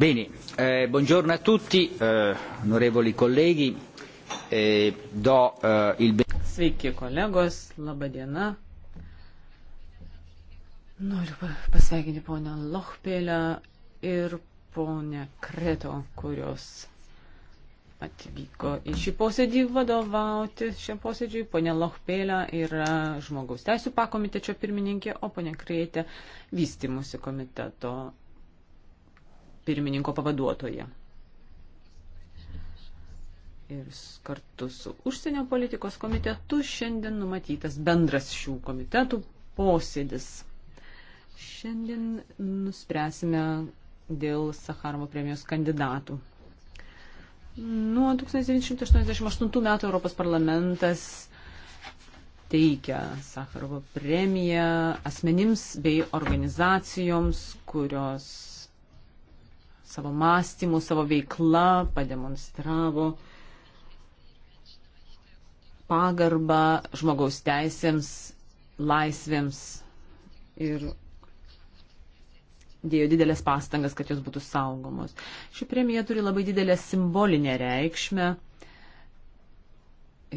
Bene, eh, buongiorno a tutti, eh, onorevoli colleghi. Eh, do, eh, il... Sveiki kolegos, laba diena. Noriu pasveikinti ponę Lochpėlę ir ponę Kreto, kurios atvyko į šį posėdį vadovauti šiam posėdžiui. Pone Lochpėlė yra žmogaus teisų pakomitečio pirmininkė, o pone Kreitė vystimusi komiteto pirmininko pavaduotoja. Ir kartu su užsienio politikos komitetu šiandien numatytas bendras šių komitetų posėdis. Šiandien nuspręsime dėl Sakarovo premijos kandidatų. Nuo 1988 metų Europos parlamentas teikia Sakarovo premiją asmenims bei organizacijoms, kurios savo mąstymu, savo veikla pademonstravo pagarbą žmogaus teisėms, laisvėms ir dėjo didelės pastangas, kad jos būtų saugomos. Ši premija turi labai didelę simbolinę reikšmę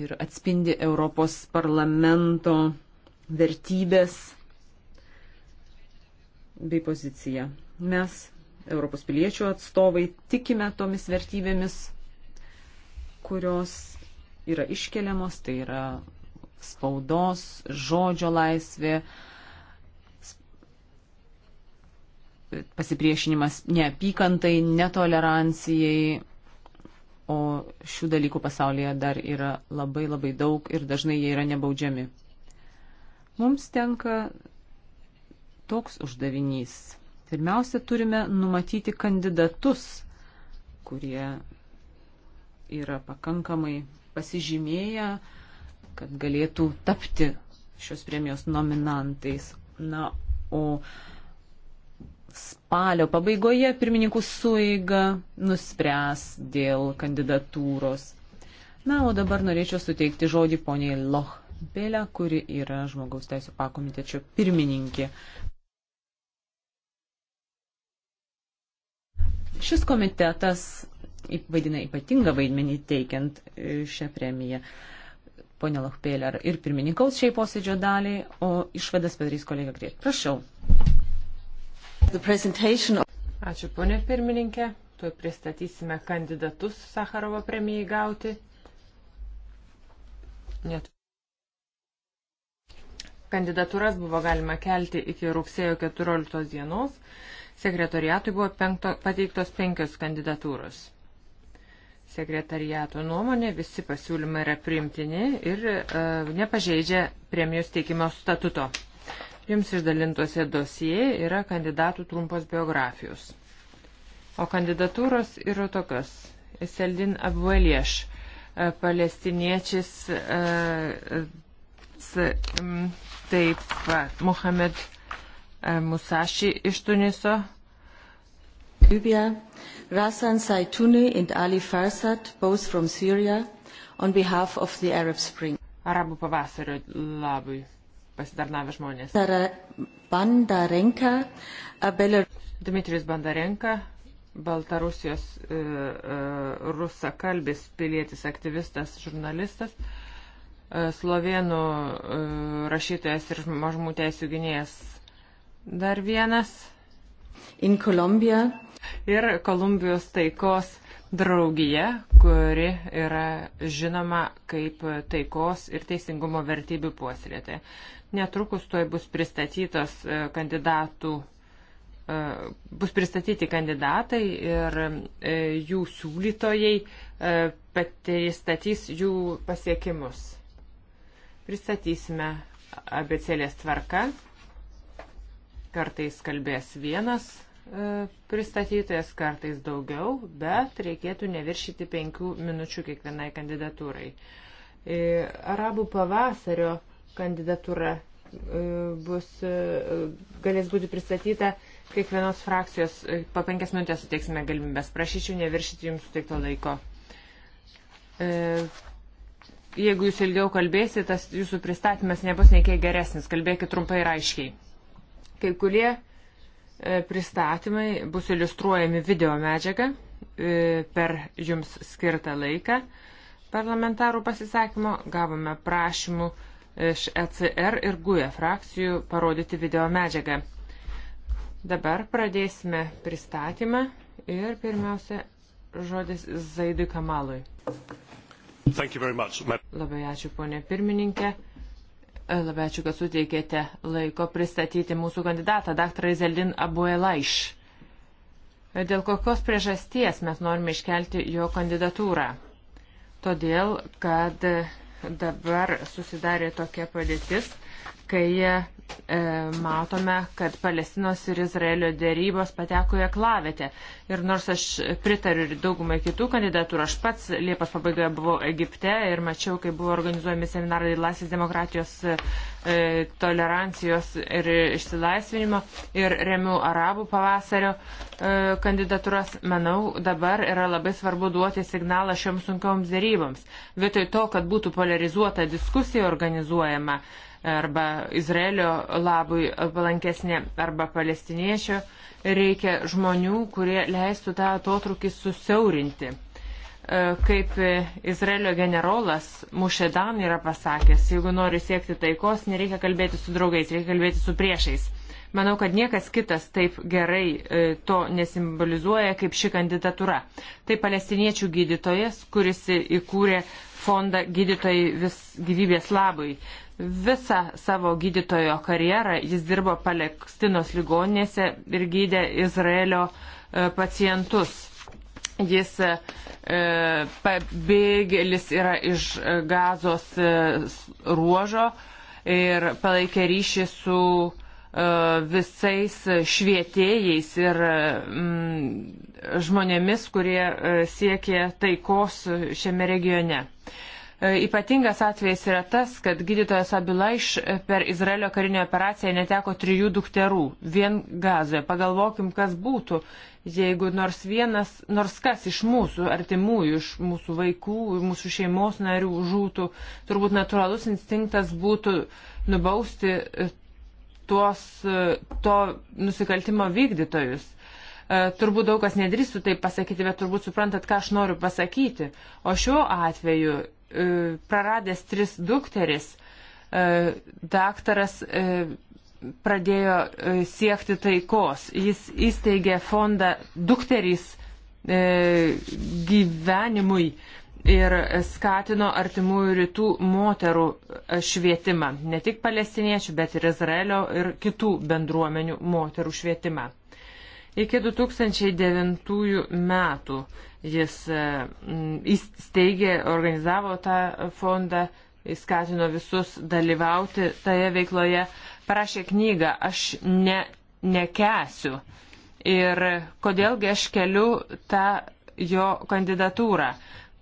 ir atspindi Europos parlamento vertybės bei poziciją. Mes Europos piliečių atstovai tikime tomis vertybėmis, kurios yra iškeliamos, tai yra spaudos, žodžio laisvė, pasipriešinimas neapykantai, netolerancijai, o šių dalykų pasaulyje dar yra labai labai daug ir dažnai jie yra nebaudžiami. Mums tenka toks uždavinys Pirmiausia, turime numatyti kandidatus, kurie yra pakankamai pasižymėję, kad galėtų tapti šios premijos nominantais. Na, o spalio pabaigoje pirmininkų suiga nuspręs dėl kandidatūros. Na, o dabar norėčiau suteikti žodį poniai Loch Belė, kuri yra žmogaus teisų pakomitečio pirmininkė. Šis komitetas vaidina ypatingą vaidmenį teikiant e, šią premiją. Pone Lochpėlė ir pirmininkaus šiai posėdžio daliai, o išvadas padarys kolega Grėt. Prašau. Ačiū, ponė pirmininkė. Tuo pristatysime kandidatus Sakarovo premijai gauti. Net. Kandidatūras buvo galima kelti iki rugsėjo 14 dienos. Sekretariatui buvo penkto, pateiktos penkios kandidatūros. Sekretariato nuomonė visi pasiūlymai yra priimtini ir e, nepažeidžia premijos teikimo statuto. Jums išdalintose dosijai yra kandidatų trumpos biografijos. O kandidatūros yra tokios. Seldin Abuelieš, e, palestiniečiais, e, taip pat Mohamed Musashi iš Tuniso. Libya, Rasan Saituni and Ali Farsad, both from Syria, on behalf of the Arab Spring. Arabų pavasario labui pasidarnavę žmonės. Bandarenka, Abelir. Dmitrijus Bandarenka, Baltarusijos e, e, rusakalbis pilietis, aktyvistas, žurnalistas, e, slovėnų e, rašytojas ir mažumų teisų gynėjas Dar vienas. In Colombia. Ir Kolumbijos taikos draugija, kuri yra žinoma kaip taikos ir teisingumo vertybių puoslėtė. Netrukus tuoj bus pristatytos e, kandidatų e, bus pristatyti kandidatai ir e, jų siūlytojai pristatys jų pasiekimus. Pristatysime abecelės tvarka. Kartais kalbės vienas e, pristatytojas, kartais daugiau, bet reikėtų neviršyti penkių minučių kiekvienai kandidatūrai. E, Arabų pavasario kandidatūra e, bus, galės būti pristatyta kiekvienos frakcijos, po penkias minutės suteiksime galimybės. Prašyčiau neviršyti jums suteikto laiko. Jeigu jūs ilgiau kalbėsite, tas jūsų pristatymas nebus nekiek geresnis. Kalbėkit trumpai ir aiškiai. Kai kurie e, pristatymai bus iliustruojami video medžiaga e, per jums skirtą laiką parlamentarų pasisakymo. Gavome prašymų iš ECR ir GUE frakcijų parodyti video medžiagą. Dabar pradėsime pristatymą ir pirmiausia žodis Zaidui Kamalui. Labai ačiū, ponė pirmininkė. Labai ačiū, kad suteikėte laiko pristatyti mūsų kandidatą, dr. Izeldin Abuelaiš. Dėl kokios priežasties mes norime iškelti jo kandidatūrą? Todėl, kad dabar susidarė tokia padėtis, kai E, matome, kad Palestinos ir Izraelio dėrybos pateko į aklavietę. Ir nors aš pritariu ir daugumai kitų kandidatūrų, aš pats Liepos pabaigoje buvau Egipte ir mačiau, kaip buvo organizuojami seminarai dėl laisvės demokratijos e, tolerancijos ir išsilaisvinimo ir remiu arabų pavasario e, kandidatūras, manau, dabar yra labai svarbu duoti signalą šioms sunkioms dėryboms. Vietoj to, kad būtų polarizuota diskusija organizuojama, arba Izraelio labui palankesnė arba palestiniečio, reikia žmonių, kurie leistų tą atotrukį susiaurinti. E, kaip Izraelio generolas Mušedan yra pasakęs, jeigu nori siekti taikos, nereikia kalbėti su draugais, reikia kalbėti su priešais. Manau, kad niekas kitas taip gerai e, to nesimbolizuoja kaip ši kandidatūra. Tai palestiniečių gydytojas, kuris įkūrė fondą gydytojai vis gyvybės labui. Visą savo gydytojo karjerą jis dirbo Palestinos ligoninėse ir gydė Izraelio e, pacientus. Jis e, e, pabėgėlis yra iš e, gazos e, ruožo ir palaikė ryšį su e, visais švietėjais ir mm, žmonėmis, kurie siekė taikos šiame regione. E, E, ypatingas atvejis yra tas, kad gydytojas Abilaiš per Izraelio karinę operaciją neteko trijų dukterų vien gazoje. Pagalvokim, kas būtų, jeigu nors vienas, nors kas iš mūsų artimųjų, iš mūsų vaikų, mūsų šeimos narių žūtų, turbūt natūralus instinktas būtų nubausti e, tuos, e, to nusikaltimo vykdytojus turbūt daug kas nedrįstų tai pasakyti, bet turbūt suprantat, ką aš noriu pasakyti. O šiuo atveju E, praradęs tris dukteris, e, daktaras e, pradėjo siekti taikos. Jis įsteigė fondą dukterys gyvenimui ir skatino artimųjų rytų moterų švietimą. Ne tik palestiniečių, bet ir Izraelio ir kitų bendruomenių moterų švietimą. Iki 2009 metų jis e, įsteigė, organizavo tą fondą, įskatino visus dalyvauti toje veikloje, parašė knygą Aš ne, nekesiu. Ir kodėlgi aš keliu tą jo kandidatūrą.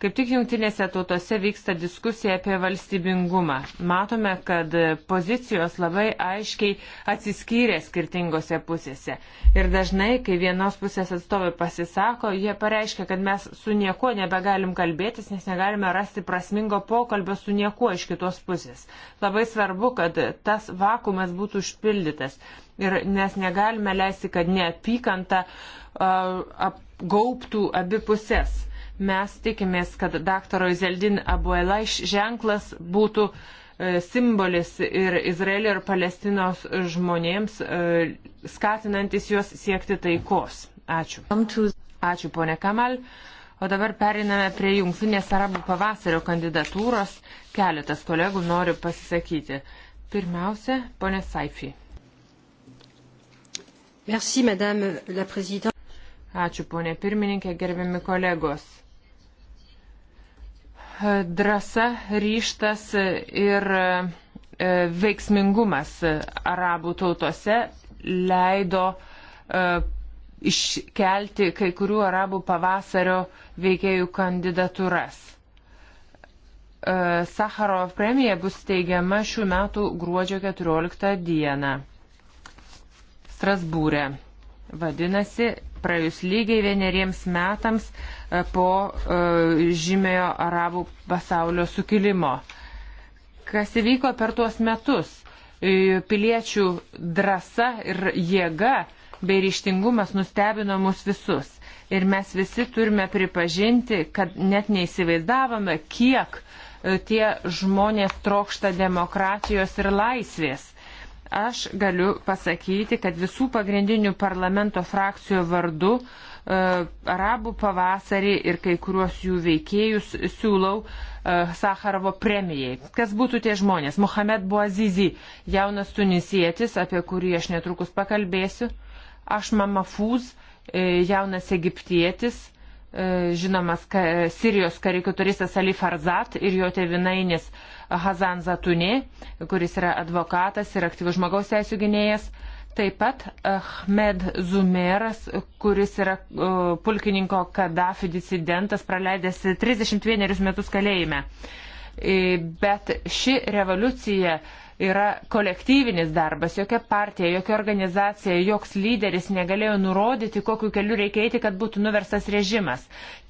Kaip tik jungtinėse tautose vyksta diskusija apie valstybingumą. Matome, kad pozicijos labai aiškiai atsiskyrė skirtingose pusėse. Ir dažnai, kai vienos pusės atstovai pasisako, jie pareiškia, kad mes su niekuo nebegalim kalbėtis, nes negalime rasti prasmingo pokalbio su niekuo iš kitos pusės. Labai svarbu, kad tas vakumas būtų užpildytas. Ir nes negalime leisti, kad neapykanta uh, gauptų abi pusės Mes tikimės, kad daktaro Izeldin Abuelaiš ženklas būtų e, simbolis ir Izraelio ir Palestinos žmonėms, e, skatinantis juos siekti taikos. Ačiū. Ačiū, ponė Kamal. O dabar periname prie Jungtinės arabų pavasario kandidatūros. Keletas kolegų noriu pasisakyti. Pirmiausia, ponė Saifi. Merci, madame la présidente. Ačiū, ponė pirmininkė, gerbiami kolegos drąsa, ryštas ir e, veiksmingumas arabų tautose leido e, iškelti kai kurių arabų pavasario veikėjų kandidatūras. E, Sakaro premija bus teigiama šių metų gruodžio 14 dieną. Strasbūrė. Vadinasi, praėjus lygiai vieneriems metams e, po e, žymėjo arabų pasaulio sukilimo. Kas įvyko per tuos metus? E, piliečių drąsa ir jėga bei ryštingumas nustebino mus visus. Ir mes visi turime pripažinti, kad net neįsivaizdavome, kiek tie žmonės trokšta demokratijos ir laisvės Aš galiu pasakyti, kad visų pagrindinių parlamento frakcijų vardu e, arabų pavasarį ir kai kuriuos jų veikėjus siūlau e, Sakarovo premijai. Kas būtų tie žmonės? Mohamed Bouazizi, jaunas tunisietis, apie kurį aš netrukus pakalbėsiu. Aš Mamafuz, e, jaunas egiptietis, E, žinomas ka, e, Sirijos karikaturistas Ali Farzat ir jo tevinainis Hazan Zatunė, kuris yra advokatas ir aktyvus žmogaus teisų gynėjas. Taip pat Ahmed Zumeras, kuris yra uh, pulkininko Kadafi disidentas, praleidęs 31 metus kalėjime. Bet ši revoliucija uh, yra kolektyvinis darbas. Jokia partija, jokia organizacija, joks lyderis negalėjo nurodyti, kokiu keliu reikia eiti, kad būtų nuverstas režimas.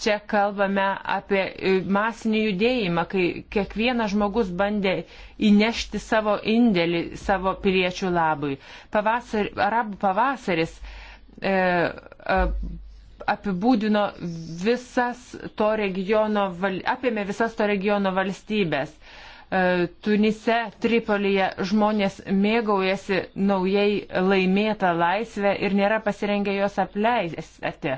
Čia kalbame apie e, masinį judėjimą, kai kiekvienas žmogus bandė įnešti savo indėlį savo piliečių labui. Pavasar, arabų pavasaris. E, e, apibūdino visas to regiono, apėmė visas to regiono valstybės. E, E, Tunise, Tripolyje žmonės mėgaujasi naujai laimėtą laisvę ir nėra pasirengę jos apleisti.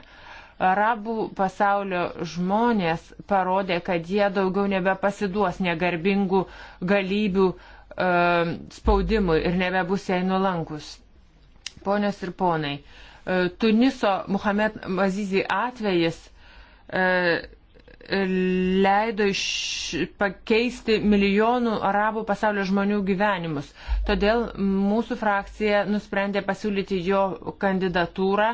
Arabų pasaulio žmonės parodė, kad jie daugiau nebepasiduos negarbingų galybių e, spaudimui ir nebebus jai nulankus. Ponios ir ponai, e, Tuniso Muhamed Mazizi atvejis e, leido iš, pakeisti milijonų arabų pasaulio žmonių gyvenimus. Todėl mūsų frakcija nusprendė pasiūlyti jo kandidatūrą.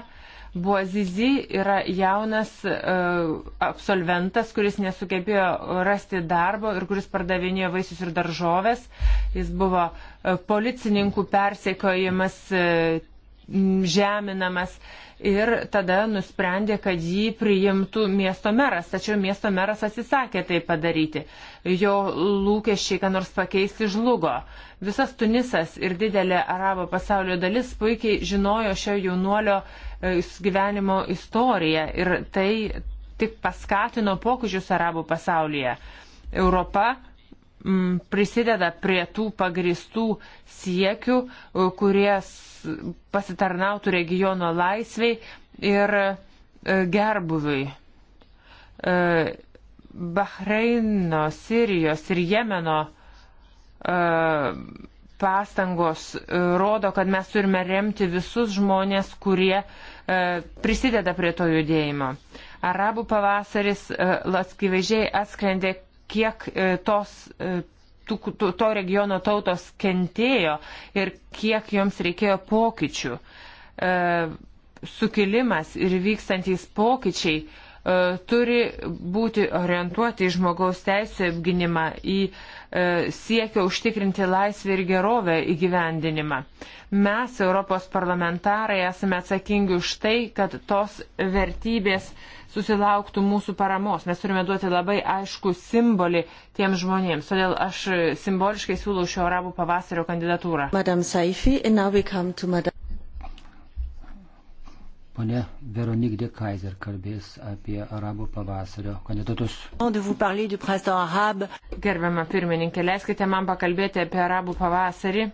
Buazizi yra jaunas uh, absolventas, kuris nesugebėjo rasti darbo ir kuris pardavinėjo vaisius ir daržovės. Jis buvo uh, policininkų persekiojimas uh, žeminamas ir tada nusprendė, kad jį priimtų miesto meras, tačiau miesto meras atsisakė tai padaryti. Jo lūkesčiai, ką nors pakeisti, žlugo. Visas Tunisas ir didelė arabo pasaulio dalis puikiai žinojo šio jaunuolio e, gyvenimo istoriją ir tai tik paskatino pokyčius arabų pasaulyje. Europa m, prisideda prie tų pagristų siekių, e, kurie pasitarnautų regiono laisviai ir e, gerbuviui. E, Bahreino, Sirijos ir Jemeno pastangos rodo, kad mes turime remti visus žmonės, kurie prisideda prie to judėjimo. Arabų pavasaris laskivežiai atskrendė kiek e, tos, e, tų, to regiono tautos kentėjo ir kiek joms reikėjo pokyčių. E, sukilimas ir vykstantys pokyčiai turi būti orientuoti į žmogaus teisų apginimą, į siekio užtikrinti laisvę ir gerovę įgyvendinimą. Mes, Europos parlamentarai, esame atsakingi už tai, kad tos vertybės uh, susilauktų mūsų paramos. Mes turime duoti labai aišku simbolį tiem žmonėms. Todėl aš simboliškai siūlau šio arabų pavasario kandidatūrą. Madam Saifi, and now we come to Madam. Pone Veronik de Kaiser kalbės apie arabų pavasario kandidatus. Gerbiama pirmininkė, leiskite man pakalbėti apie arabų pavasarį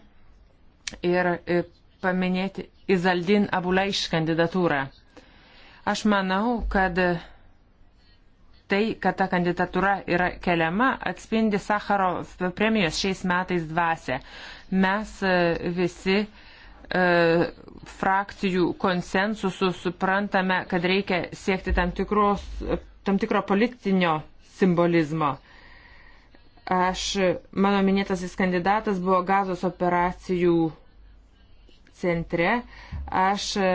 ir e, paminėti Izaldin Abulaiš kandidatūrą. Aš manau, kad tai, kad ta kandidatūra yra keliama, atspindi Sakaro premijos šiais metais dvasę. Mes e, visi e, frakcijų konsensusu suprantame, kad reikia siekti tam, tikros, tam tikro politinio simbolizmo. Aš, mano minėtasis kandidatas buvo gazos operacijų centre. Aš e,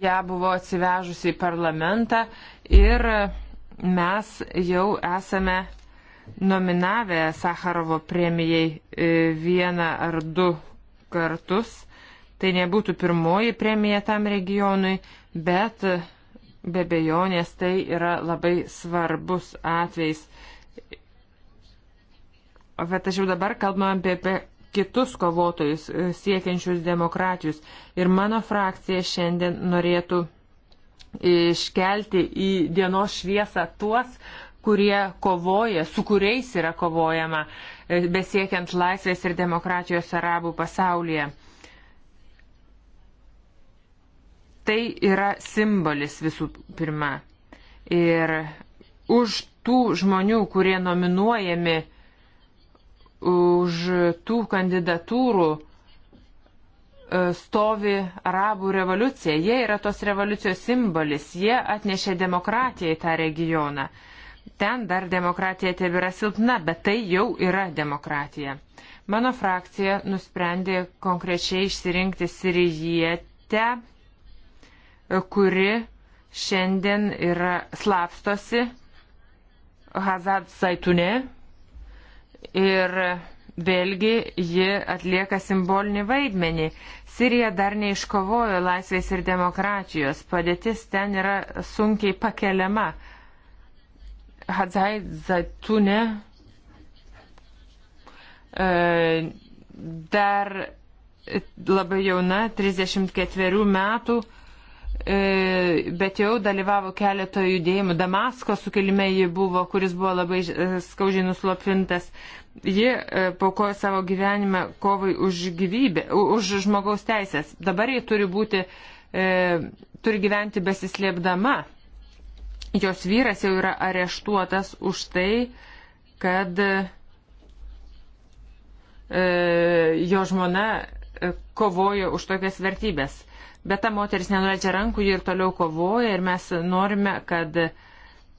ją buvo atsivežusi į parlamentą ir mes jau esame nominavę Sakarovo premijai e, vieną ar du kartus. Tai nebūtų pirmoji premija tam regionui, bet be bejonės tai yra labai svarbus atvejs. Bet aš jau dabar kalbam apie, apie kitus kovotojus e, siekiančius demokratijus. Ir mano frakcija šiandien norėtų iškelti į dienos šviesą tuos, kurie kovoja, su kuriais yra kovojama, e, besiekiant laisvės ir demokratijos arabų pasaulyje. Tai yra simbolis visų pirma. Ir už tų žmonių, kurie nominuojami už tų kandidatūrų e, stovi arabų revoliucija. Jie yra tos revoliucijos simbolis. Jie atnešė demokratiją į tą regioną. Ten dar demokratija tebėra silpna, bet tai jau yra demokratija. Mano frakcija nusprendė konkrečiai išsirinkti Sirijietę, e, kuri šiandien yra slapstosi Hazad Saitune, ir vėlgi ji atlieka simbolinį vaidmenį. Sirija dar neiškovojo laisvės ir demokratijos, padėtis ten yra sunkiai pakeliama. Hadzai Zaitune e, dar labai jauna, 34 metų, E, bet jau dalyvavo keletą judėjimų. Damasko sukilime ji buvo, kuris buvo labai e, skaužiai nuslopintas. Ji e, paukojo savo gyvenimą kovai už gyvybę, už žmogaus teisės. Dabar ji turi būti, turi gyventi besislėpdama. Jos vyras jau yra areštuotas už tai, kad jo žmona kovojo už tokias vertybės Bet ta moteris nenuleidžia rankų, ji ir toliau kovoja ir mes norime, kad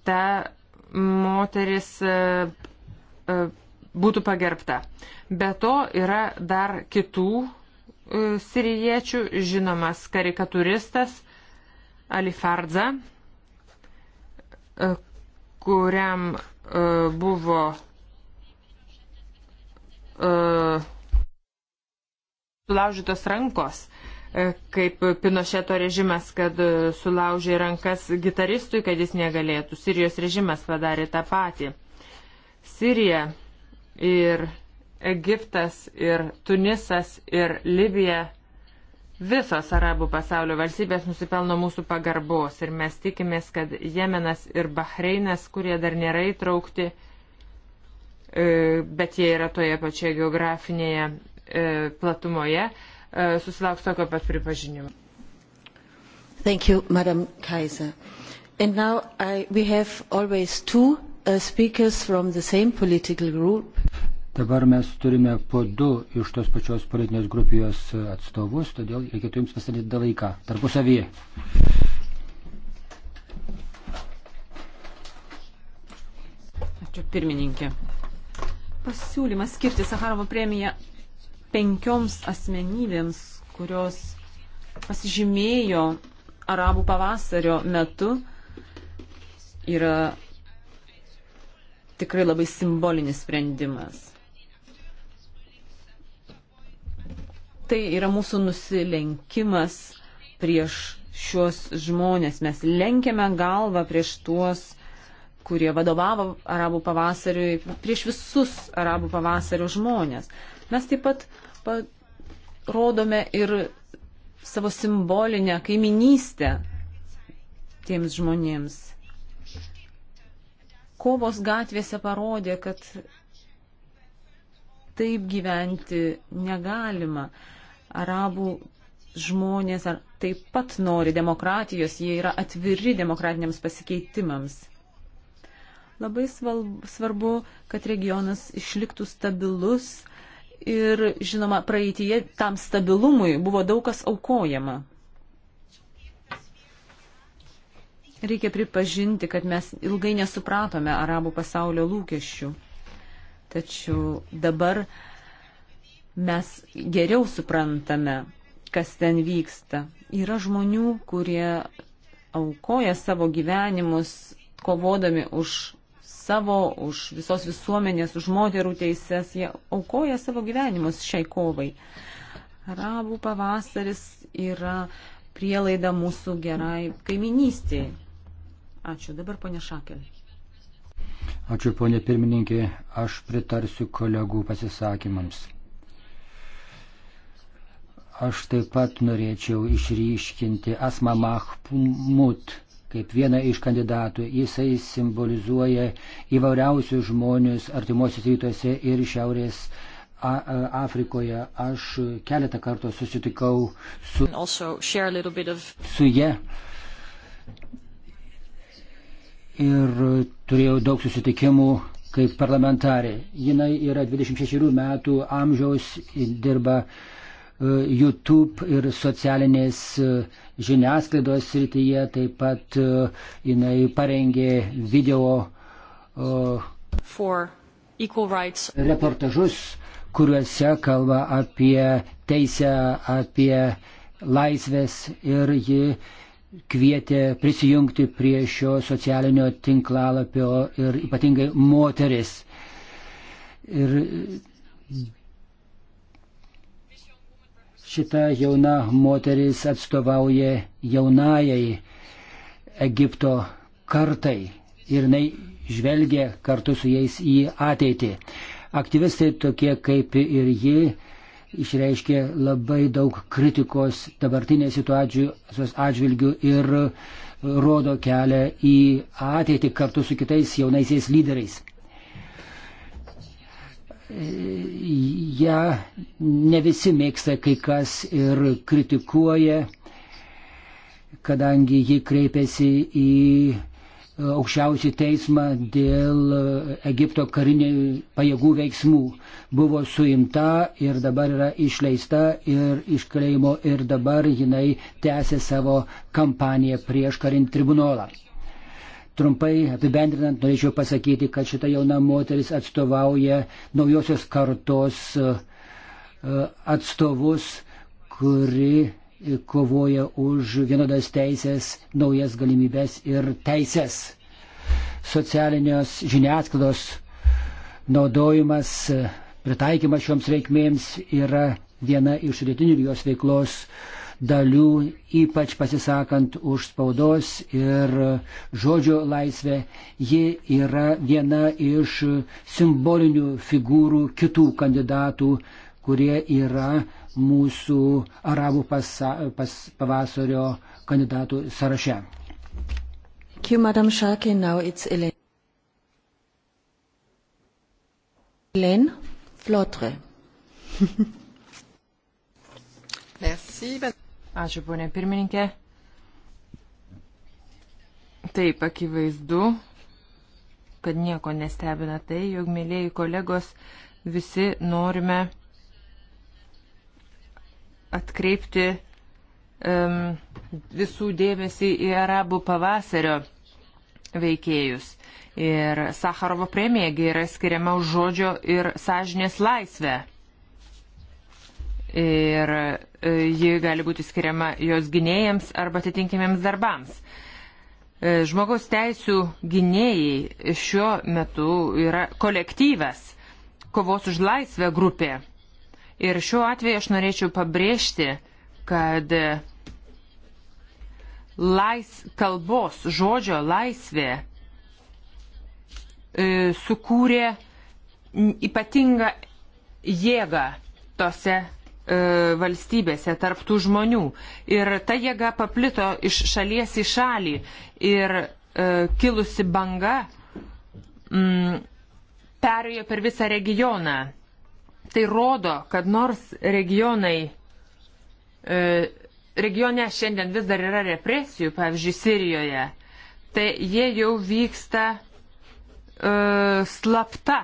ta moteris e, e, būtų pagerbta. Be to yra dar kitų e, siriečių, žinomas karikaturistas Alifardza, kuriam buvo sulaužytos rankos E, kaip Pinošeto režimas, kad e, sulaužė rankas gitaristui, kad jis negalėtų. Sirijos režimas padarė tą patį. Sirija ir Egiptas ir Tunisas ir Libija Visos arabų pasaulio valstybės nusipelno mūsų pagarbos ir mes tikimės, kad Jemenas ir Bahreinas, kurie dar nėra įtraukti, e, bet jie yra toje pačioje geografinėje platumoje, E, susilauks tokio pat pripažinimo. Thank you, Madam Kaiser. And now I, we have always two uh, speakers from the same political group. Dabar mes turime po du iš tos pačios politinės grupijos atstovus, todėl reikėtų jums pastatyti laiką tarpusavyje. Ačiū pirmininkė. Pasiūlymas skirti Sakarovo premiją penkioms asmenybėms, kurios pasižymėjo arabų pavasario metu, yra tikrai labai simbolinis sprendimas. Tai yra mūsų nusilenkimas prieš šiuos žmonės. Mes lenkiame galvą prieš tuos kurie vadovavo arabų pavasariui, prieš visus arabų pavasario žmonės. Mes taip pat parodome ir savo simbolinę kaiminystę tiems žmonėms. Kovos gatvėse parodė, kad taip gyventi negalima. Arabų žmonės ar taip pat nori demokratijos, jie yra atviri demokratiniams pasikeitimams. Labai svarbu, kad regionas išliktų stabilus, ir, žinoma, praeitie tam stabilumui buvo daug kas aukojama. Reikia pripažinti, kad mes ilgai nesupratome arabų pasaulio lūkesčių. Tačiau dabar mes geriau suprantame, kas ten vyksta. Yra žmonių, kurie aukoja savo gyvenimus kovodami už savo, už visos visuomenės, už moterų teises, jie aukoja savo gyvenimus šiai kovai. Arabų pavasaris yra prielaida mūsų gerai kaiminystiai. Ačiū. Dabar ponė Šakelė. Ačiū ponė pirmininkė. Aš pritarsiu kolegų pasisakymams. Aš taip pat norėčiau išryškinti Asma Mahmud kaip vieną iš kandidatų. Jisai simbolizuoja įvairiausius žmonės artimuosius rytuose ir šiaurės A Afrikoje. Aš keletą kartų susitikau su, of... su jie. Ir turėjau daug susitikimų kaip parlamentarė. Jinai yra 26 metų amžiaus, dirba e, YouTube ir socialinės e, žiniasklaidos srityje, taip pat e, jinai parengė video e, reportažus, kuriuose kalba apie teisę, apie laisvės ir ji kvietė prisijungti prie šio socialinio tinklalapio ir ypatingai moteris. Ir Šita jauna moteris atstovauja jaunajai Egipto kartai ir jinai žvelgia kartu su jais į ateitį. Aktyvistai tokie kaip ir ji išreiškė labai daug kritikos dabartinės situacijos atžvilgių ir rodo kelią į ateitį kartu su kitais jaunaisiais lyderiais ją ja, ne visi mėgsta, kai kas ir kritikuoja, kadangi ji kreipėsi į aukščiausią teismą dėl Egipto karinių pajėgų veiksmų. Buvo suimta ir dabar yra išleista ir iš kalėjimo ir dabar jinai tęsė savo kampaniją prieš karinį tribunolą. Trumpai apibendrinant, norėčiau pasakyti, kad šita jauna moteris atstovauja naujosios kartos e, e, atstovus, kuri kovoja už vienodas teisės, naujas galimybės ir teisės. Socialinės žiniasklaidos naudojimas, e, pritaikymas šioms reikmėms yra viena iš rytinių jos veiklos uh, dalių, ypač pasisakant už spaudos ir žodžio laisvę, ji yra viena iš simbolinių figūrų kitų kandidatų, kurie yra mūsų arabų pasa, pas, pavasario kandidatų sąraše. Thank you, Madam Shaki. Now it's Elaine. Elaine Flotre. Merci. Ačiū, ponė pirmininkė. Taip, akivaizdu, kad nieko nestebina tai, jog, mėlyjeji kolegos, visi norime atkreipti um, visų dėmesį į arabų pavasario veikėjus. Ir Sakarovo premijagi yra skiriama už žodžio ir sąžinės laisvę ir e, ji gali būti skiriama jos gynėjams arba atitinkimiems darbams. E, žmogaus teisų gynėjai šiuo metu yra kolektyvas, kovos už laisvę grupė. Ir šiuo atveju aš norėčiau pabrėžti, kad lais, kalbos žodžio laisvė e, sukūrė ypatingą jėgą tose E, valstybėse, tarptų žmonių. Ir ta jėga paplito iš šalies į šalį ir e, kilusi banga mm, perėjo per visą regioną. Tai rodo, kad nors regionai, e, regione šiandien vis dar yra represijų, pavyzdžiui, Sirijoje, tai jie jau vyksta e, slapta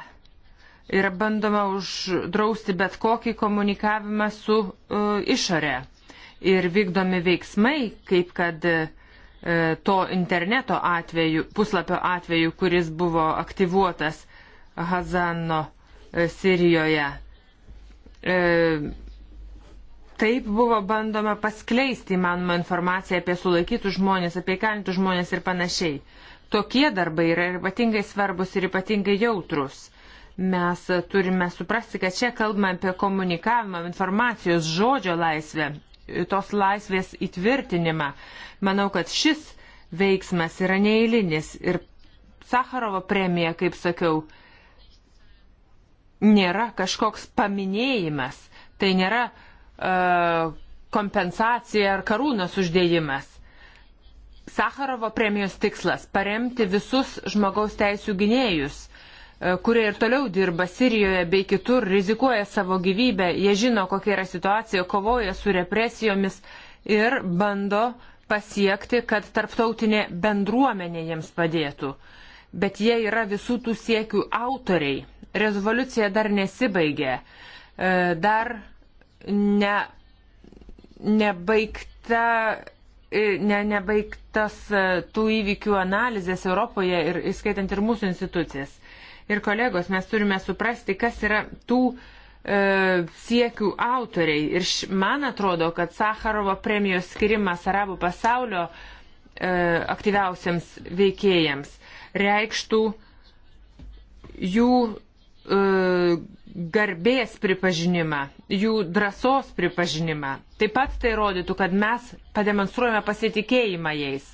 yra bandoma uždrausti bet kokį komunikavimą su uh, išorė. Ir vykdomi veiksmai, kaip kad uh, to interneto atveju, puslapio atveju, kuris buvo aktyvuotas Hazano uh, Sirijoje. Uh, Taip buvo bandoma paskleisti įmanomą informaciją apie sulaikytus žmonės, apie kalintus žmonės ir panašiai. Tokie darbai yra ypatingai svarbus ir ypatingai jautrus Mes turime suprasti, kad čia kalbame apie komunikavimą, informacijos, žodžio laisvę, tos laisvės įtvirtinimą. Manau, kad šis veiksmas yra neįlinis ir Sakarovo premija, kaip sakiau, nėra kažkoks paminėjimas, tai nėra uh, kompensacija ar karūnos uždėjimas. Sakarovo premijos tikslas - paremti visus žmogaus teisų gynėjus, E, kurie ir toliau dirba Sirijoje bei kitur, rizikuoja savo gyvybę, jie žino, kokia yra situacija, kovoja su represijomis ir bando pasiekti, kad tarptautinė bendruomenė jiems padėtų. Bet jie yra visų tų siekių autoriai. Rezoliucija dar nesibaigė. E, dar ne, nebaigta e, ne, nebaigtas tų įvykių analizės Europoje ir įskaitant ir mūsų institucijas ir kolegos, mes turime suprasti, kas yra tų e, siekių autoriai. Ir š, man atrodo, kad Sakarovo premijos skirimas arabų pasaulio e, aktyviausiams veikėjams reikštų jų e, garbės pripažinimą, jų drąsos pripažinimą. Taip pat tai rodytų, kad mes pademonstruojame pasitikėjimą jais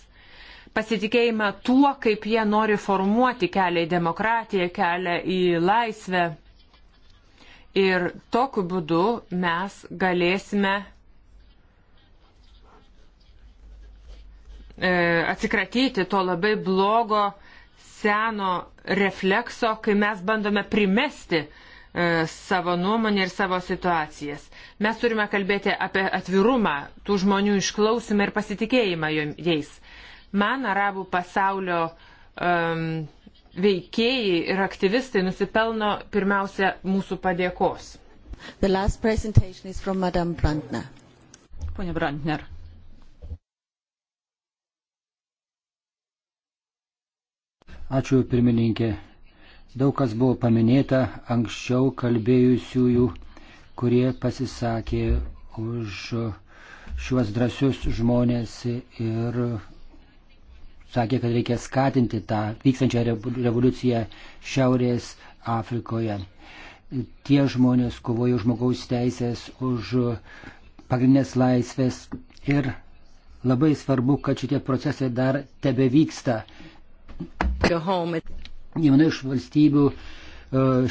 pasitikėjimą tuo, kaip jie nori formuoti kelią į demokratiją, kelią į laisvę. Ir tokiu būdu mes galėsime e, atsikratyti to labai blogo seno reflekso, kai mes bandome primesti e, savo nuomonę ir savo situacijas. Mes turime kalbėti apie atvirumą, tų žmonių išklausimą ir pasitikėjimą jais. Man arabų pasaulio um, veikėjai ir aktyvistai nusipelno pirmiausia mūsų padėkos. Brandner. Pone Brandner. Ačiū pirmininkė. Daug kas buvo paminėta anksčiau kalbėjusiųjų, kurie pasisakė už šiuos drąsius žmonės ir sakė, kad reikia skatinti tą vykstančią revoliuciją Šiaurės Afrikoje. Tie žmonės kovojo žmogaus teisės už pagrindinės laisvės ir labai svarbu, kad šitie procesai dar tebe vyksta. Viena iš valstybių e,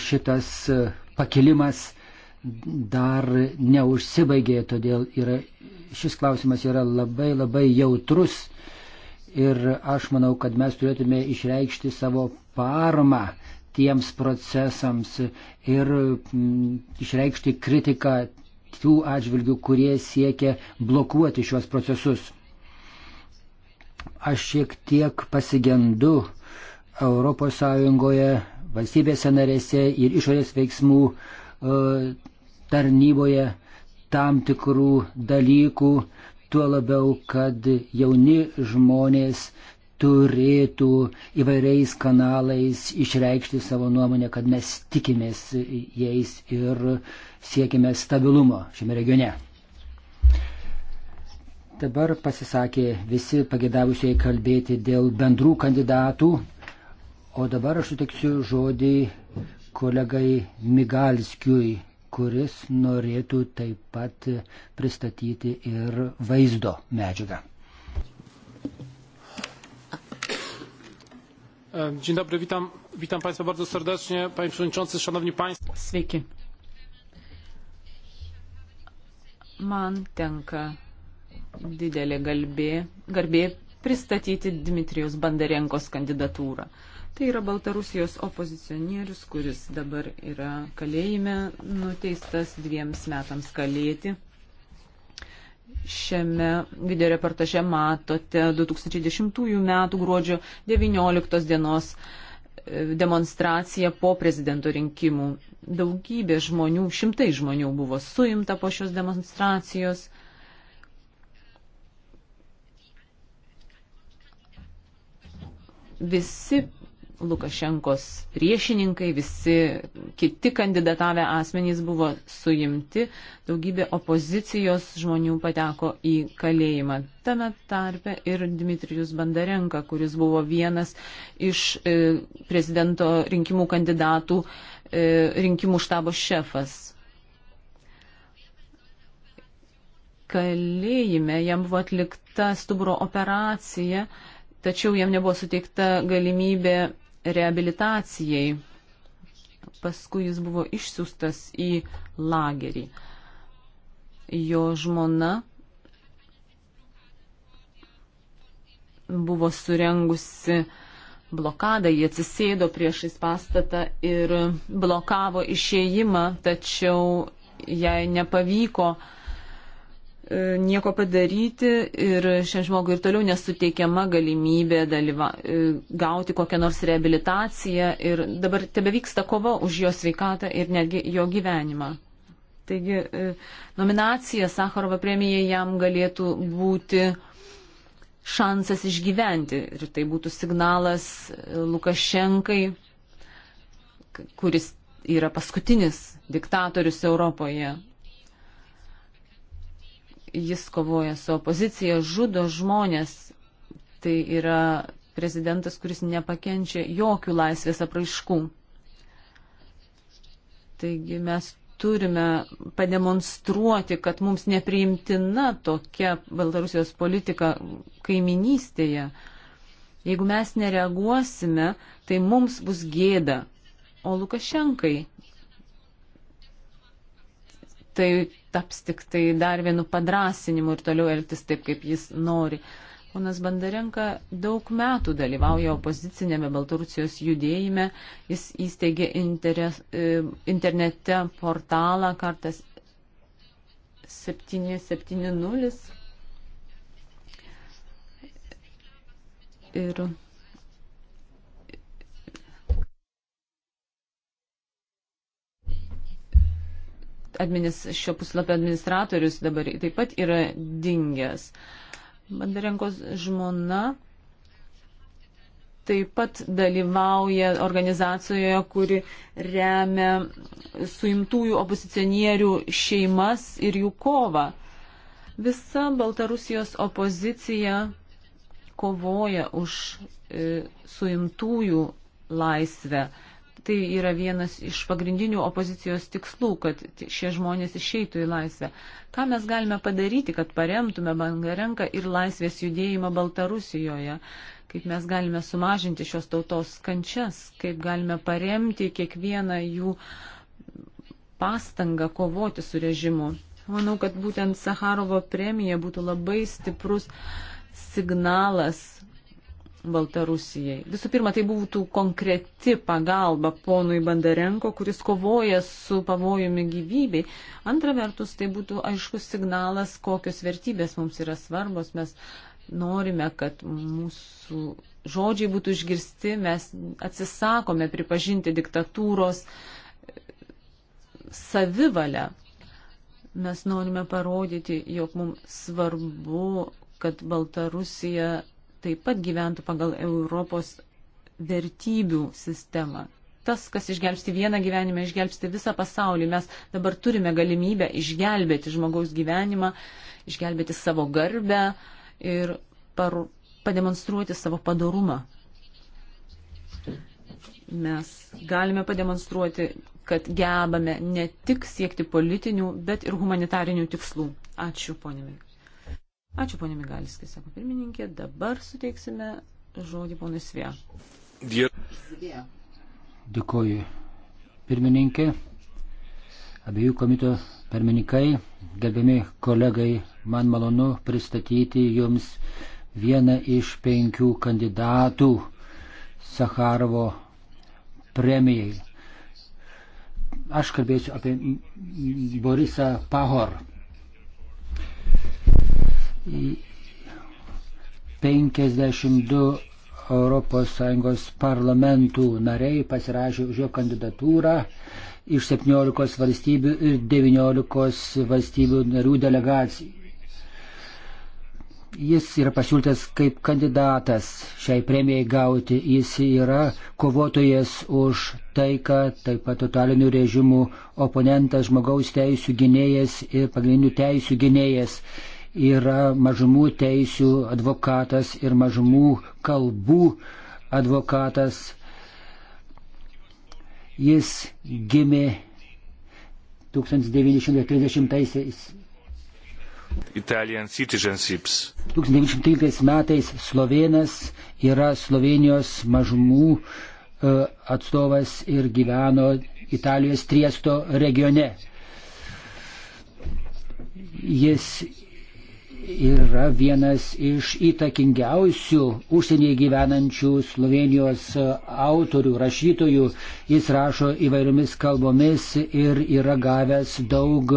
šitas e, pakilimas dar neužsibaigė, todėl yra, šis klausimas yra labai labai jautrus Ir aš manau, kad mes turėtume išreikšti savo paramą tiems procesams ir m, mm, išreikšti kritiką tų atžvilgių, kurie siekia blokuoti šios procesus. Aš šiek tiek pasigendu ES valstybėse narėse ir išorės veiksmų e, tarnyboje tam tikrų dalykų, tuo labiau, kad jauni žmonės turėtų įvairiais kanalais išreikšti savo nuomonę, kad mes tikimės jais ir siekime stabilumo šiame regione. Dabar pasisakė visi pagėdavusiai kalbėti dėl bendrų kandidatų, o dabar aš suteiksiu žodį kolegai Migalskiui kuris norėtų taip pat pristatyti ir vaizdo medžiagą. E, dzień dobry, witam, witam Państwa bardzo serdecznie. Panie Przewodniczący, Szanowni Państwo. Sveiki. Man tenka didelė galbė, garbė pristatyti Dmitrijus Bandarenkos kandidatūrą. Uh, Tai yra Baltarusijos opozicionierius, kuris dabar yra kalėjime nuteistas dviems metams kalėti. Šiame video reportaže matote 2010 m. gruodžio 19 dienos e, demonstracija po prezidento rinkimų. Daugybė žmonių, šimtai žmonių buvo suimta po šios demonstracijos. Visi Lukašenkos priešininkai, visi kiti kandidatavę asmenys buvo suimti, daugybė opozicijos žmonių pateko į kalėjimą. Tame tarpe ir Dmitrijus Bandarenka, kuris buvo vienas iš e, prezidento rinkimų kandidatų e, rinkimų štabo šefas. Kalėjime jam buvo atlikta stuburo operacija tačiau jam nebuvo suteikta galimybė reabilitacijai. Paskui jis buvo išsiųstas į lagerį. Jo žmona buvo surengusi blokadą, jie atsisėdo priešais pastatą ir blokavo išėjimą, tačiau jai nepavyko uh, E, nieko padaryti ir šiam žmogui ir toliau nesuteikiama galimybė dalyva, e, gauti kokią nors reabilitaciją ir dabar tebe vyksta kova už jo sveikatą ir netgi jo gyvenimą. Taigi e, nominacija Sakarovo premijai jam galėtų būti šansas išgyventi ir tai būtų signalas Lukašenkai, kuris yra paskutinis diktatorius Europoje Jis kovoja su opozicija, žudo žmonės. Tai yra prezidentas, kuris nepakenčia jokių laisvės apraiškų. Taigi mes turime pademonstruoti, kad mums nepriimtina tokia Baltarusijos politika kaiminystėje. Jeigu mes nereaguosime, tai mums bus gėda. O Lukašenkai tai taps tik tai dar vienu padrasinimu ir toliau elgtis taip, kaip jis nori. Ponas Bandarenka daug metų dalyvauja opozicinėme Baltarusijos judėjime. Jis įsteigė interes, e, internete portalą kartas 770. Ir administ, šio puslapio administratorius dabar taip pat yra dingęs. Bandarenkos žmona taip pat dalyvauja organizacijoje, kuri remia suimtųjų opozicionierių šeimas ir jų kovą. Visa Baltarusijos opozicija kovoja už e, suimtųjų laisvę. E, tai yra vienas iš pagrindinių opozicijos tikslų, kad šie žmonės išeitų į laisvę. Ką mes galime padaryti, kad paremtume Bangarenką ir laisvės judėjimą Baltarusijoje? Kaip mes galime sumažinti šios tautos kančias? Kaip galime paremti kiekvieną jų pastangą kovoti su režimu? Manau, kad būtent Sakarovo premija būtų labai stiprus signalas Baltarusijai. Visų pirma, tai būtų konkreti pagalba ponui Bandarenko, kuris kovoja su pavojumi gyvybei. Antra vertus, tai būtų aiškus signalas, kokios vertybės mums yra svarbos. Mes norime, kad mūsų žodžiai būtų išgirsti, mes atsisakome pripažinti diktatūros savivalę. Mes norime parodyti, jog mums svarbu, kad Baltarusija taip pat gyventų pagal Europos vertybių sistemą. Tas, kas išgelbsti vieną gyvenimą, išgelbsti visą pasaulį. Mes dabar turime galimybę išgelbėti žmogaus gyvenimą, išgelbėti savo garbę ir par, pademonstruoti savo padarumą. Mes galime pademonstruoti, kad gebame ne tik siekti politinių, bet ir humanitarinių tikslų. Ačiū, ponėmi. Ačiū, ponė Migaliskė, sako pirmininkė. Dabar suteiksime žodį ponui Svė. Die... Dėkuoju, pirmininkė, abiejų komito pirmininkai, gerbiami kolegai, man malonu pristatyti jums vieną iš penkių kandidatų Sakarovo premijai. Aš kalbėsiu apie Borisą Pahor 52 ES parlamentų nariai pasirašė už jo kandidatūrą iš 17 valstybių ir 19 valstybių narių delegacijų. Jis yra pasiūlytas kaip kandidatas šiai premijai gauti. Jis yra kovotojas už taiką, taip pat totalinių režimų oponentas, žmogaus teisų gynėjas ir pagrindinių teisų gynėjas yra mažumų teisių advokatas ir mažumų kalbų advokatas. Jis gimė 1930-aisiais. Italian citizenships. 1913 metais Slovenas yra Slovenijos mažumų e, atstovas ir gyveno Italijos Triesto regione. Jis yra vienas iš įtakingiausių užsienyje gyvenančių Slovenijos e, autorių, rašytojų. Jis rašo įvairiomis kalbomis ir yra gavęs daug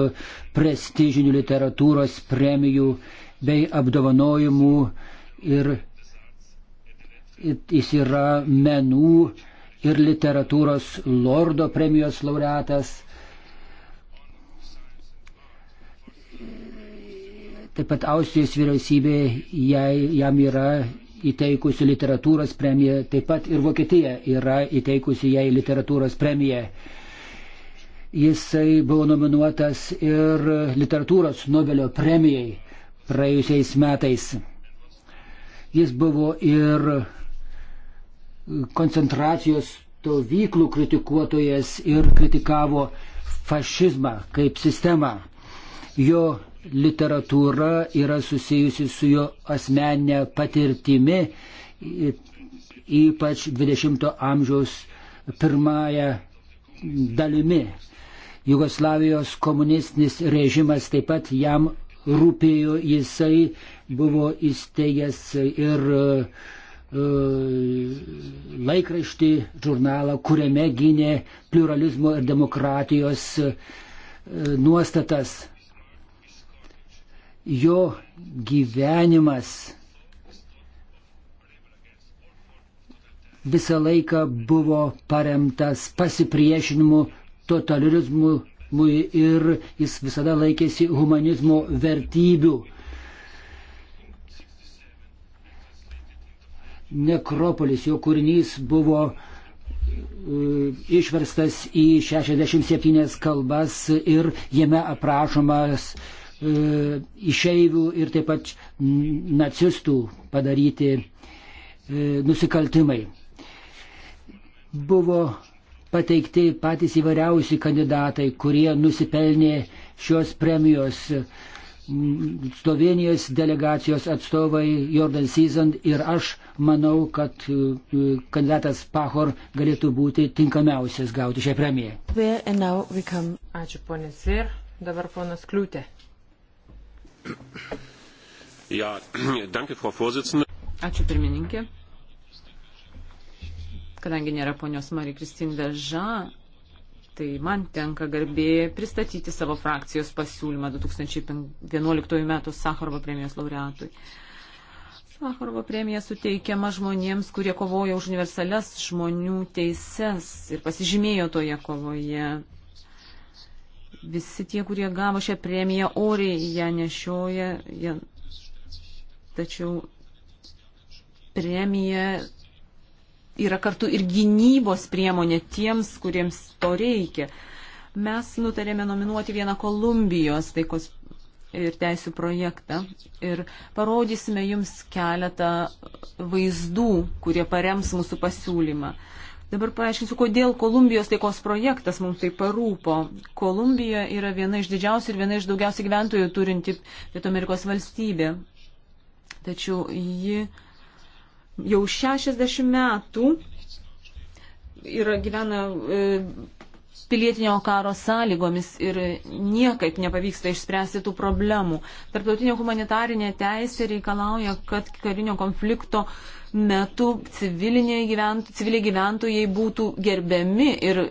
prestižinių literatūros premijų bei apdovanojimų ir jis yra menų ir literatūros lordo premijos laureatas. Taip pat Austrijos vyriausybė jai, jam yra įteikusi literatūros premiją, taip pat ir Vokietija yra įteikusi jai literatūros premiją. Jisai buvo nominuotas ir literatūros Nobelio premijai praėjusiais metais. Jis buvo ir koncentracijos stovyklų kritikuotojas ir kritikavo fašizmą kaip sistemą. Jo literatūra yra susijusi su jo asmeninė patirtimi, ypač 20-ojo amžiaus pirmąją dalimi. Jugoslavijos komunistinis režimas taip pat jam rūpėjo, jisai buvo įsteigęs ir e, laikraštį, žurnalą, kuriame gynė pluralizmo ir demokratijos e, nuostatas jo gyvenimas visą laiką buvo paremtas pasipriešinimu, totalitarizmu ir jis visada laikėsi humanizmo vertybių. Nekropolis, jo kūrinys buvo e, išverstas į 67 kalbas ir jame aprašomas uh, E, išeivių ir taip pat nacistų padaryti e, nusikaltimai. Buvo pateikti patys įvairiausi kandidatai, kurie nusipelnė šios premijos. Slovenijos delegacijos atstovai Jordan Season ir aš manau, kad e, kandidatas Pahor galėtų būti tinkamiausias gauti šią premiją. Come... Ačiū, ponė Sir. Dabar ponas Kliūtė. Ja, danke, Frau Vorsitzende. Ačiū pirmininkė. Kadangi nėra ponios Marija Kristin Veža, tai man tenka garbė pristatyti savo frakcijos pasiūlymą 2011 m. Sakharovo premijos laureatui. Sakharovo premija suteikiama žmonėms, kurie kovoja už universales žmonių teises ir pasižymėjo toje kovoje visi tie, kurie gavo šią premiją, oriai ją nešioja, ją... tačiau premija yra kartu ir gynybos priemonė tiems, kuriems to reikia. Mes nutarėme nominuoti vieną Kolumbijos taikos ir teisų projektą ir parodysime jums keletą vaizdų, kurie parems mūsų pasiūlymą. Uh, Dabar paaiškinsiu, kodėl Kolumbijos taikos projektas mums tai parūpo. Kolumbija yra viena iš didžiausių ir viena iš daugiausiai gyventojų turinti Pietų Amerikos valstybė. Tačiau ji jau 60 metų yra gyvena e, pilietinio karo sąlygomis ir niekaip nepavyksta išspręsti tų problemų. Tarptautinė humanitarinė teisė reikalauja, kad karinio konflikto metu gyvent, civiliai gyventojai būtų gerbiami ir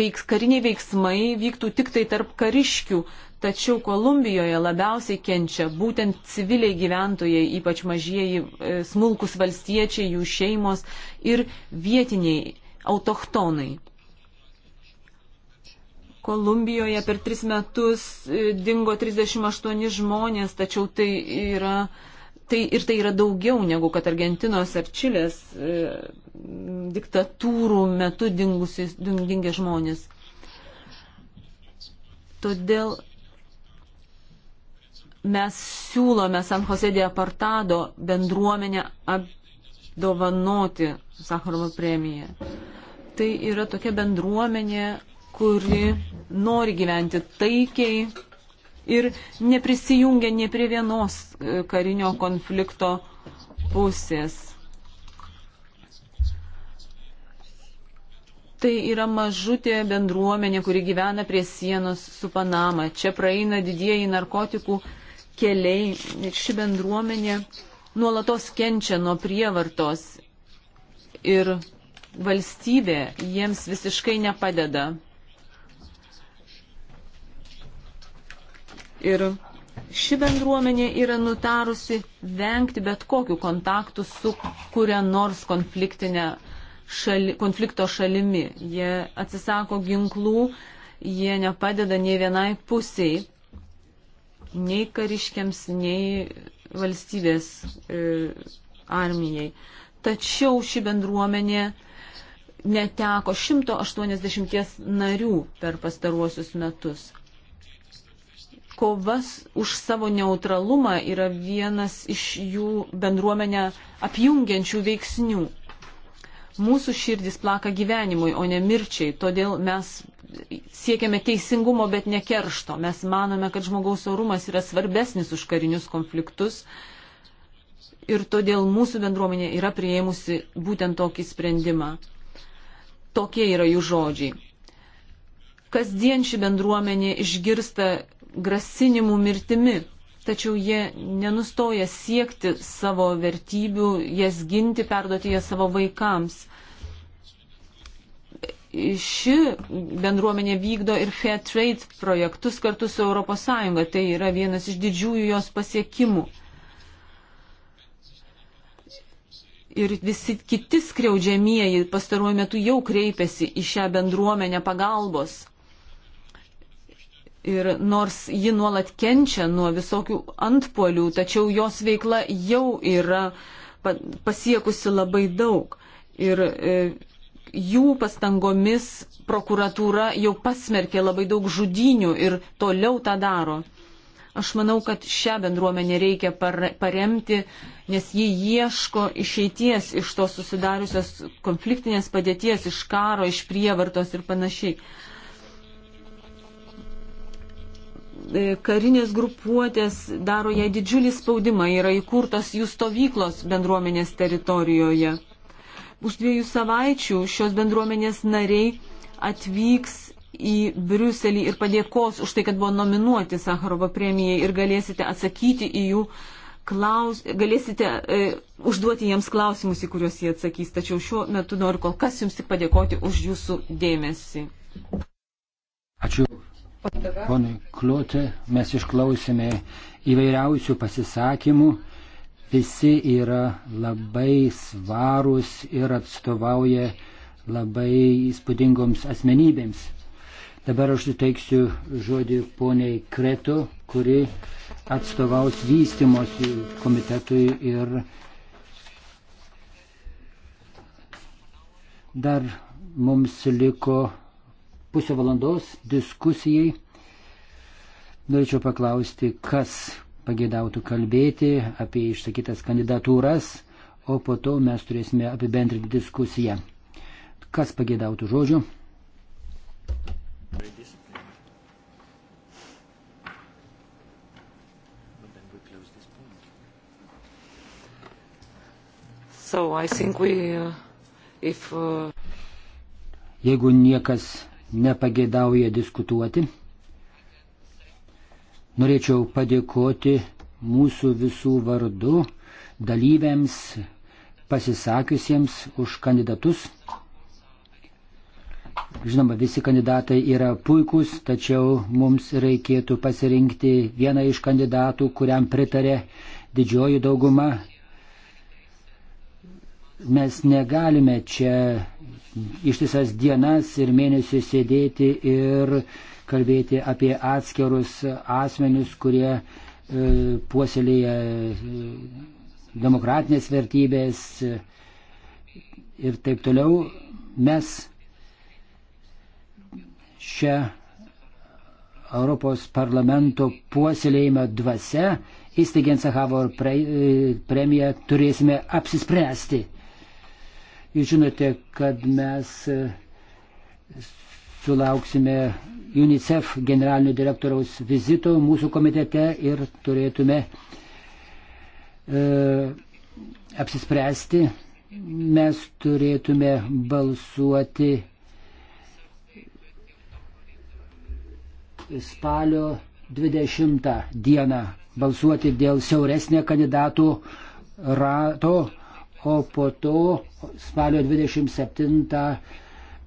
veiks, kariniai veiksmai vyktų tik tai tarp kariškių. Tačiau Kolumbijoje labiausiai kenčia būtent civiliai gyventojai, ypač mažieji e, smulkus valstiečiai, jų šeimos ir vietiniai autochtonai. Kolumbijoje per tris metus e, dingo 38 žmonės, tačiau tai yra, tai, ir tai yra daugiau negu kad Argentinos ar Čilės e, diktatūrų metu dingusi, ding, dingė žmonės. Todėl mes siūlome San Jose de Apartado bendruomenę apdovanoti Sakharovo premiją. Tai yra tokia bendruomenė, kuri nori gyventi taikiai ir neprisijungia nie prie vienos e, karinio konflikto pusės. Tai yra mažutė bendruomenė, kuri gyvena prie sienos su Panama. Čia praeina didieji narkotikų keliai ir ši bendruomenė nuolatos kenčia nuo prievartos ir valstybė jiems visiškai nepadeda. Ir ši bendruomenė yra nutarusi vengti bet kokių kontaktų su kuria nors konfliktinė šali, konflikto šalimi. Jie atsisako ginklų, jie nepadeda nei vienai pusiai, nei kariškiams, nei valstybės e, armijai. Tačiau ši bendruomenė neteko 180 narių per pastaruosius metus kovas už savo neutralumą yra vienas iš jų bendruomenę apjungiančių veiksnių. Mūsų širdis plaka gyvenimui, o ne mirčiai, todėl mes siekiame teisingumo, bet ne keršto. Mes manome, kad žmogaus orumas yra svarbesnis už karinius konfliktus ir todėl mūsų bendruomenė yra prieimusi būtent tokį sprendimą. Tokie yra jų žodžiai kasdien ši bendruomenė išgirsta grasinimų mirtimi, tačiau jie nenustoja siekti savo vertybių, jas ginti, perduoti jas savo vaikams. Ši bendruomenė vykdo ir Fair Trade projektus kartu su ES. Tai yra vienas iš didžiųjų jos pasiekimų. ir visi kiti skriaudžiamieji pastaruoju metu jau kreipėsi į šią bendruomenę pagalbos. Ir nors ji nuolat kenčia nuo visokių antpolių, tačiau jos veikla jau yra pasiekusi labai daug. Ir e, jų pastangomis prokuratūra jau pasmerkė labai daug žudinių ir toliau tą daro. Aš manau, kad šią bendruomenę reikia paremti, nes jie ieško išeities iš tos susidariusios konfliktinės padėties, iš karo, iš prievartos ir panašiai. E, karinės grupuotės daro jai didžiulį spaudimą, yra įkurtos jų stovyklos bendruomenės teritorijoje. Už dviejų savaičių šios bendruomenės nariai atvyks į Briuselį ir padėkos už tai, kad buvo nominuoti Sakarovo premijai ir galėsite atsakyti į jų klaus, galėsite e, užduoti jiems klausimus, į kuriuos jie atsakys. Tačiau šiuo metu noriu kol kas jums tik padėkoti už jūsų dėmesį. Ačiū. Ponai Kliūtė, mes išklausėme įvairiausių pasisakymų. Visi yra labai svarūs ir atstovauja labai įspūdingoms asmenybėms. Dabar aš suteiksiu žodį poniai Kreto, kuri atstovaus vystimosi komitetui ir dar mums liko pusę valandos diskusijai. Norėčiau paklausti, kas pagėdautų kalbėti apie išsakytas kandidatūras, o po to mes turėsime apibendrinti diskusiją. Kas pagėdautų žodžių? So we, uh, if, uh... Jeigu niekas nepageidauja diskutuoti. Norėčiau padėkoti mūsų visų vardu dalyviams, pasisakiusiems už kandidatus. Žinoma, visi kandidatai yra puikūs, tačiau mums reikėtų pasirinkti vieną iš kandidatų, kuriam pritarė didžioji dauguma Mes negalime čia ištisas dienas ir mėnesius sėdėti ir kalbėti apie atskirus asmenius, kurie e, puoselėja e, demokratinės vertybės e, ir taip toliau. Mes šią Europos parlamento puoselėjimo dvasia, įsteigiant Sahavor premiją, turėsime apsispręsti Jūs žinote, kad mes e, sulauksime UNICEF generalinio direktoriaus vizito mūsų komitete ir turėtume e, apsispręsti. Mes turėtume balsuoti spalio 20 dieną, balsuoti dėl siauresnio kandidatų rato o po to spalio 27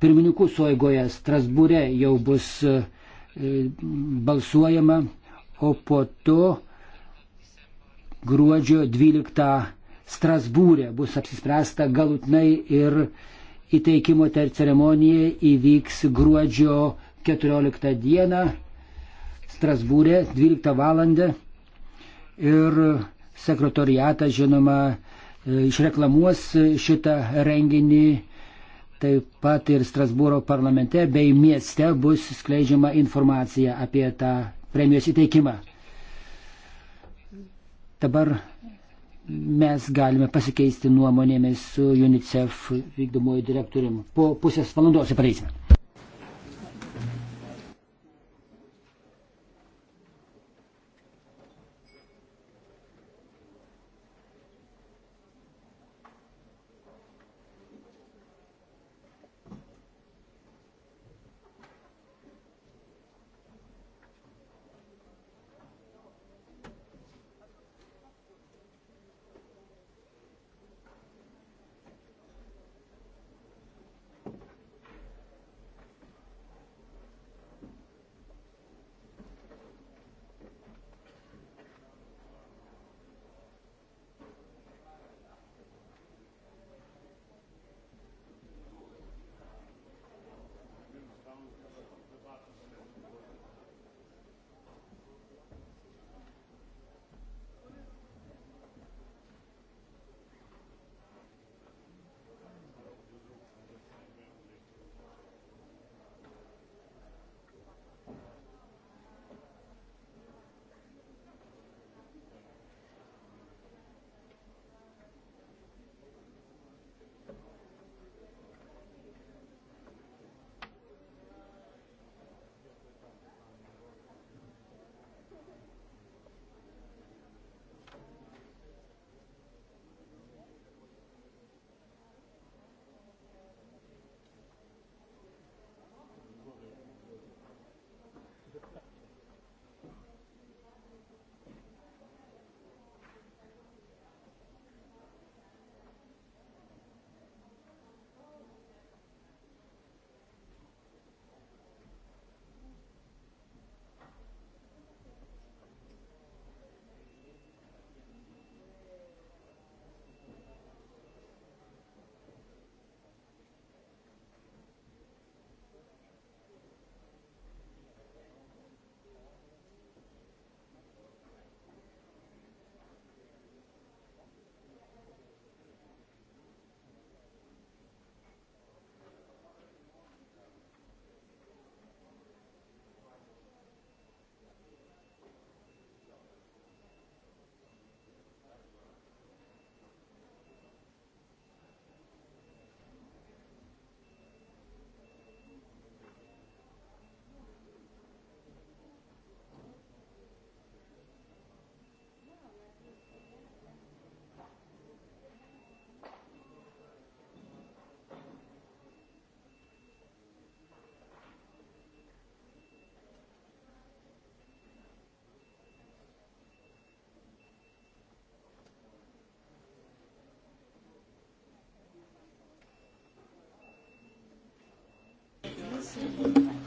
pirmininkų suoigoje Strasbūre jau bus e, balsuojama, o po to gruodžio 12 Strasbūrė bus apsispręsta galutinai ir įteikimo ceremonija įvyks gruodžio 14 dieną Strasbūrė 12 val. ir sekretoriatas žinoma E, išreklamuos šitą renginį. Taip pat ir Strasbūro parlamente bei mieste bus skleidžiama informacija apie tą premijos įteikimą. Dabar mes galime pasikeisti nuomonėmis su UNICEF vykdomuoju direktoriumi. Po pusės valandos įpareisime.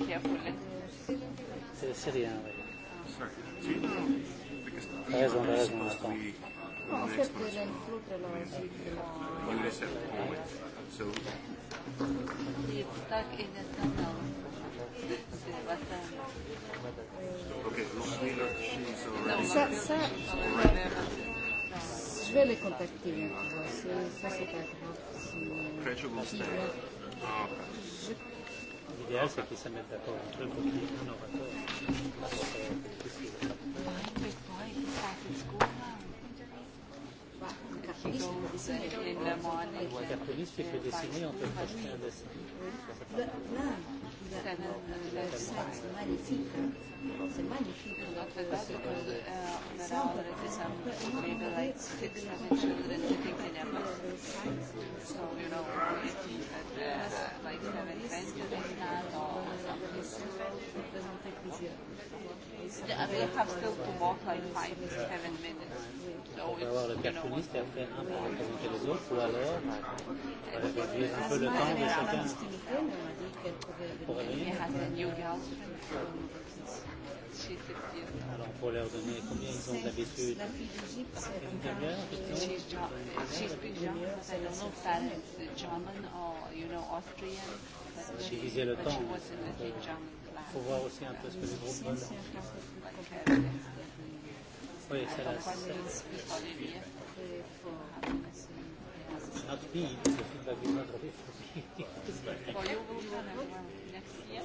carefully. C'est le Syrien, oui. T'as raison, t'as raison, attends. He's stuck in a tunnel. Okay, Lost Wheeler, she's already... Ça, ça, je vais les contacter. Ça, c'est pas grave. Crenshaw will stay. Je ah, l'idéal, c'est qu'ils se mettent d'accord entre eux pour qu'il y ait un orateur. Parce que c'est difficile. Un cartooniste, il fait dessiner, on peut projeter un dessin la scène, c'est magnifique. C'est magnifique. So, you know, if you had, uh, like, have an event, you can add or something we have still to walk like five, seven minutes. So it's, avoir le cartooniste et après un pour présenter les autres ou alors réduire un peu le temps de chacun. Pour revenir. Alors on pourrait leur donner combien ils ont d'habitude Une demi-heure J'ai visé le temps faut voir aussi un peu ce que les groupes veulent. Oui, c'est la Not me, the feedback is not ready for me. For you, next year.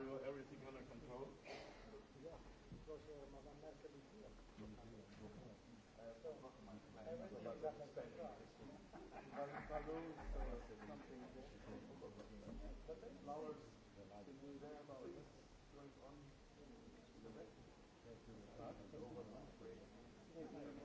scenario, everything under control? Yeah, because uh, Madame Merkel is here. Balloons, something. Flowers, did you hear about this going on in the West? Over one break.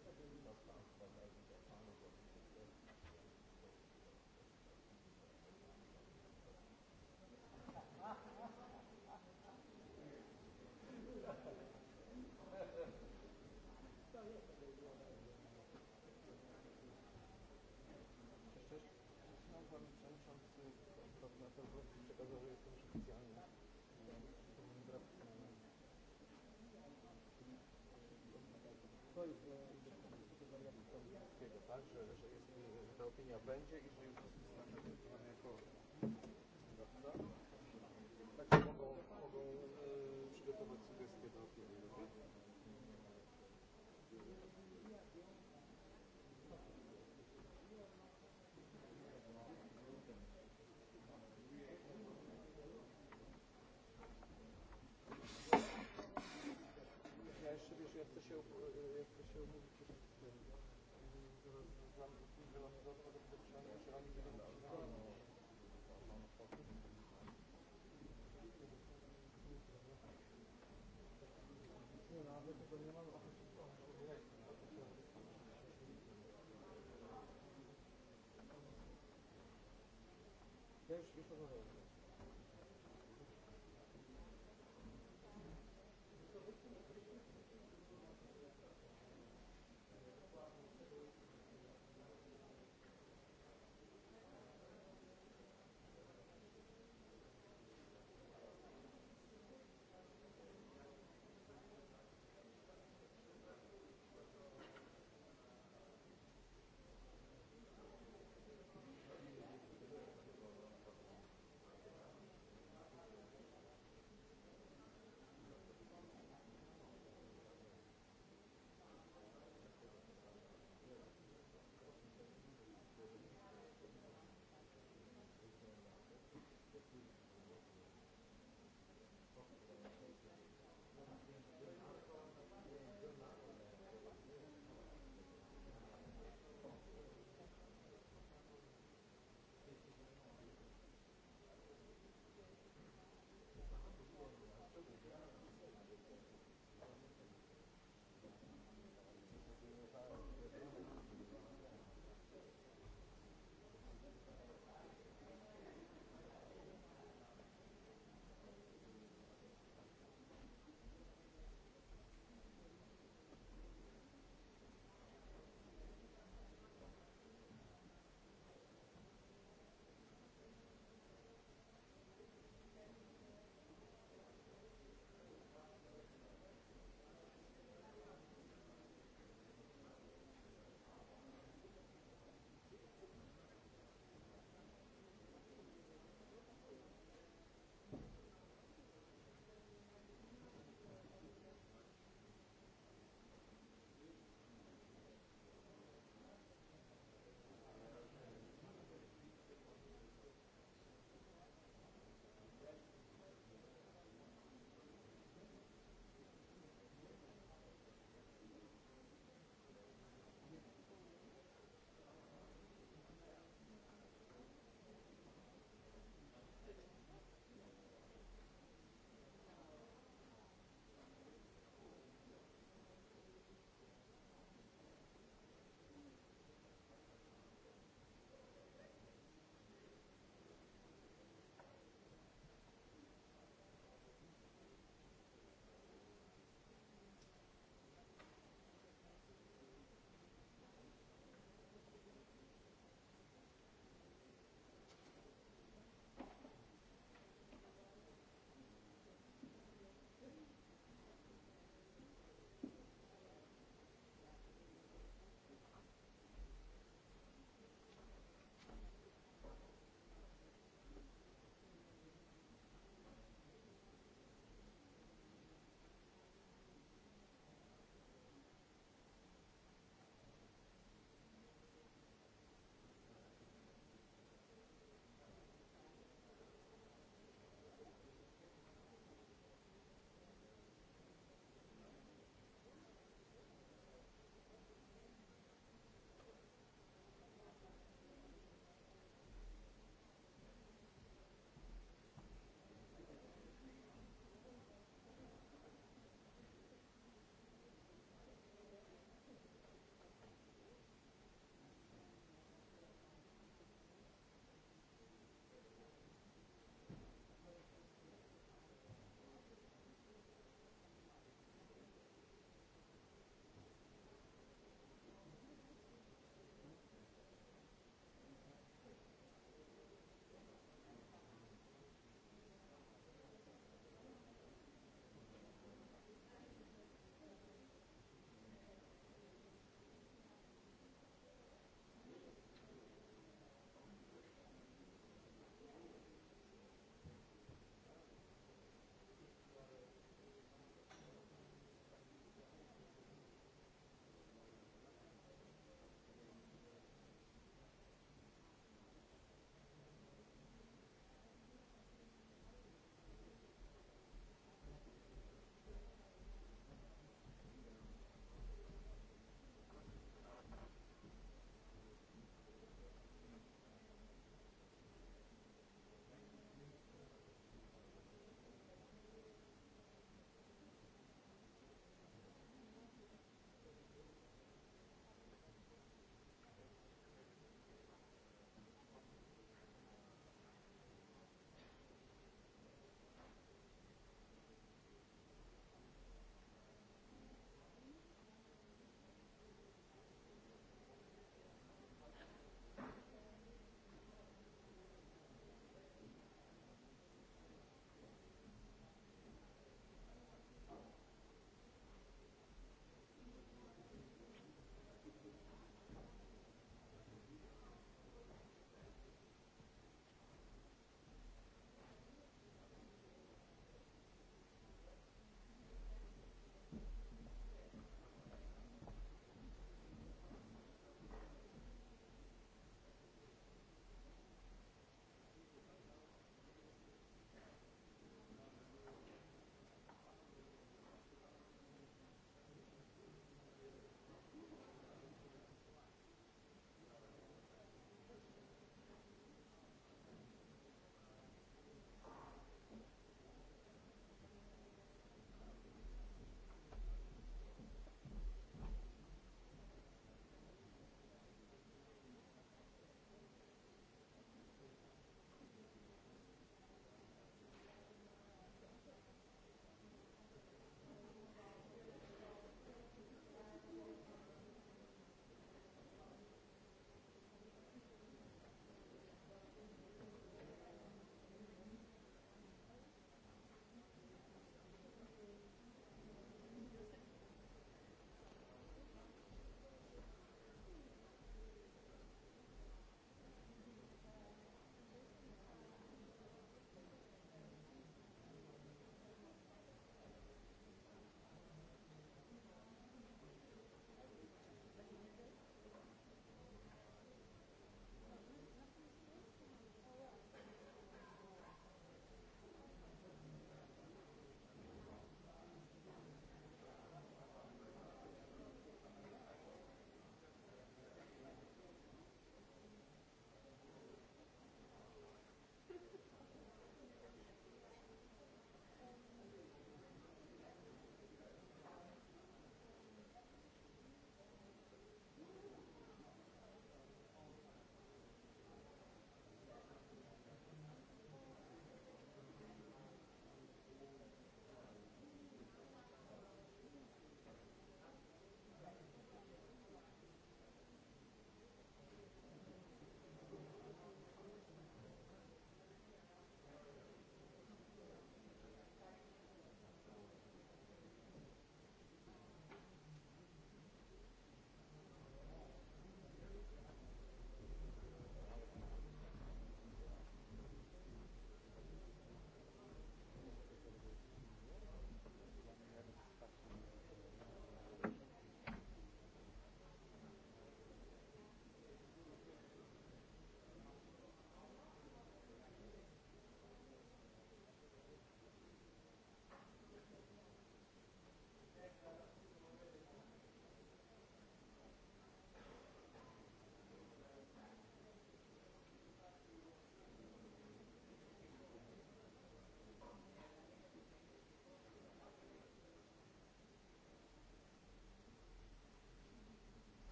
tiek labai nie będzie i że już zostanę wybrany jako prawda? Tak mogą, mogą e, przygotować sugestie do opinii. Ja jeszcze wiesz, ja chcę się, ja chcę się umówić jeszcze z tym. Też już rozmawiałem.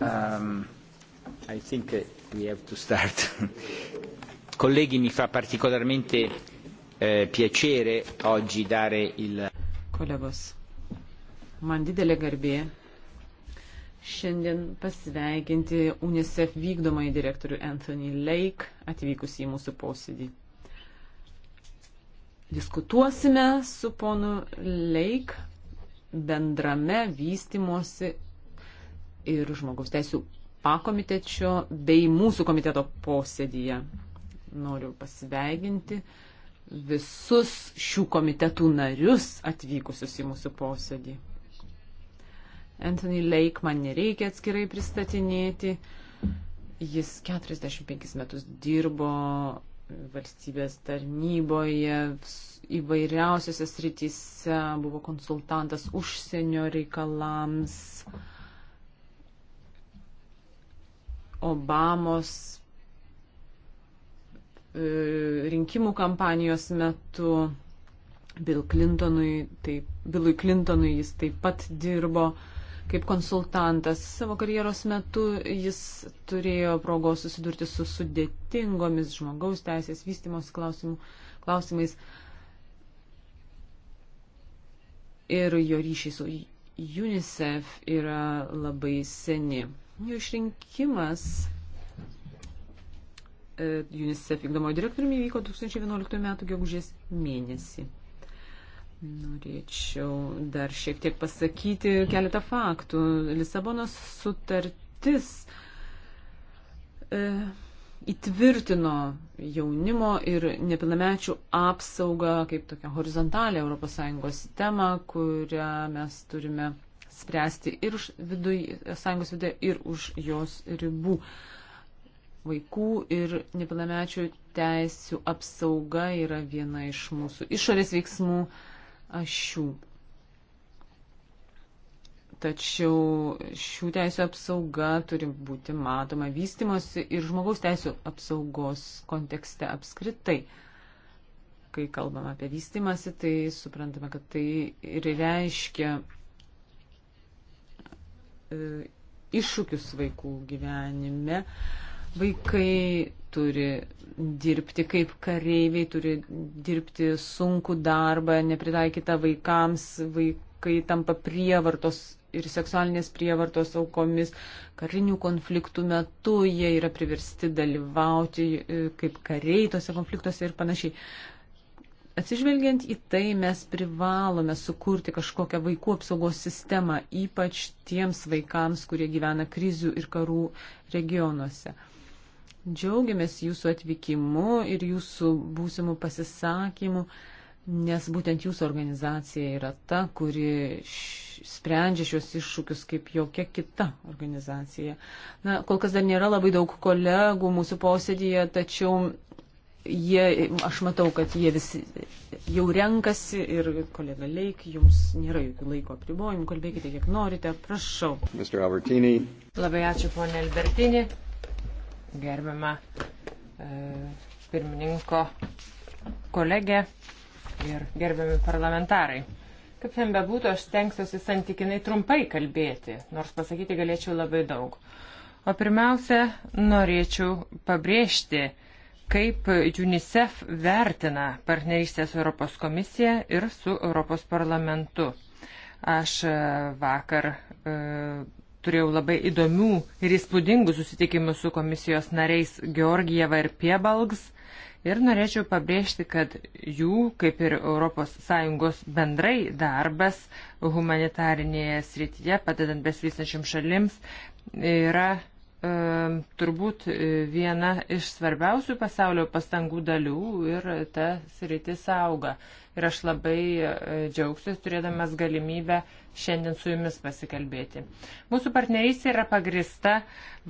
Um, I think uh, we have to start. Colleghi, mi fa particolarmente eh, piacere oggi dare il. Kolegos, man didelė garbė šiandien pasveikinti UNICEF vykdomąjį direktorių Anthony Lake atvykus į mūsų posėdį. Diskutuosime su ponu Lake bendrame vystimosi ir žmogaus teisų pakomitečio bei mūsų komiteto posėdyje. Noriu pasveikinti visus šių komitetų narius atvykusius į mūsų posėdį. Anthony Lake man nereikia atskirai pristatinėti. Jis 45 metus dirbo valstybės tarnyboje, įvairiausiose srityse, buvo konsultantas užsienio reikalams, uh, Obamos e, rinkimų kampanijos metu. Bill Clintonui, taip, Billui Clintonui jis taip pat dirbo kaip konsultantas. Savo karjeros metu jis turėjo progos susidurti su sudėtingomis žmogaus teisės vystimos klausimais ir jo ryšiai su UNICEF yra labai seni jo išrinkimas e, UNICEF vykdomojo direktoriumi vyko 2011 m. gegužės mėnesį. Norėčiau dar šiek tiek pasakyti keletą faktų. Lisabonos sutartis e, įtvirtino jaunimo ir nepilnamečių apsaugą kaip tokią horizontalę ES temą, kurią mes turime spręsti ir už viduj, sąjungos viduje, ir už jos ribų. Vaikų ir nepilnamečių teisų apsauga yra viena iš mūsų išorės veiksmų ašių. Tačiau šių teisų apsauga turi būti matoma vystimosi ir žmogaus teisų apsaugos kontekste apskritai kai kalbam apie vystimąsi, tai suprantame, kad tai ir reiškia E, iššūkius vaikų gyvenime. Vaikai turi dirbti kaip kareiviai, turi dirbti sunku darbą, nepritaikytą vaikams, vaikai tampa prievartos ir seksualinės prievartos aukomis, karinių konfliktų metu jie yra priversti dalyvauti e, kaip kariai tose konfliktuose ir panašiai. Atsižvelgiant į tai, mes privalome sukurti kažkokią vaikų apsaugos sistemą, ypač tiems vaikams, kurie gyvena krizių ir karų regionuose. Džiaugiamės jūsų atvykimu ir jūsų būsimų pasisakymų, nes būtent jūsų organizacija yra ta, kuri sprendžia šios iššūkius kaip jokia kita organizacija. Na, kol kas dar nėra labai daug kolegų mūsų posėdėje, tačiau jie, aš matau, kad jie visi jau renkasi ir kolega Leik, jums nėra jokių laiko apribojimų, kalbėkite kiek norite, prašau. Labai ačiū, ponė Albertini, gerbiama e, pirmininko kolegė ir gerbiami parlamentarai. Kaip ten bebūtų, aš stengsiuosi santykinai trumpai kalbėti, nors pasakyti galėčiau labai daug. O pirmiausia, norėčiau pabrėžti, kaip UNICEF vertina partnerystę su Europos komisija ir su Europos parlamentu. Aš e, vakar e, turėjau labai įdomių ir įspūdingų susitikimų su komisijos nariais Georgieva ir Piebalgs ir norėčiau pabrėžti, kad jų, kaip ir ES bendrai darbas humanitarinėje srityje, padedant besvystančiam šalims, yra E, turbūt viena iš svarbiausių pasaulio pastangų dalių ir ta sritis auga. Ir aš labai e, džiaugsiuosi turėdamas galimybę šiandien su jumis pasikalbėti. Mūsų partnerystė yra pagrista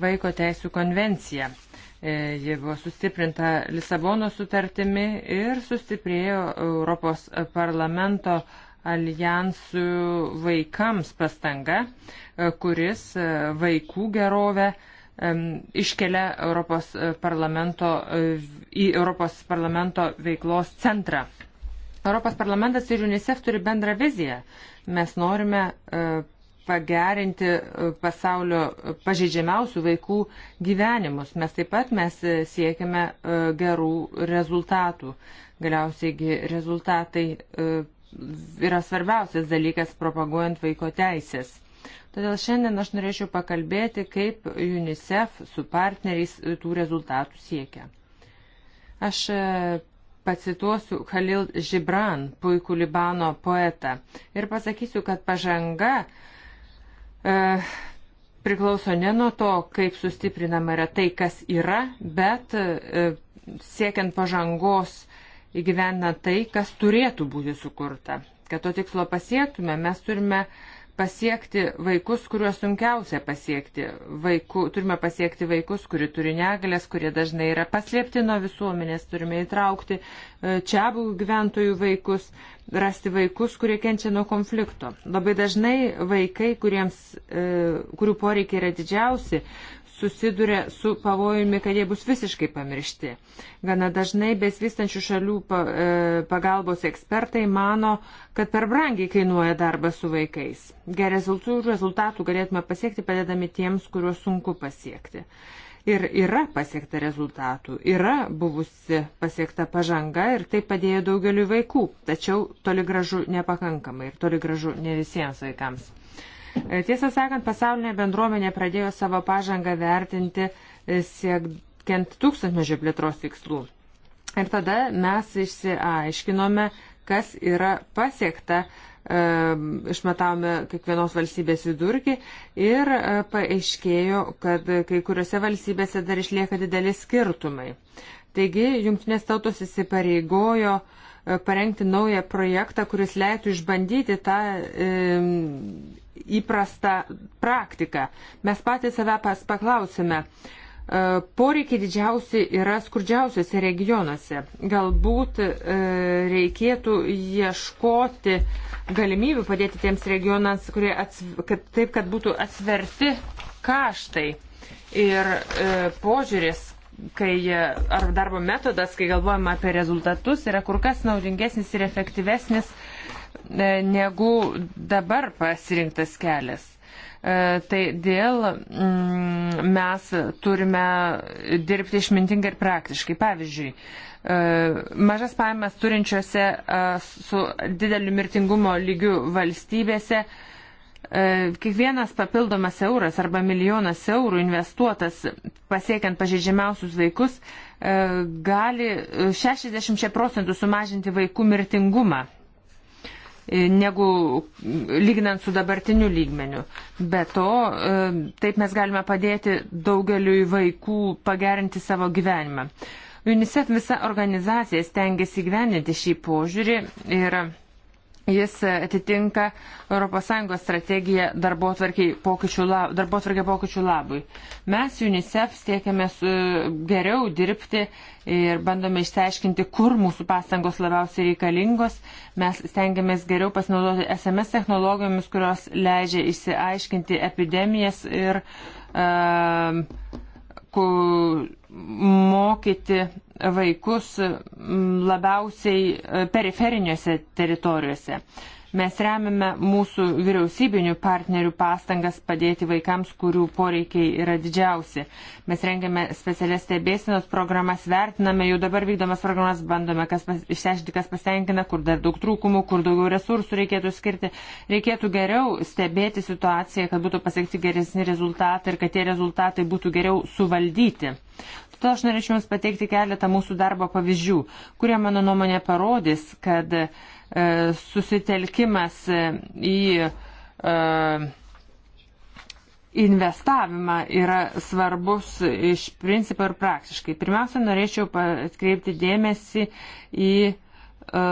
Vaiko teisų konvencija. E, ji buvo sustiprinta Lisabono sutartimi ir sustiprėjo Europos parlamento alijansų vaikams pastanga, kuris vaikų gerovę iškelia Europos e, parlamento, e, į Europos parlamento veiklos centrą. Europos parlamentas ir UNICEF turi bendrą viziją. Mes norime e, pagerinti pasaulio pažeidžiamiausių vaikų gyvenimus. Mes taip pat mes siekime gerų rezultatų. Galiausiai rezultatai yra svarbiausias dalykas propaguojant vaiko teisės. Todėl šiandien aš norėčiau pakalbėti, kaip UNICEF su partneriais e, tų rezultatų siekia. Aš e, pacituosiu Khalil Žibran, puikų Libano poetą, ir pasakysiu, kad pažanga e, priklauso ne nuo to, kaip sustiprinama yra tai, kas yra, bet e, siekiant pažangos įgyvena tai, kas turėtų būti sukurta. Kad to tikslo pasiektume, mes turime e, pasiekti vaikus, kuriuos sunkiausia pasiekti. Vaiku, turime pasiekti vaikus, kurie turi negalės, kurie dažnai yra paslėpti nuo visuomenės, turime įtraukti e, čia būgų gyventojų vaikus, rasti vaikus, kurie kenčia nuo konflikto. Labai dažnai vaikai, kuriems, e, kurių poreikiai yra didžiausi, susiduria su pavojumi, kad jie bus visiškai pamiršti. Gana dažnai besvystančių šalių e, pagalbos ekspertai mano, kad per brangiai kainuoja darbas su vaikais. Geresnių rezultatų galėtume pasiekti padedami tiems, kuriuos sunku pasiekti. Ir yra pasiekta rezultatų, yra buvusi pasiekta pažanga ir tai padėjo daugeliu vaikų, tačiau toli gražu nepakankamai ir toli gražu ne visiems vaikams. E, tiesą sakant, pasaulinė bendruomenė pradėjo savo pažangą vertinti e, siekiant tūkstantmečio plėtros tikslų. Ir tada mes išsiaiškinome, kas yra pasiekta, e, išmatavome kiekvienos valstybės vidurkį ir e, paaiškėjo, kad kai kuriuose valstybėse dar išlieka dideli skirtumai. Taigi, jungtinės tautos įsipareigojo e, parengti naują projektą, kuris leistų išbandyti tą e, įprastą praktiką. Mes patys save paklausime, e, poreikiai didžiausi yra skurdžiausiose regionuose. Galbūt e, reikėtų ieškoti galimybių padėti tiems regionams, ats, kad, taip, kad būtų atsverti kaštai ir e, požiūris, kai ar darbo metodas, kai galvojama apie rezultatus, yra kur kas naudingesnis ir efektyvesnis e, negu dabar pasirinktas kelias. E, tai dėl mm, mes turime dirbti išmintingai ir praktiškai. Pavyzdžiui, e, mažas pajamas turinčiose su dideliu mirtingumo lygiu valstybėse E, kiekvienas papildomas euras arba milijonas eurų investuotas pasiekiant pažeidžiamiausius vaikus e, gali 60 procentų sumažinti vaikų mirtingumą e, negu lyginant su dabartiniu lygmeniu. Be to, taip mes galime padėti daugeliu vaikų pagerinti savo gyvenimą. UNICEF visa organizacija stengiasi gyveninti šį požiūrį ir Jis atitinka ES strategiją darbo tvarkiai pokyčių, darbo pokyčių labui. Mes UNICEF siekiame geriau dirbti ir bandome išsiaiškinti, kur mūsų pastangos labiausiai reikalingos. Mes stengiamės geriau pasinaudoti SMS technologijomis, kurios leidžia išsiaiškinti epidemijas ir uh, mokyti vaikus labiausiai e, periferiniuose teritorijuose. Mes remiame mūsų vyriausybinių partnerių pastangas padėti vaikams, kurių poreikiai yra didžiausi. Mes rengiame specialias stebėsinos programas, vertiname jau dabar vykdomas programas, bandome kas pas, išsiaiškinti, kas pasitenkina, kur dar daug trūkumų, kur daugiau resursų reikėtų skirti. Reikėtų geriau stebėti situaciją, kad būtų pasiekti geresni rezultatai ir kad tie rezultatai būtų geriau suvaldyti. Todėl aš norėčiau Jums pateikti keletą mūsų darbo pavyzdžių, kurie, mano nuomonė, parodys, kad e, susitelkimas e, į e, investavimą yra svarbus iš principo ir praktiškai. Pirmiausia, norėčiau atkreipti dėmesį į e,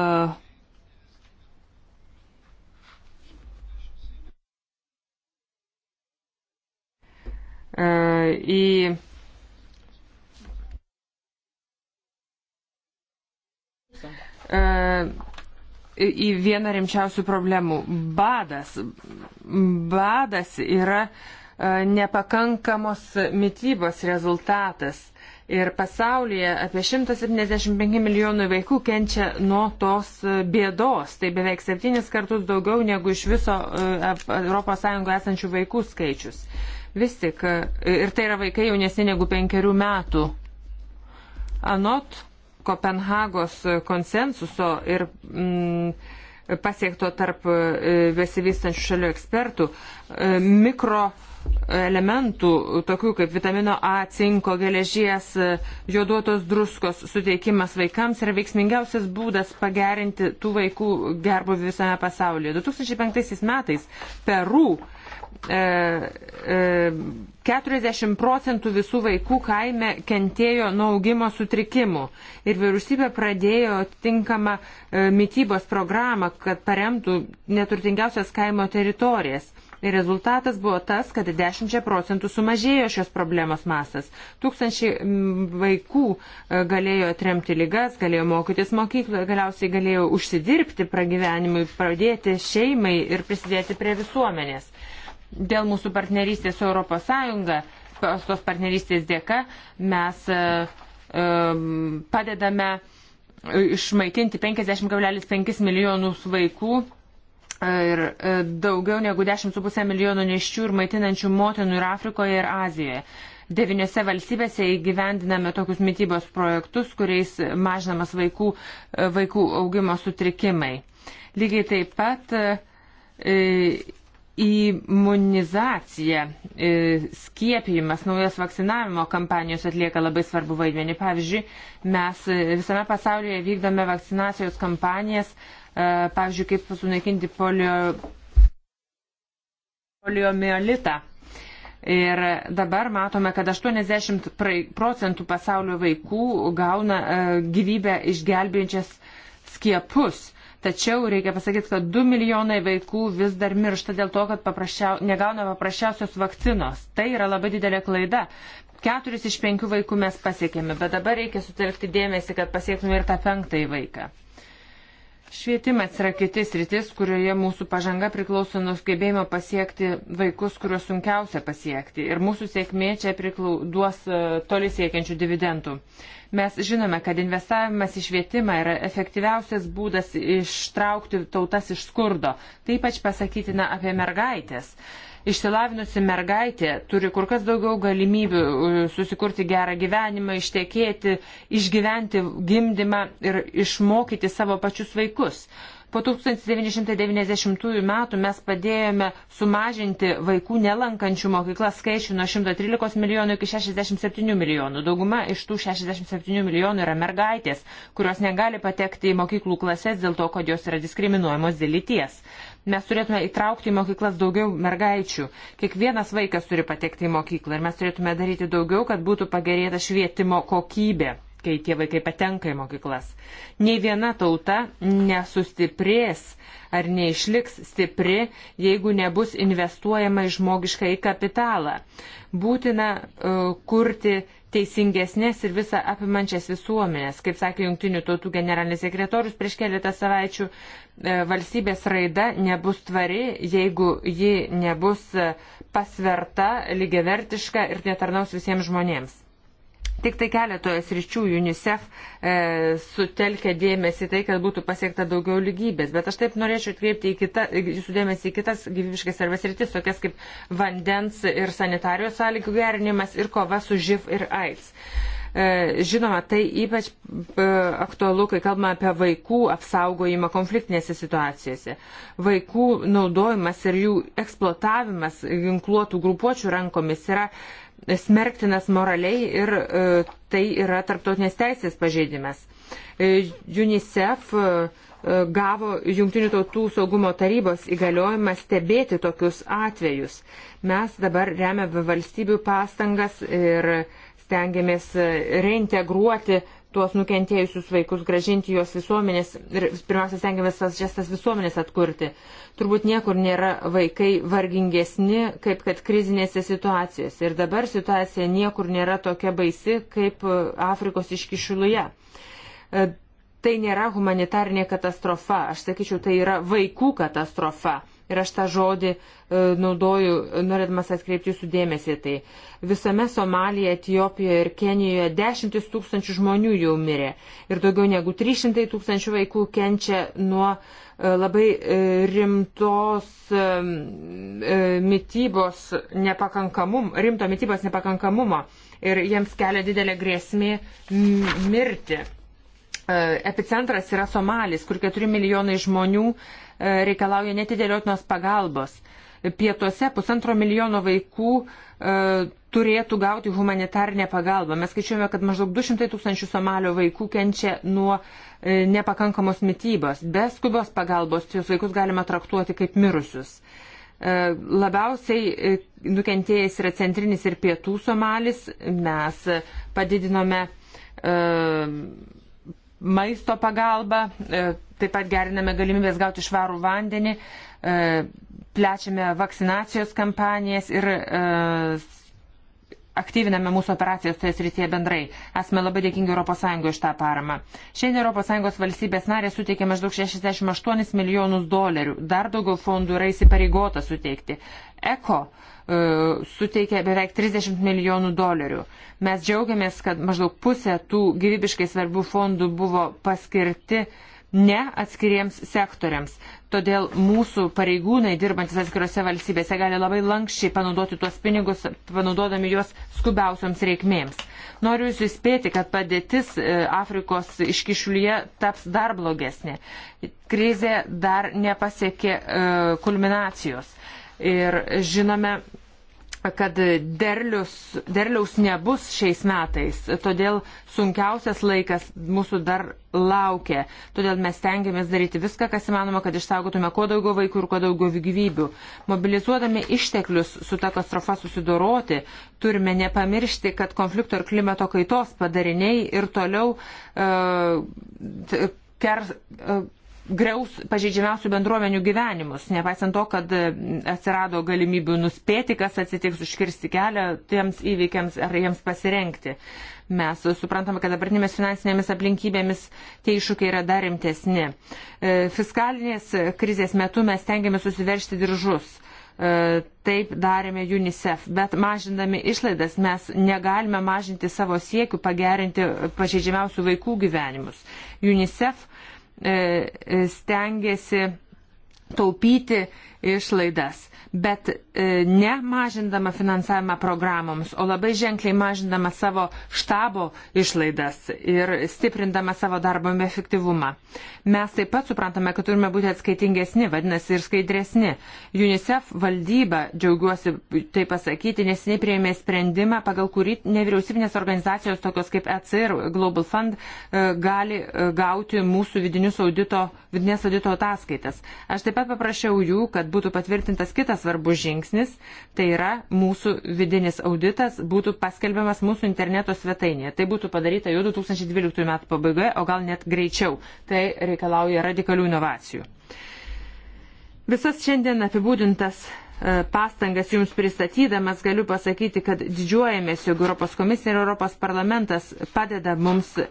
e į E, į vieną rimčiausių problemų. Badas. Badas yra e, nepakankamos mytybos rezultatas. Ir pasaulyje apie 175 milijonų vaikų kenčia nuo tos e, bėdos. Tai beveik septynis kartus daugiau negu iš viso ES esančių vaikų skaičius. Vis tik, ir tai yra vaikai jaunesni negu penkerių metų. Anot Kopenhagos konsensuso ir mm, pasiekto tarp e, besivystančių šalių ekspertų e, mikro elementų, tokių kaip vitamino A, cinko, geležies, e, joduotos druskos suteikimas vaikams yra veiksmingiausias būdas pagerinti tų vaikų gerbuvį visame pasaulyje. 2005 metais Peru e, e, 40 procentų visų vaikų kaime kentėjo nuo augimo sutrikimų ir vyriausybė pradėjo tinkamą e, mytybos programą, kad paremtų neturtingiausias kaimo teritorijas. Ir rezultatas buvo tas, kad 10 procentų sumažėjo šios problemos masas. Tūkstančiai vaikų e, galėjo atremti lygas, galėjo mokytis mokykloje, galiausiai galėjo užsidirbti pragyvenimui, pradėti šeimai ir prisidėti prie visuomenės. Dėl mūsų partnerystės su ES, tos partnerystės dėka, mes e, e, padedame e, išmaitinti 50,5 milijonus vaikų ir daugiau negu 10,5 milijonų neščių ir maitinančių motinų ir Afrikoje ir Azijoje. Deviniuose valstybėse įgyvendiname tokius mytybos projektus, kuriais mažinamas vaikų, vaikų augimo sutrikimai. Lygiai taip pat Imunizacija, e, skiepijimas, naujos vakcinavimo kampanijos atlieka labai svarbu vaidmenį. Pavyzdžiui, mes visame pasaulyje vykdome vakcinacijos kampanijas, e, pavyzdžiui, kaip sunaikinti polio, poliomiolitą. Ir dabar matome, kad 80 procentų pasaulio vaikų gauna e, gyvybę išgelbėjančias skiepus. Tačiau reikia pasakyti, kad 2 milijonai vaikų vis dar miršta dėl to, kad paprasčiau, negauna paprasčiausios vakcinos. Tai yra labai didelė klaida. Keturis iš penkių vaikų mes pasiekėme, bet dabar reikia sutelkti dėmesį, kad pasiektume ir tą penktąjį vaiką. Švietimas yra kitis rytis, kurioje mūsų pažanga priklauso nuo sugebėjimo pasiekti vaikus, kuriuos sunkiausia pasiekti. Ir mūsų sėkmė čia priklau, duos e, toli siekiančių dividendų. Mes žinome, kad investavimas į švietimą yra efektyviausias būdas ištraukti tautas iš skurdo. Taip pat pasakytina apie mergaitės. Uh, Išsilavinusi mergaitė turi kur kas daugiau galimybių susikurti gerą gyvenimą, ištekėti, išgyventi gimdymą ir išmokyti savo pačius vaikus. Po 1990 metų mes padėjome sumažinti vaikų nelankančių mokyklas skaičių nuo 113 milijonų iki 67 milijonų. Dauguma iš tų 67 milijonų yra mergaitės, kurios negali patekti į mokyklų klases dėl to, kad jos yra diskriminuojamos dėl lyties. Mes turėtume įtraukti į mokyklas daugiau mergaičių. Kiekvienas vaikas turi patekti į mokyklą ir mes turėtume daryti daugiau, kad būtų pagerėta švietimo kokybė kai tie vaikai patenka į mokyklas. Nei viena tauta nesustiprės ar neišliks stipri, jeigu nebus investuojama į žmogišką į kapitalą. Būtina uh, kurti teisingesnės ir visą apimančias visuomenės. Kaip sakė Junktinių tautų generalinis sekretorius prieš keletą savaičių, e, valstybės raida nebus tvari, jeigu ji nebus e, pasverta, lygiavertiška ir netarnaus visiems žmonėms. Tik tai keletoje sričių UNICEF e, sutelkia dėmesį tai, kad būtų pasiekta daugiau lygybės. Bet aš taip norėčiau atkreipti į kitą, jūsų dėmesį į kitas gyvybiškai svarbės rytis, tokias kaip vandens ir sanitarijos sąlygų gerinimas ir kova su živ ir AIDS. E, žinoma, tai ypač e, aktualu, kai kalbame apie vaikų apsaugojimą konfliktinėse situacijose. Vaikų naudojimas ir jų eksploatavimas ginkluotų grupuočių rankomis yra smerktinas moraliai ir e, tai yra tarptautinės teisės pažeidimas. E, UNICEF e, gavo Junktinių tautų saugumo tarybos įgaliojimą stebėti tokius atvejus. Mes dabar remiame valstybių pastangas ir stengiamės reintegruoti tuos nukentėjusius vaikus, gražinti juos visuomenės ir pirmiausia stengiamės tas žestas visuomenės atkurti. Turbūt niekur nėra vaikai vargingesni, kaip kad krizinėse situacijose. Ir dabar situacija niekur nėra tokia baisi, kaip e, Afrikos iškišuluje. E, tai nėra humanitarinė katastrofa, aš sakyčiau, tai yra vaikų katastrofa ir aš tą žodį e, naudoju, norėdamas atkreipti jūsų dėmesį, tai visame Somalija, Etijopijoje ir Kenijoje dešimtis tūkstančių žmonių jau mirė ir daugiau negu 300 tūkstančių vaikų kenčia nuo e, labai e, rimtos mytybos nepakankamumo, rimto mytybos nepakankamumo ir jiems kelia didelė grėsmė mirti. E, epicentras yra Somalis, kur 4 milijonai žmonių e, reikalauja netidėliotinos pagalbos. Pietuose pusantro milijono vaikų e, turėtų gauti humanitarnę pagalbą. Mes skaičiuojame, kad maždaug 200 tūkstančių Somalio vaikų kenčia nuo nepakankamos mytybos. Be skubios pagalbos tuos vaikus galima traktuoti kaip mirusius. Labiausiai nukentėjęs yra centrinis ir pietų Somalis. Mes padidinome uh, maisto pagalba, e, taip pat geriname galimybės gauti švarų vandenį, e, plečiame vakcinacijos kampanijas ir e, aktyviname mūsų operacijas toje srityje bendrai. Esame labai dėkingi ES iš tą paramą. Šiandien ES valstybės narė suteikia maždaug 68 milijonus dolerių. Dar daugiau fondų yra įsipareigota suteikti. ECO e, suteikia beveik 30 milijonų dolerių. Mes džiaugiamės, kad maždaug pusė tų gyvybiškai svarbių fondų buvo paskirti uh, ne atskiriems sektoriams. Todėl mūsų pareigūnai, dirbantis atskirose valstybėse, gali labai lankščiai panaudoti tuos pinigus, panaudodami juos skubiausioms reikmėms. Noriu jūs įspėti, kad padėtis e, Afrikos iškišulyje taps dar blogesnė. Krizė dar nepasiekė e, kulminacijos. Ir žinome, kad derlius, derliaus nebus šiais metais, todėl sunkiausias laikas mūsų dar laukia. Todėl mes tengiamės daryti viską, kas įmanoma, kad išsaugotume kuo daugiau vaikų ir kuo daugiau gyvybių. Mobilizuodami išteklius su ta katastrofa susidoroti, turime nepamiršti, kad konflikto ir klimato kaitos padariniai ir toliau uh, ker, uh, greus pažeidžiamiausių bendruomenių gyvenimus. Nepaisant to, kad e, atsirado galimybių nuspėti, kas atsitiks, užkirsti kelią tiems įvykiams ar jiems pasirenkti. Mes suprantame, kad dabartinėmis finansinėmis aplinkybėmis tie iššūkiai yra dar rimtesni. E, fiskalinės krizės metu mes tengiamės susiveršti diržus e, taip darėme UNICEF, bet mažindami išlaidas mes negalime mažinti savo siekių pagerinti pažeidžiamiausių vaikų gyvenimus. UNICEF E, e, stengiasi taupyti išlaidas bet e, ne mažindama finansavimą programoms, o labai ženkliai mažindama savo štabo išlaidas ir stiprindama savo darbo efektyvumą. Mes taip pat suprantame, kad turime būti atskaitingesni, vadinasi, ir skaidresni. UNICEF valdyba, džiaugiuosi tai pasakyti, nesiniai prieėmė sprendimą, pagal kurį nevyriausybinės organizacijos tokios kaip EC ir Global Fund e, gali e, gauti mūsų vidinius audito vidinės audito ataskaitas. Aš taip pat paprašiau jų, kad būtų patvirtintas kitas svarbus žingsnis, tai yra mūsų vidinis auditas būtų paskelbiamas mūsų interneto svetainėje. Tai būtų padaryta jau 2012 metų pabaigoje, o gal net greičiau. Tai reikalauja radikalių inovacijų. Visas šiandien apibūdintas pastangas jums pristatydamas galiu pasakyti, kad didžiuojamės, jog Europos komisija ir Europos parlamentas padeda mums e,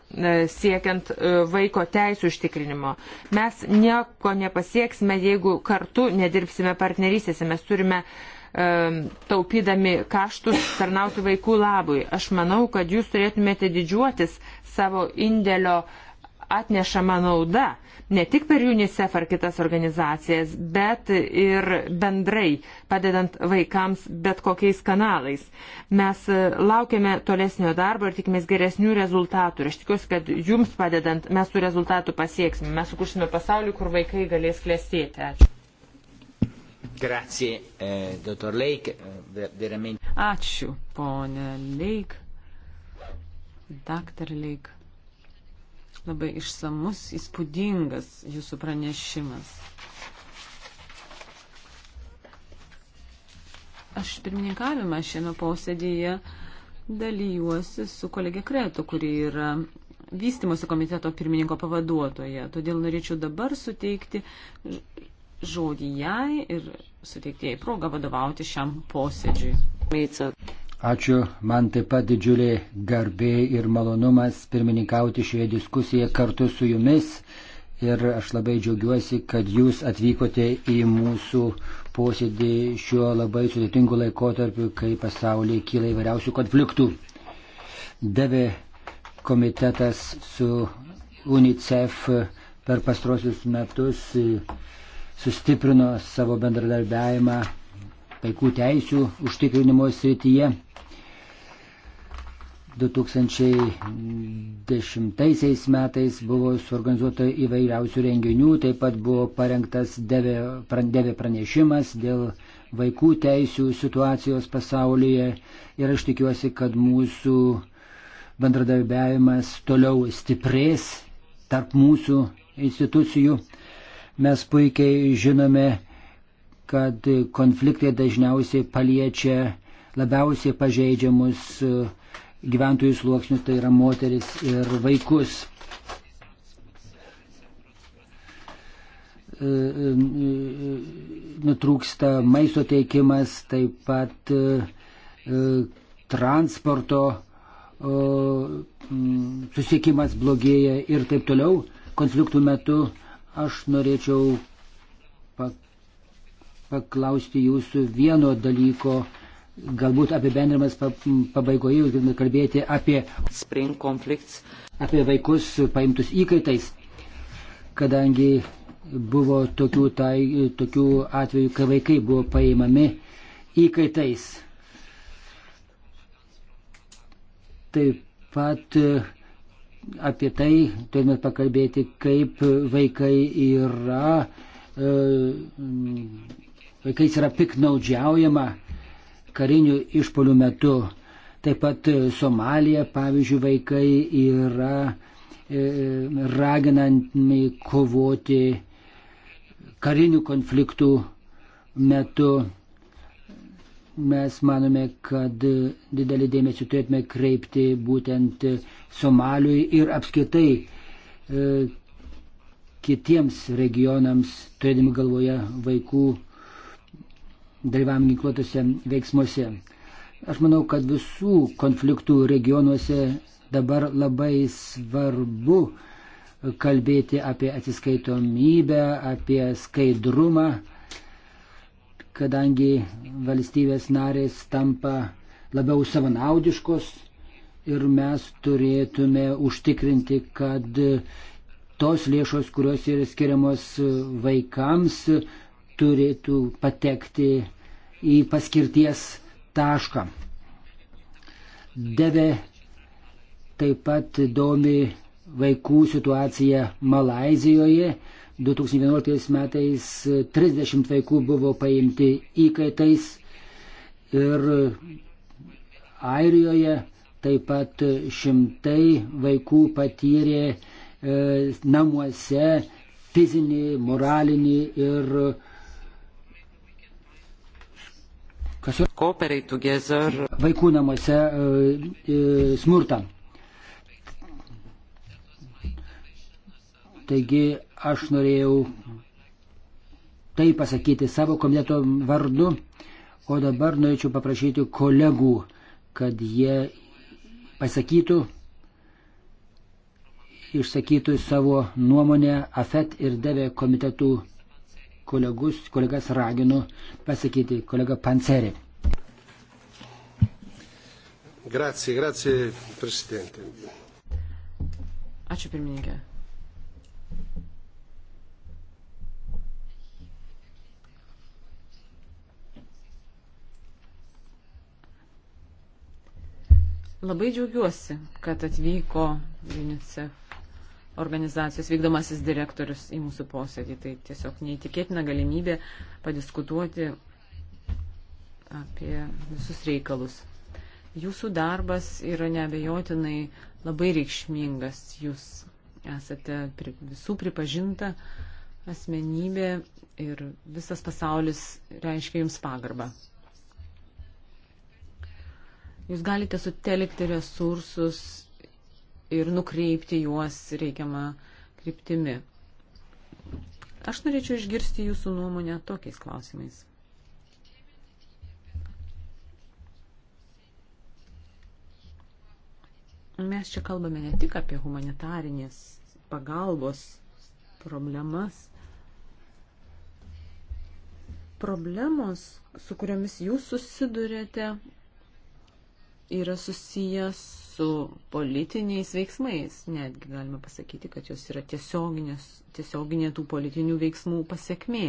siekiant e, vaiko teisų užtikrinimo. Mes nieko nepasieksime, jeigu kartu nedirbsime partnerysėse. Mes turime e, taupydami kaštus tarnauti vaikų labui. Aš manau, kad jūs turėtumėte didžiuotis savo indėlio uh, atnešama nauda ne tik per UNICEF ar kitas organizacijas, bet ir bendrai padedant vaikams bet kokiais kanalais. Mes e, laukiame tolesnio darbo ir tikimės geresnių rezultatų. Ir aš tikiuosi, kad jums padedant mes tų rezultatų pasieksime. Mes sukursime pasaulį, kur vaikai galės klestėti. Ačiū. Grazie, eh, dottor Lake. Eh, veramente. Ačiū, ponė Lake. Dr. Lake labai išsamus, įspūdingas jūsų pranešimas. Aš pirmininkavimą šiame posėdėje dalyjuosi su kolegė Kretu, kuri yra vystimosi komiteto pirmininko pavaduotoja. Todėl norėčiau dabar suteikti žodį jai ir suteikti jai progą vadovauti šiam posėdžiui. Meica. Ačiū, man taip pat didžiulė garbė ir malonumas pirmininkauti šioje diskusijoje kartu su jumis. Ir aš labai džiaugiuosi, kad jūs atvykote į mūsų posėdį šiuo labai sudėtingu laikotarpiu, kai pasaulyje kyla įvairiausių konfliktų. Deve komitetas su UNICEF per pastrosius metus sustiprino savo bendradarbiavimą vaikų teisų užtikrinimo srityje. 2010 metais buvo suorganizuota įvairiausių renginių, taip pat buvo parengtas devė pranešimas dėl vaikų teisių situacijos pasaulyje ir aš tikiuosi, kad mūsų bendradarbiavimas toliau stiprės tarp mūsų institucijų. Mes puikiai žinome, kad konfliktai dažniausiai paliečia labiausiai pažeidžiamus uh, gyventojų sluoksnius, tai yra moteris ir vaikus. E, e, nutrūksta maisto teikimas, taip pat e, transporto susiekimas blogėja ir taip toliau. Konfliktų metu aš norėčiau paklausti jūsų vieno dalyko, galbūt apibendrimas pabaigoje jūs galite kalbėti apie spring konflikts, apie vaikus paimtus įkaitais, kadangi buvo tokių, tai, tokių atvejų, kai vaikai buvo paimami įkaitais. Taip pat e, apie tai turime pakalbėti, kaip vaikai yra, e, vaikais yra piknaudžiaujama karinių išpolių metu. Taip pat e, Somalija, pavyzdžiui, vaikai yra e, raginami kovoti karinių konfliktų metu. Mes manome, kad didelį dėmesį turėtume kreipti būtent Somaliui ir apskaitai e, kitiems regionams, turėdami galvoje vaikų dalyvavimą ginkluotose veiksmuose. Aš manau, kad visų konfliktų regionuose dabar labai svarbu kalbėti apie atsiskaitomybę, apie skaidrumą, kadangi valstybės narės tampa labiau savanaudiškos ir mes turėtume užtikrinti, kad tos lėšos, kurios yra skiriamos vaikams, turėtų patekti į paskirties tašką. Deve taip pat domi vaikų situacija Malazijoje. 2011 metais 30 vaikų buvo paimti įkaitais ir Airijoje taip pat šimtai vaikų patyrė e, namuose fizinį, moralinį ir e, kas yra vaikų namuose e, e, smurtą. Taigi aš norėjau tai pasakyti savo komiteto vardu, o dabar norėčiau paprašyti kolegų, kad jie pasakytų, išsakytų savo nuomonę AFET ir DEVE komitetų kolegus, kolegas raginu pasakyti kolega Pancerį. Grazie, grazie, prezidentė. Ačiū pirmininkė. Labai džiaugiuosi, kad atvyko UNICEF organizacijos vykdomasis direktorius į mūsų posėdį. Tai tiesiog neįtikėtina galimybė padiskutuoti apie visus reikalus. Jūsų darbas yra neabejotinai labai reikšmingas. Jūs esate visų pripažinta asmenybė ir visas pasaulis reiškia jums pagarbą. Jūs galite sutelkti resursus ir nukreipti juos reikiamą kryptimi. Aš norėčiau išgirsti jūsų nuomonę tokiais klausimais. Mes čia kalbame ne tik apie humanitarinės pagalbos problemas, problemos, su kuriomis jūs susidurėte, yra susijęs su politiniais veiksmais. Netgi galime pasakyti, kad jos yra tiesioginė tų politinių veiksmų pasiekmė.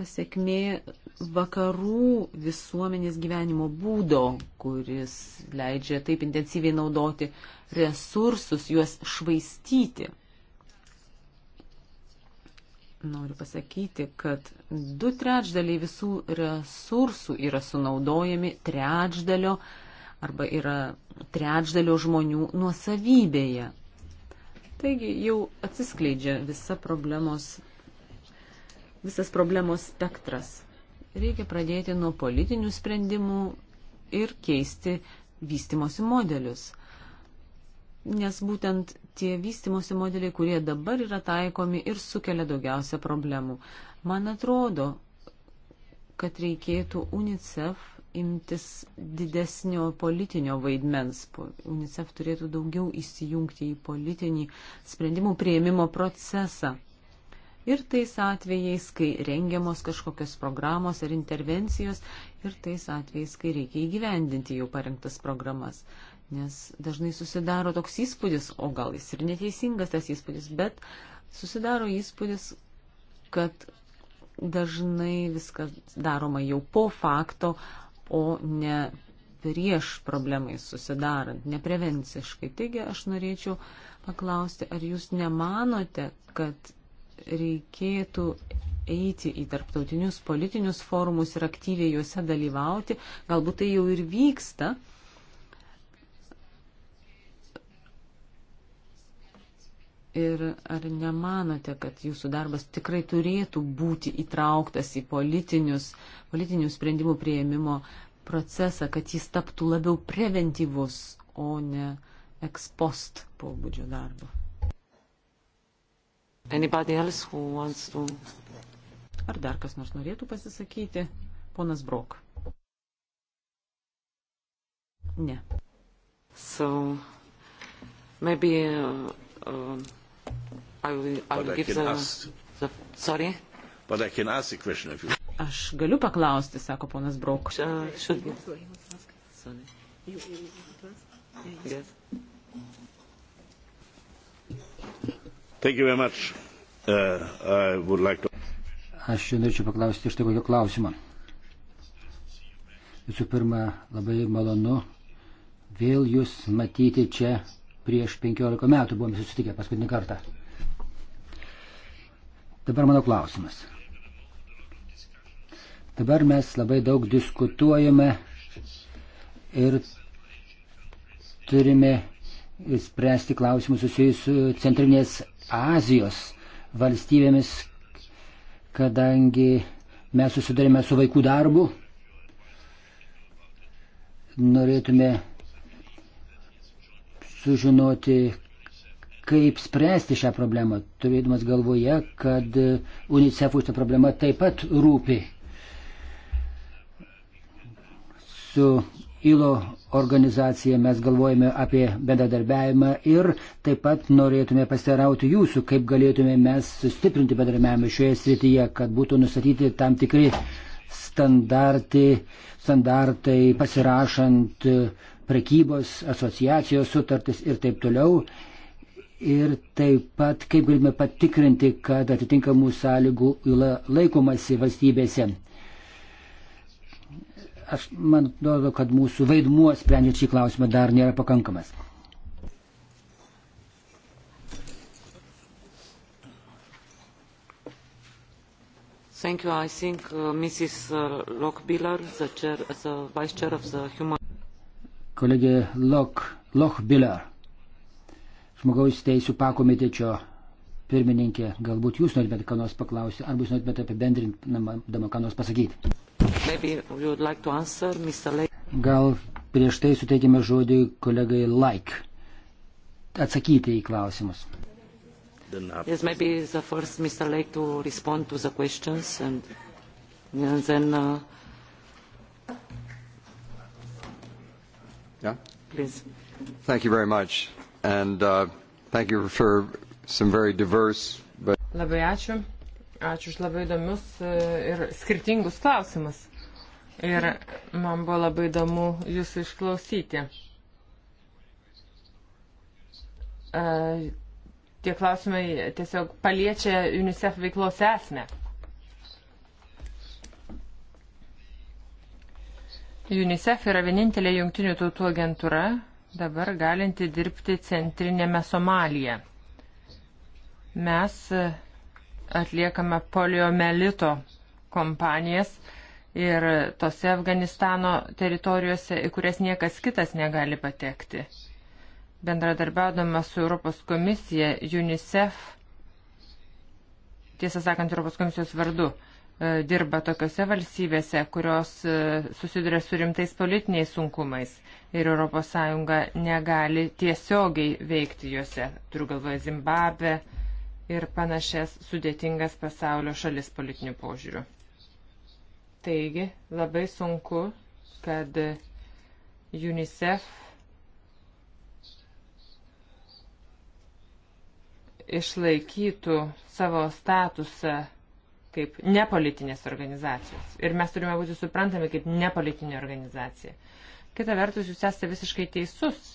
Pasiekmė vakarų visuomenės gyvenimo būdo, kuris leidžia taip intensyviai naudoti resursus, juos švaistyti. Noriu pasakyti, kad du trečdaliai visų resursų yra sunaudojami trečdalio arba yra trečdalio žmonių nuosavybėje. Taigi jau atsiskleidžia visa problemos, visas problemos spektras. Reikia pradėti nuo politinių sprendimų ir keisti vystimosi modelius. Nes būtent tie vystimosi modeliai, kurie dabar yra taikomi ir sukelia daugiausia problemų. Man atrodo, kad reikėtų UNICEF imtis didesnio politinio vaidmens. UNICEF turėtų daugiau įsijungti į politinį sprendimų prieimimo procesą. Ir tais atvejais, kai rengiamos kažkokios programos ar intervencijos, ir tais atvejais, kai reikia įgyvendinti jau parengtas programas nes dažnai susidaro toks įspūdis, o gal jis ir neteisingas tas įspūdis, bet susidaro įspūdis, kad dažnai viskas daroma jau po fakto, o ne prieš problemai susidarant, neprevenciškai. Taigi aš norėčiau paklausti, ar jūs nemanote, kad reikėtų eiti į tarptautinius politinius forumus ir aktyviai juose dalyvauti, galbūt tai jau ir vyksta, Ir ar nemanote, kad jūsų darbas tikrai turėtų būti įtrauktas į politinius, politinių sprendimų prieimimo procesą, kad jis taptų labiau preventyvus, o ne ekspost pobūdžio darbo? To... Ar dar kas nors norėtų pasisakyti? Ponas Brok. Ne. So, maybe, uh, uh I will, I will give the, the, sorry. But I can ask the question if you. Aš galiu paklausti, sako ponas Brok. Uh, should... yes. Thank you very much. Uh, I would like to... Aš norėčiau paklausti iš tai kokio klausimo. Visų pirma, labai malonu vėl jūs matyti čia Prieš 15 metų buvome susitikę paskutinį kartą. Dabar mano klausimas. Dabar mes labai daug diskutuojame ir turime spręsti klausimus susijusius su Centrinės Azijos valstybėmis, kadangi mes susidurime su vaikų darbu, norėtume sužinoti, kaip spręsti šią problemą, turėdamas galvoje, kad UNICEF šitą problemą taip pat rūpi. Su ILO organizacija mes galvojame apie bendradarbiavimą ir taip pat norėtume pasirauti jūsų, kaip galėtume mes sustiprinti bendradarbiavimą šioje srityje, kad būtų nustatyti tam tikri standartai, standartai pasirašant prekybos asociacijos sutartis ir taip toliau. Ir taip pat, kaip galime patikrinti, kad atitinkamų sąlygų laikomasi valstybėse. Aš man atrodo, kad mūsų vaidmuo sprendžiant šį klausimą dar nėra pakankamas. Thank you. I think uh, Mrs. Uh, Lockbiller, the, chair, the vice chair of the Human kolegė Lok, Lochbiller, žmogaus teisų pakomitečio pirmininkė, galbūt jūs norėtumėte ką nors paklausti, arba jūs norėtumėte apibendrindama ką nors pasakyti. Like to answer, Gal prieš tai suteikime žodį kolegai Like atsakyti į klausimus. Yes, maybe the first Mr. Lake to respond to the questions and, and then uh, Yeah? Please. Thank you very much. And uh, thank you for some very diverse. But... Labai ačiū. Ačiū už labai įdomius e, ir skirtingus klausimus. Ir man buvo labai įdomu jūsų išklausyti. E, tie klausimai tiesiog paliečia UNICEF veiklos esmę. UNICEF yra vienintelė jungtinių tautų agentūra dabar galinti dirbti centrinėme Somalyje. Mes e, atliekame poliomelito kompanijas ir tose Afganistano teritorijose, į kurias niekas kitas negali patekti. Bendradarbiaudama su Europos komisija, UNICEF, tiesą sakant, Europos komisijos vardu, uh, E, dirba tokiose valstybėse, kurios e, susiduria su rimtais politiniais sunkumais ir ES negali tiesiogiai veikti juose, turiu galvoje Zimbabvę ir panašias sudėtingas pasaulio šalis politinių požiūrių. Taigi, labai sunku, kad UNICEF išlaikytų savo statusą kaip nepolitinės organizacijos. Ir mes turime būti suprantami kaip nepolitinė organizacija. Kita vertus, jūs esate visiškai teisus.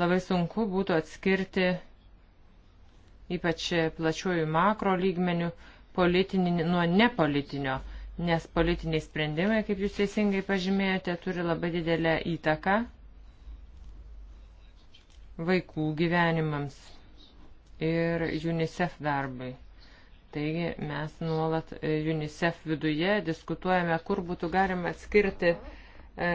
Labai sunku būtų atskirti, ypač plačiuoju makro lygmeniu, politinį nuo nepolitinio, nes politiniai sprendimai, kaip jūs teisingai pažymėjote, turi labai didelę įtaką vaikų gyvenimams ir UNICEF darbai. Taigi mes nuolat e, UNICEF viduje diskutuojame, kur būtų galima atskirti, e,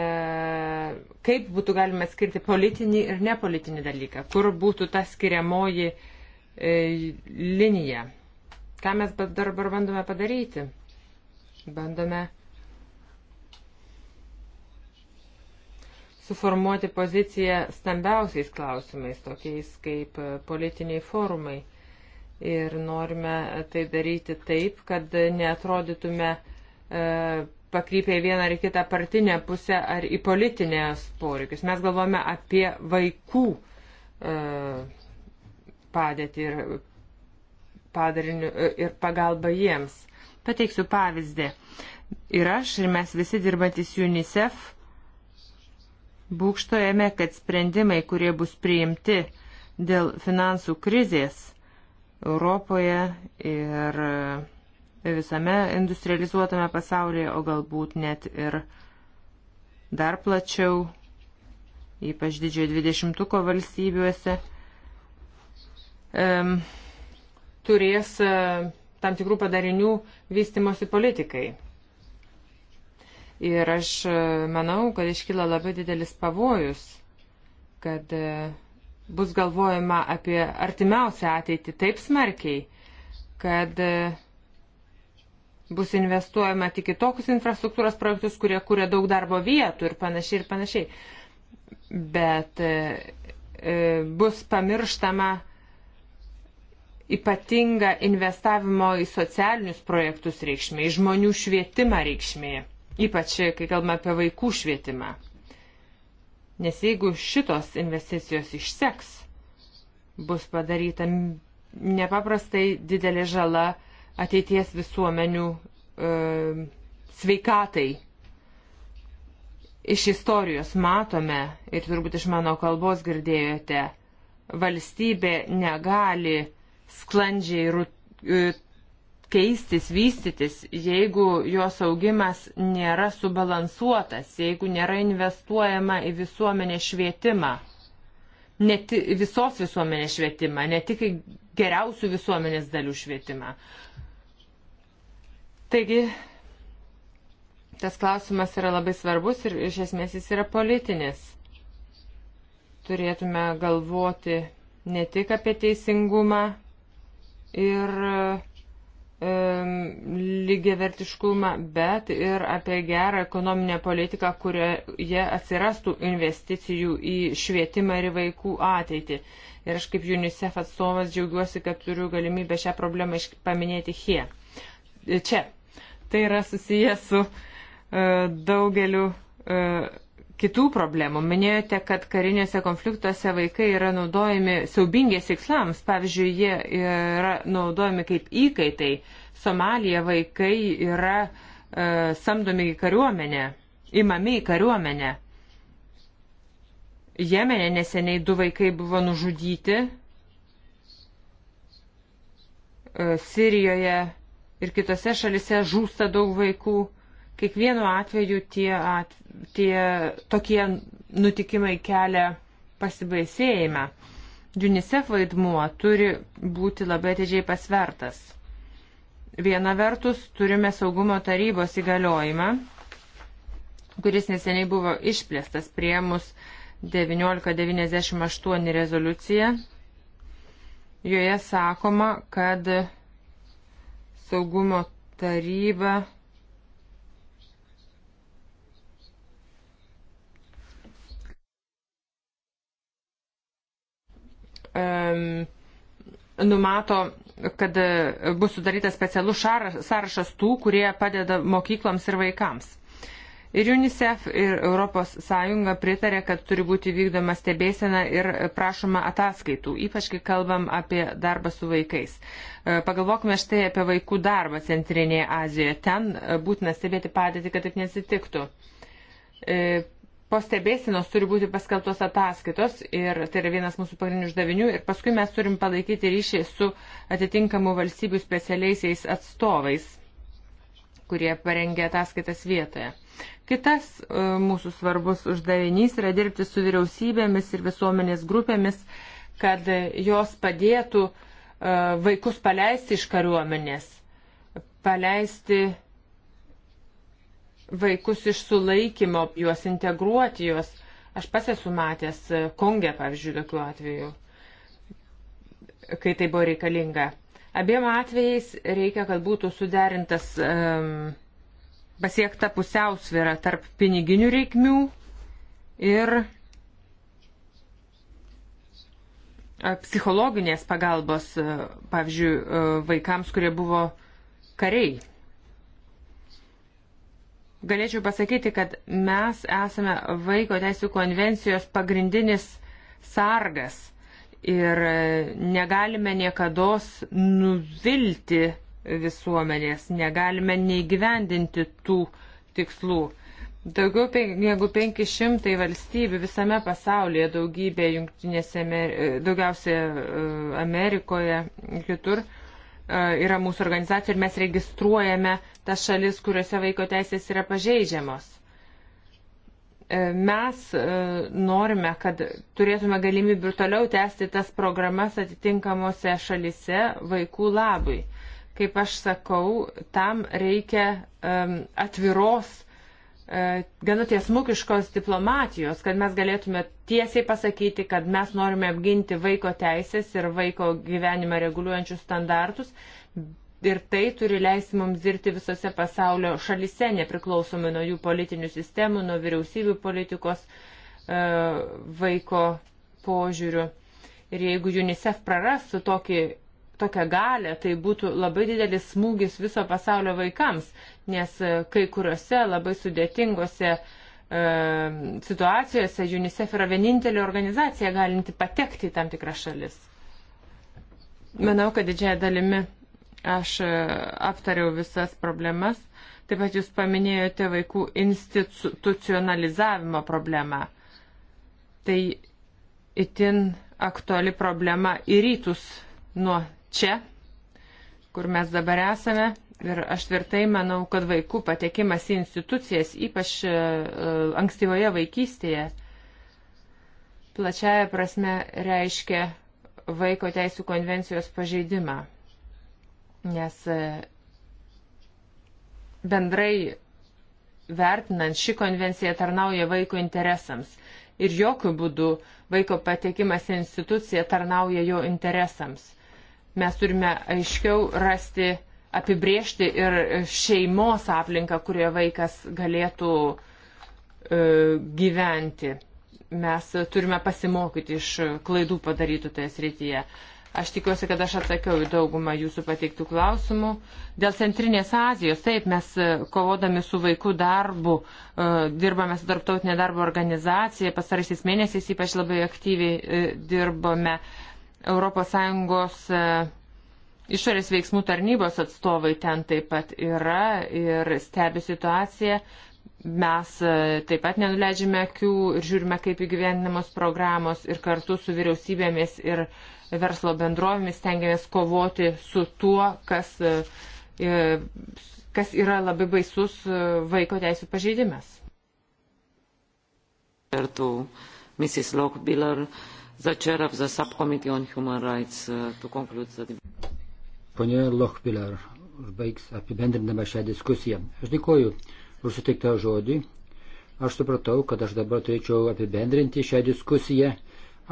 kaip būtų galima atskirti politinį ir nepolitinį dalyką, kur būtų ta skiriamoji e, linija. Ką mes dabar bandome padaryti? Bandome suformuoti poziciją stambiausiais klausimais, tokiais kaip politiniai forumai ir norime tai daryti taip, kad neatrodytume e, pakrypę į vieną ar kitą partinę pusę ar į politinės poreikius. Mes galvojame apie vaikų e, padėtį ir, padarinių, e, ir pagalbą jiems. Pateiksiu pavyzdį. Ir aš, ir mes visi dirbantis UNICEF būkštojame, kad sprendimai, kurie bus priimti dėl finansų krizės, Europoje ir visame industrializuotame pasaulyje, o galbūt net ir dar plačiau, ypač didžiojo dvidešimtuko valstybiuose, turės e, tam tikrų padarinių vystimosi politikai. Ir aš e, manau, kad iškyla labai didelis pavojus, kad e, bus galvojama apie artimiausią ateitį taip smarkiai, kad e, bus investuojama tik į tokius infrastruktūros projektus, kurie kūrė daug darbo vietų ir panašiai ir panašiai. Bet e, e, bus pamirštama ypatinga investavimo į socialinius projektus reikšmė, į žmonių švietimą reikšmė, ypač kai kalbame apie vaikų švietimą. Nes jeigu šitos investicijos išseks, bus padaryta nepaprastai didelė žala ateities visuomenių e, sveikatai. Iš istorijos matome ir turbūt iš mano kalbos girdėjote, valstybė negali sklandžiai e, keistis, vystytis, jeigu jos augimas nėra subalansuotas, jeigu nėra investuojama į visuomenės švietimą, ne visos visuomenės švietimą, ne tik į geriausių visuomenės dalių švietimą. Taigi, tas klausimas yra labai svarbus ir iš esmės jis yra politinis. Turėtume galvoti ne tik apie teisingumą ir uh, lygiavertiškumą, bet ir apie gerą ekonominę politiką, kurioje atsirastų investicijų į švietimą ir į vaikų ateitį. Ir aš kaip UNICEF atstovas džiaugiuosi, kad turiu galimybę šią problemą paminėti here. čia. Tai yra susijęs su uh, daugeliu uh, kitų problemų. Minėjote, kad karinėse konfliktuose vaikai yra naudojami siaubingais tikslams. Pavyzdžiui, jie yra naudojami kaip įkaitai. Somalija vaikai yra e, samdomi į kariuomenę, imami į kariuomenę. Jemenė neseniai du vaikai buvo nužudyti. E, Sirijoje ir kitose šalise žūsta daug vaikų. E, Kiekvienu atveju tie, at, tie tokie nutikimai kelia pasibaisėjimą. UNICEF vaidmuo turi būti labai atidžiai pasvertas. Viena vertus turime saugumo tarybos įgaliojimą, kuris neseniai buvo išplėstas priemus 1998 rezoliuciją. Joje sakoma, kad saugumo taryba um, numato kad e, bus sudarytas specialus sąrašas tų, kurie padeda mokykloms ir vaikams. Ir UNICEF ir ES pritarė, kad turi būti vykdoma stebėsena ir prašoma ataskaitų, ypač kai kalbam apie darbą su vaikais. E, pagalvokime štai apie vaikų darbą Centrinėje Azijoje. Ten e, būtina stebėti padėtį, kad taip nesitiktų po stebėsinos turi būti paskelbtos ataskaitos ir tai yra vienas mūsų pagrindinių uždavinių ir paskui mes turim palaikyti ryšį su atitinkamų valstybių specialiaisiais atstovais, kurie parengė ataskaitas vietoje. Kitas e, mūsų svarbus uždavinys yra dirbti su vyriausybėmis ir visuomenės grupėmis, kad jos padėtų e, vaikus paleisti iš kariuomenės, paleisti vaikus iš sulaikymo, juos integruoti, juos. Aš pas esu matęs Kongę, pavyzdžiui, tokiu atveju, kai tai buvo reikalinga. Abiem atvejais reikia, kad būtų suderintas um, pasiekta pusiausvėra tarp piniginių reikmių ir e, psichologinės pagalbos, e, pavyzdžiui, e, vaikams, kurie buvo kariai galėčiau pasakyti, kad mes esame vaiko teisų konvencijos pagrindinis sargas ir negalime niekada nuvilti visuomenės, negalime neįgyvendinti tų tikslų. Daugiau negu 500 valstybių visame pasaulyje, daugybė jungtinėse, daugiausia e, Amerikoje, kitur, E, yra mūsų organizacija ir mes registruojame tas šalis, kuriuose vaiko teisės yra pažeidžiamos. E, mes e, norime, kad turėtume galimybių toliau tęsti tas programas atitinkamose šalise vaikų labui. Kaip aš sakau, tam reikia atviros E, gana tiesmukiškos diplomatijos, kad mes galėtume tiesiai pasakyti, kad mes norime apginti vaiko teisės ir vaiko gyvenimą reguliuojančius standartus. Ir tai turi leisti mums dirbti visose pasaulio šalise, nepriklausomai nuo jų politinių sistemų, nuo vyriausybių politikos, e, vaiko požiūrių. Ir jeigu UNICEF prarastų tokį tokią galę, tai būtų labai didelis smūgis viso pasaulio vaikams, nes e, kai kuriuose labai sudėtingose e, situacijose UNICEF yra vienintelė organizacija galinti patekti į tam tikras šalis. Manau, kad didžiąją dalimi aš e, aptariau visas problemas. Taip pat jūs paminėjote vaikų institucionalizavimo problemą. Tai itin aktuali problema į rytus nuo čia, kur mes dabar esame. Ir aš tvirtai manau, kad vaikų patekimas į institucijas, ypač e, ankstyvoje vaikystėje, plačiaja prasme reiškia vaiko teisų konvencijos pažeidimą. Nes e, bendrai vertinant ši konvencija tarnauja vaiko interesams. Ir jokių būdų vaiko patekimas į instituciją tarnauja jo interesams. Mes turime aiškiau rasti, apibriežti ir šeimos aplinką, kurioje vaikas galėtų e, gyventi. Mes turime pasimokyti iš klaidų padarytų toje srityje. Aš tikiuosi, kad aš atsakiau į daugumą jūsų pateiktų klausimų. Dėl Centrinės Azijos, taip, mes e, kovodami su vaikų darbu, e, dirbame su Tarptautinė darbo organizacija, pasaraisiais mėnesiais ypač labai aktyviai e, dirbome ES e, išorės veiksmų tarnybos atstovai ten taip pat yra ir stebi situaciją. Mes e, taip pat nenuleidžiame akių ir žiūrime, kaip įgyvendinamos programos ir kartu su vyriausybėmis ir verslo bendrovėmis tengiamės kovoti su tuo, kas, e, kas yra labai baisus vaiko teisų pažeidimas. Ir tų Mrs. Lockbiller uh, the chair of the subcommittee on human rights uh, to conclude the debate. Pone Lochbiller užbaigs apibendrindama šią diskusiją. Aš dėkoju už sutiktą žodį. Aš supratau, kad aš dabar turėčiau apibendrinti šią diskusiją.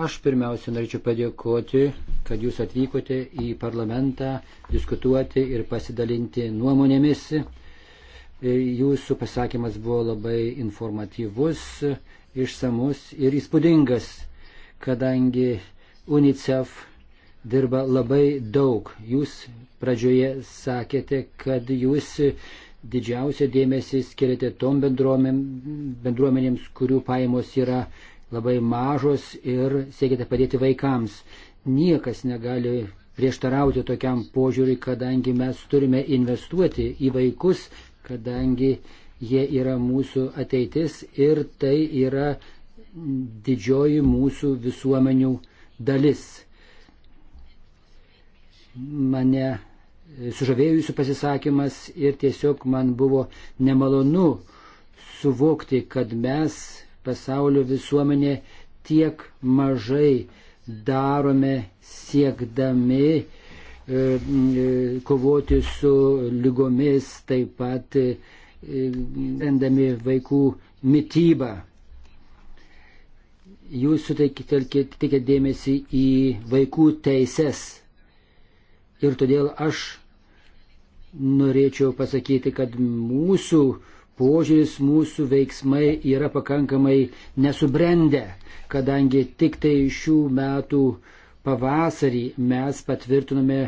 Aš pirmiausia norėčiau padėkoti, kad jūs atvykote į parlamentą diskutuoti ir pasidalinti nuomonėmis. E, jūsų pasakymas buvo labai informatyvus, išsamus ir įspūdingas kadangi UNICEF dirba labai daug. Jūs pradžioje sakėte, kad jūs didžiausią dėmesį skiriate tom bendruomenėms, kurių pajamos yra labai mažos ir siekite padėti vaikams. Niekas negali prieštarauti tokiam požiūriui, kadangi mes turime investuoti į vaikus, kadangi jie yra mūsų ateitis ir tai yra didžioji mūsų visuomenių dalis. Mane sužavėjusių pasisakymas ir tiesiog man buvo nemalonu suvokti, kad mes pasaulio visuomenė tiek mažai darome siekdami e, e, kovoti su lygomis, taip pat e, rendami vaikų mytybą jūs suteikite dėmesį į vaikų teises. Ir todėl aš norėčiau pasakyti, kad mūsų požiūris, mūsų veiksmai yra pakankamai nesubrendę, kadangi tik tai šių metų pavasarį mes patvirtinome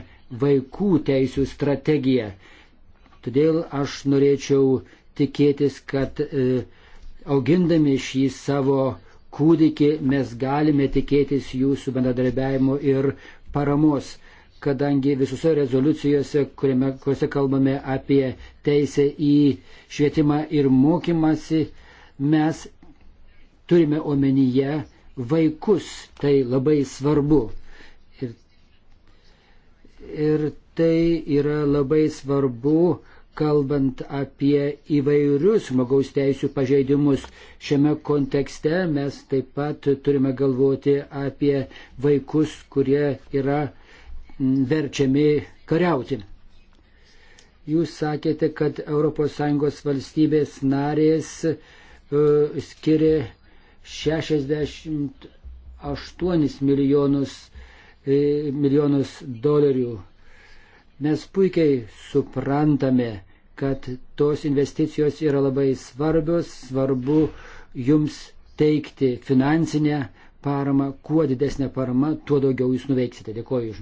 vaikų teisų strategiją. Todėl aš norėčiau tikėtis, kad e, augindami šį savo kūdikį, mes galime tikėtis jūsų bendradarbiavimo ir paramos, kadangi visose rezoliucijose, kuriame, kuriuose kalbame apie teisę į švietimą ir mokymasi, mes turime omenyje vaikus, tai labai svarbu. Ir, ir tai yra labai svarbu kalbant apie įvairius žmogaus teisų pažeidimus. Šiame kontekste mes taip pat turime galvoti apie vaikus, kurie yra verčiami kariauti. Jūs sakėte, kad ES valstybės narės uh, skiria 68 milijonus, uh, milijonus dolerių Mes puikiai suprantame, kad tos investicijos yra labai svarbios, svarbu jums teikti finansinę paramą, kuo didesnė parama, tuo daugiau jūs nuveiksite. Dėkuoju.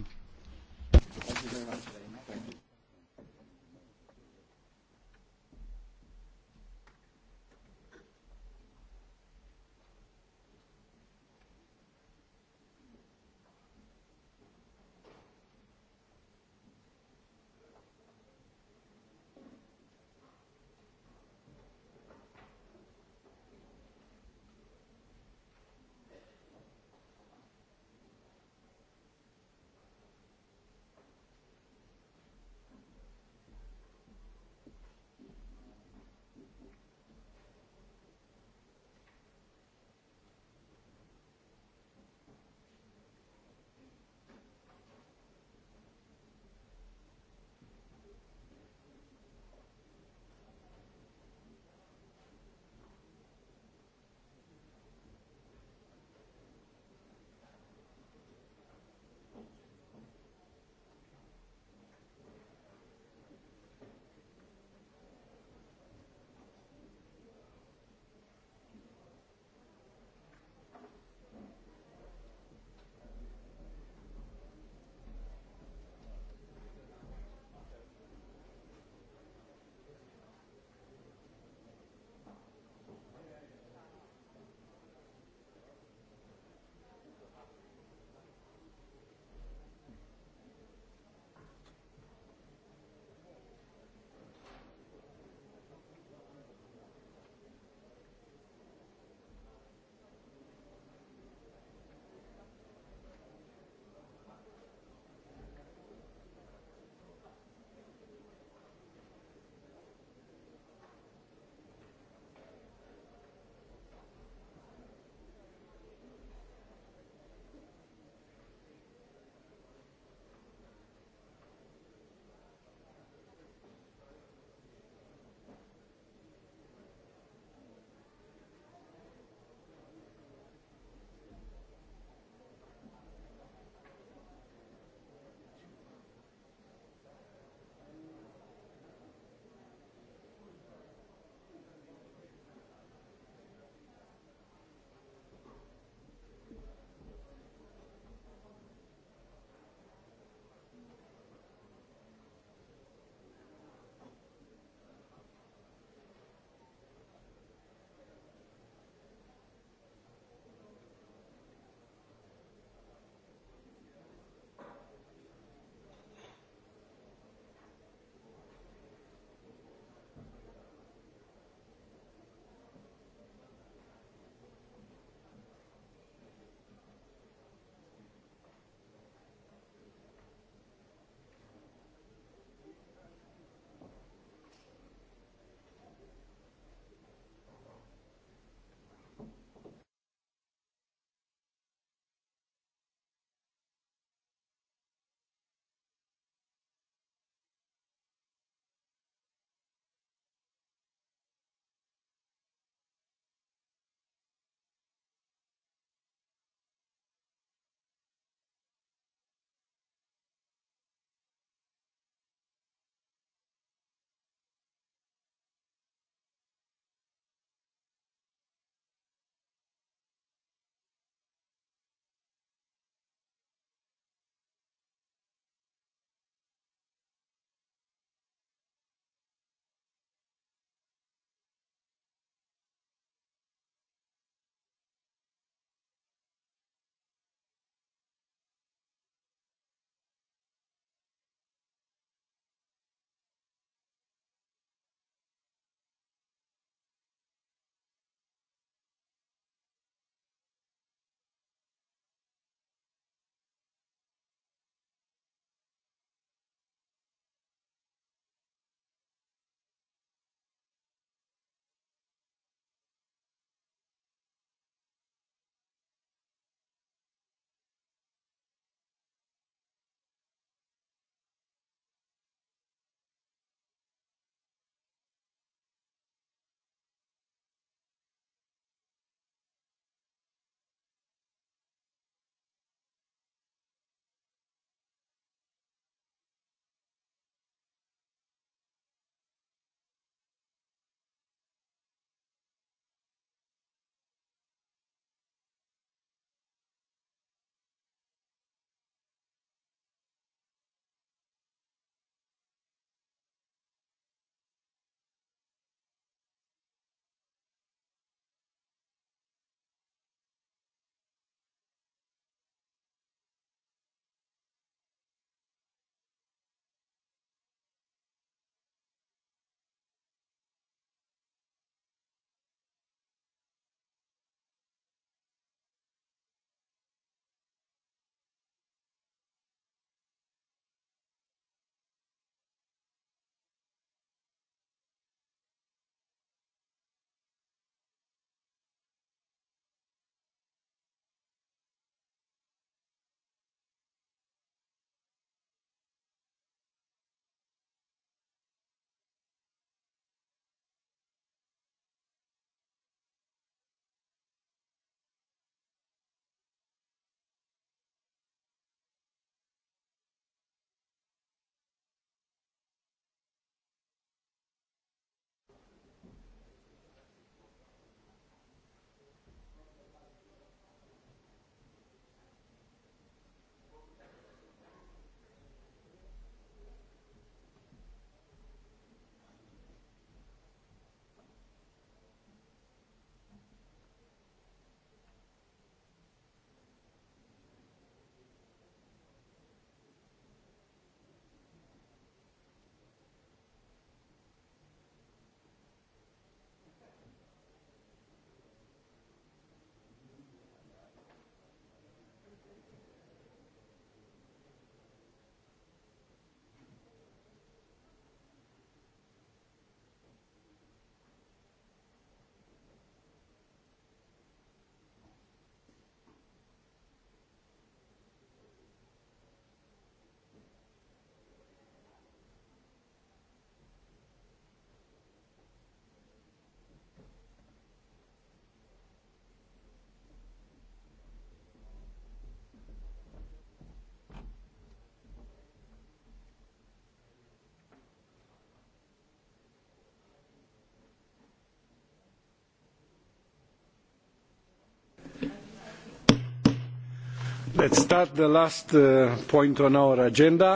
Let's start the last uh, point on our agenda.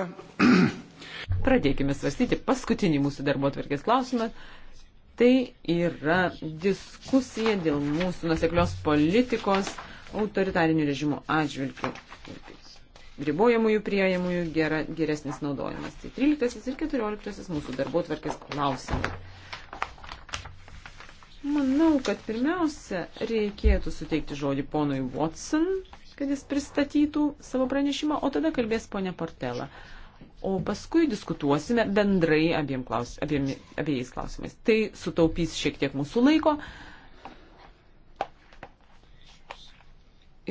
Pradėkime svarstyti paskutinį mūsų darbo atvarkės klausimą. Tai yra diskusija dėl mūsų nuseklios politikos autoritarinių režimų atžvilgių. Ribojamųjų priejamųjų gera, geresnis naudojimas. Tai 13 ir 14 mūsų darbo atvarkės klausimai. Manau, kad pirmiausia reikėtų suteikti žodį ponui Watson kad jis pristatytų savo pranešimą, o tada kalbės ponė Portela. O paskui diskutuosime bendrai abiem klaus, abiem, abiejais klausimais. Tai sutaupys šiek tiek mūsų laiko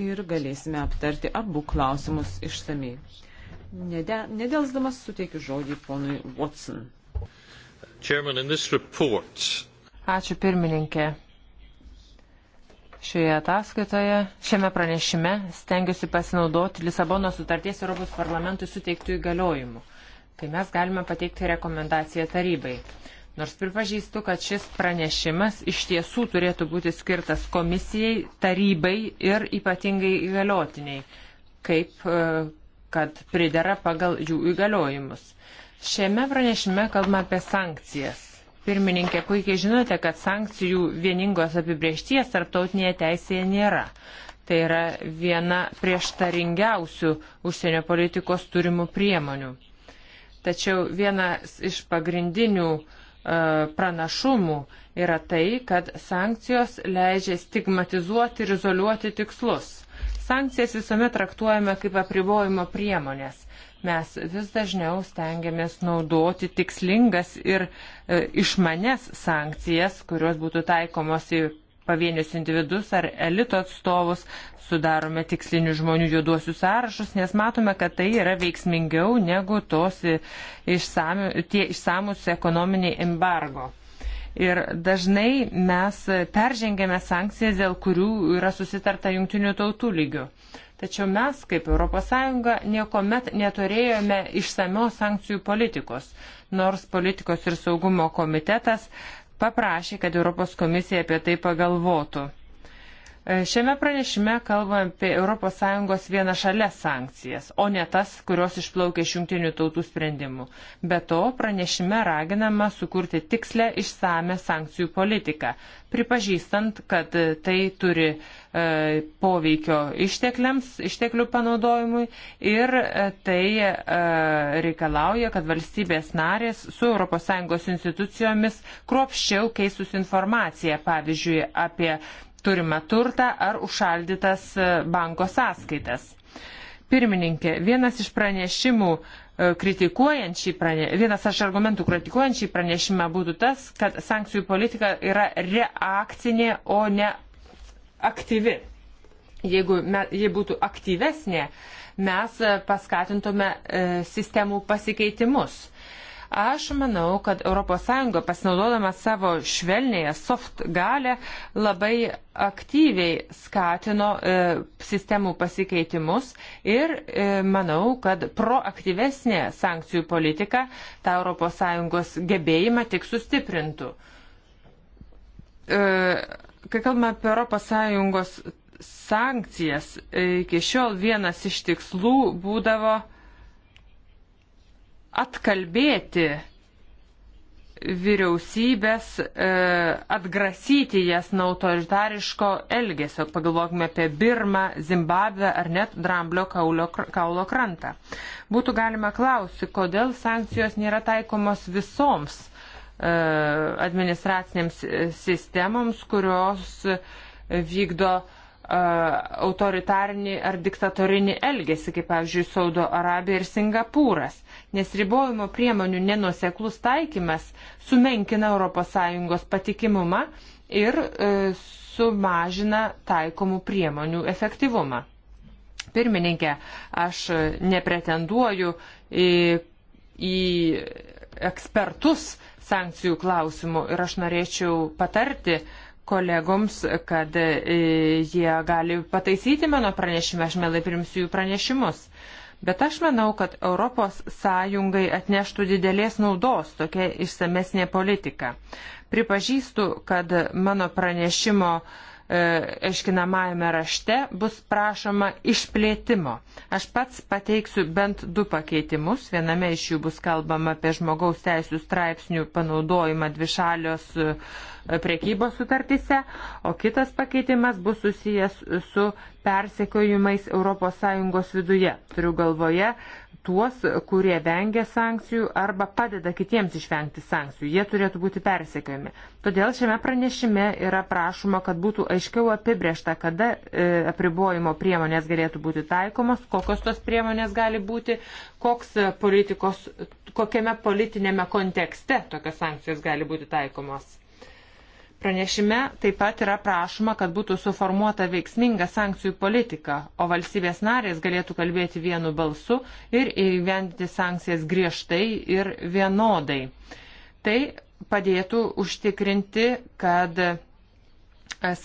ir galėsime aptarti abu klausimus išsamei. Nedelsdamas suteikiu žodį ponui Watson. Chairman, report... Ačiū pirmininkė. Šioje ataskaitoje, šiame pranešime stengiuosi pasinaudoti Lisabono sutarties Europos parlamentui suteiktų įgaliojimų, kai mes galime pateikti rekomendaciją tarybai. Nors pripažįstu, kad šis pranešimas iš tiesų turėtų būti skirtas komisijai, tarybai ir ypatingai įgaliotiniai, kaip e, kad pridera pagal jų įgaliojimus. Šiame pranešime kalbame apie sankcijas pirmininkė, puikiai žinote, kad sankcijų vieningos apibriešties tarptautinėje teisėje nėra. Tai yra viena prieštaringiausių užsienio politikos turimų priemonių. Tačiau vienas iš pagrindinių e, pranašumų yra tai, kad sankcijos leidžia stigmatizuoti ir izoliuoti tikslus. Sankcijas visuomet traktuojame kaip apribojimo priemonės Mes vis dažniau stengiamės naudoti tikslingas ir e, išmanes sankcijas, kurios būtų taikomos į pavienius individus ar elito atstovus, sudarome tikslinių žmonių juoduosius sąrašus, nes matome, kad tai yra veiksmingiau negu tos išsami, tie išsamus ekonominiai embargo. Ir dažnai mes peržengėme sankcijas, dėl kurių yra susitarta jungtinių tautų lygių. Tačiau mes, kaip ES, niekuomet neturėjome išsamios sankcijų politikos, nors politikos ir saugumo komitetas paprašė, kad Europos komisija apie tai pagalvotų. E, šiame pranešime kalbame apie ES vieną šalia sankcijas, o ne tas, kurios išplaukia iš jungtinių tautų sprendimų. Be to, pranešime raginama sukurti tikslę išsame sankcijų politiką, pripažįstant, kad tai turi e, poveikio ištekliams, išteklių panaudojimui ir e, tai e, reikalauja, kad valstybės narės su ES institucijomis kruopščiau keistus informaciją, pavyzdžiui, apie turimą turtą ar užšaldytas e, banko sąskaitas. Pirmininkė, vienas iš pranešimų e, kritikuojant šį pranešimą, vienas iš argumentų kritikuojant šį pranešimą būtų tas, kad sankcijų politika yra reakcinė, o ne aktyvi. Jeigu me, jie būtų aktyvesnė, mes e, paskatintume e, sistemų pasikeitimus Aš manau, kad ES pasinaudodama savo švelnėje soft galę labai aktyviai skatino e, sistemų pasikeitimus ir e, manau, kad proaktyvesnė sankcijų politika tą ES gebėjimą tik sustiprintų. E, kai kalbame apie ES sankcijas, e, iki šiol vienas iš tikslų būdavo atkalbėti vyriausybės, e, atgrasyti jas nuo autoritariško elgesio. Pagalvokime apie Birmą, Zimbabvę ar net Dramblio kaulio, kaulo krantą. Būtų galima klausyti, kodėl sankcijos nėra taikomos visoms e, administracinėms e, sistemoms, kurios vykdo autoritarinį ar diktatorinį elgesį, kaip pavyzdžiui Saudo Arabija ir Singapūras nes ribojimo priemonių nenuoseklus taikymas sumenkina ES patikimumą ir e, sumažina taikomų priemonių efektyvumą. Pirmininkė, aš nepretenduoju į, į ekspertus sankcijų klausimų ir aš norėčiau patarti, kolegoms, kad e, jie gali pataisyti mano pranešimą, aš melai primsiu jų pranešimus. Bet aš manau, kad Europos Sąjungai atneštų didelės naudos tokia išsamesnė politika. Pripažįstu, kad mano pranešimo uh, E, aiškinamajame rašte bus prašoma išplėtimo. Aš pats pateiksiu bent du pakeitimus. Viename iš jų bus kalbama apie žmogaus teisų straipsnių panaudojimą dvišalios e, priekybos sutartyse, o kitas pakeitimas bus susijęs su persekiojimais ES viduje. Turiu galvoje tuos, kurie vengia sankcijų arba padeda kitiems išvengti sankcijų. Jie turėtų būti persekiojami. Todėl šiame pranešime yra prašoma, kad būtų aiškiau apibriešta, kada e, apribojimo priemonės galėtų būti taikomos, kokios tos priemonės gali būti, koks e, politikos, kokiame politinėme kontekste tokios sankcijos gali būti taikomos. Pranešime taip pat yra prašoma, kad būtų suformuota veiksminga sankcijų politika, o valstybės narės galėtų kalbėti vienu balsu ir įgyvendinti sankcijas griežtai ir vienodai. Tai padėtų užtikrinti, kad e,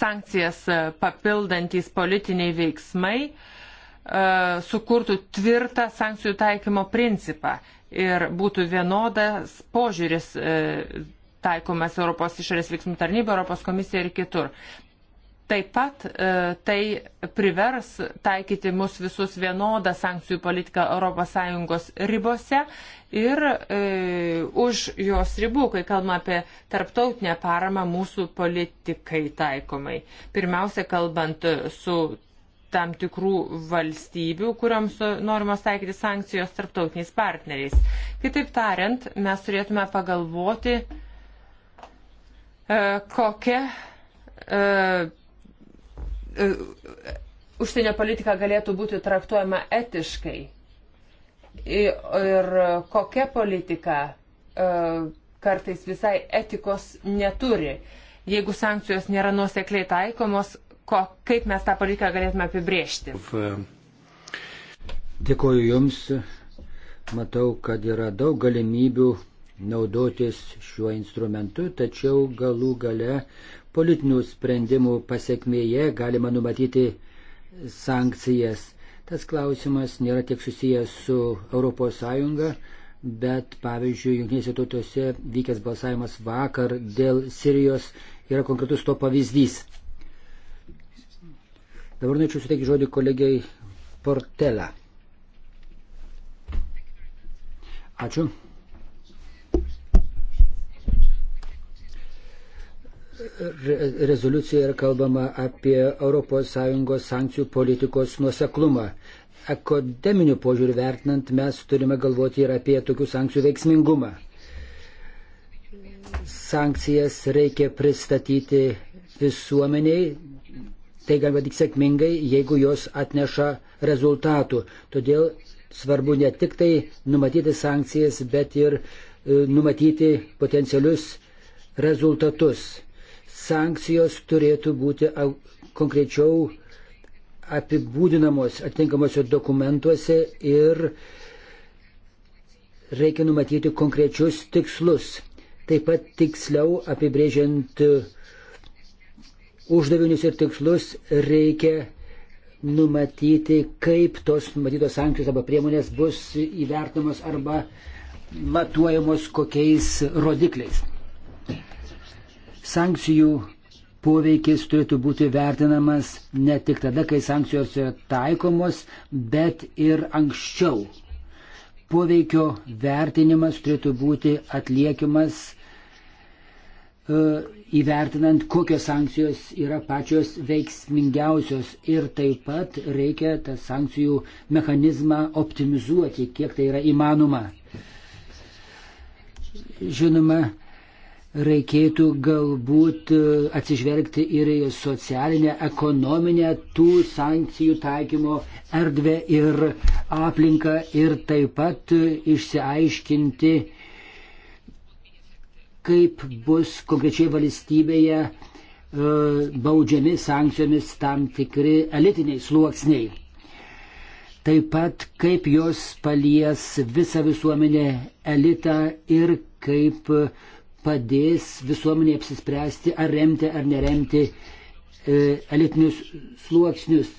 sankcijas papildantys politiniai veiksmai e, sukurtų tvirtą sankcijų taikymo principą ir būtų vienodas požiūris e, taikomas Europos išorės veiksmų tarnybė, Europos komisija ir kitur. Taip pat e, tai privers taikyti mus visus vienodą sankcijų politiką ES ribose ir e, už jos ribų, kai kalbame apie tarptautinę paramą mūsų politikai taikomai. Pirmiausia, kalbant su tam tikrų valstybių, kuriams norimos taikyti sankcijos tarptautiniais partneriais. Kitaip tariant, mes turėtume pagalvoti, E, kokia e, e, užsienio politika galėtų būti traktuojama etiškai ir kokia politika kartais visai etikos neturi. Jeigu sankcijos nėra nuosekliai taikomos, ko, kaip mes tą politiką galėtume apibriežti? Dėkuoju Jums. Matau, kad yra daug galimybių naudotis šiuo instrumentu, tačiau galų gale politinių sprendimų pasiekmėje galima numatyti sankcijas. Tas klausimas nėra tiek susijęs su ES, bet pavyzdžiui, Junktinėse tautose vykęs balsavimas vakar dėl Sirijos yra konkretus to pavyzdys. Dabar norėčiau suteikti žodį kolegiai Portelą. Ačiū. rezoliucijoje yra kalbama apie ES sankcijų politikos nuoseklumą. Akademinių požiūrių vertinant mes turime galvoti ir apie tokių sankcijų veiksmingumą. Sankcijas reikia pristatyti visuomeniai, tai galima tik sėkmingai, jeigu jos atneša rezultatų. Todėl svarbu ne tik tai numatyti sankcijas, bet ir e, numatyti potencialius rezultatus sankcijos turėtų būti konkrečiau apibūdinamos atitinkamuose dokumentuose ir reikia numatyti konkrečius tikslus. Taip pat tiksliau apibrėžiant uždavinius ir tikslus reikia numatyti, kaip tos numatytos sankcijos arba priemonės bus įvertinamos arba matuojamos kokiais rodikliais sankcijų poveikis turėtų būti vertinamas ne tik tada, kai sankcijos yra taikomos, bet ir anksčiau. Poveikio vertinimas turėtų būti atliekiamas e, įvertinant, kokios sankcijos yra pačios veiksmingiausios ir taip pat reikia tą sankcijų mechanizmą optimizuoti, kiek tai yra įmanoma. Žinoma, reikėtų galbūt e, atsižvelgti ir į socialinę, ekonominę tų sankcijų taikymo erdvę ir aplinką ir taip pat e, išsiaiškinti, kaip bus konkrečiai valstybėje e, baudžiami sankcijomis tam tikri elitiniai sluoksniai. Taip pat kaip jos palies visą visuomenę elitą ir kaip uh, padės visuomenė apsispręsti, ar remti ar neremti e, elitinius sluoksnius.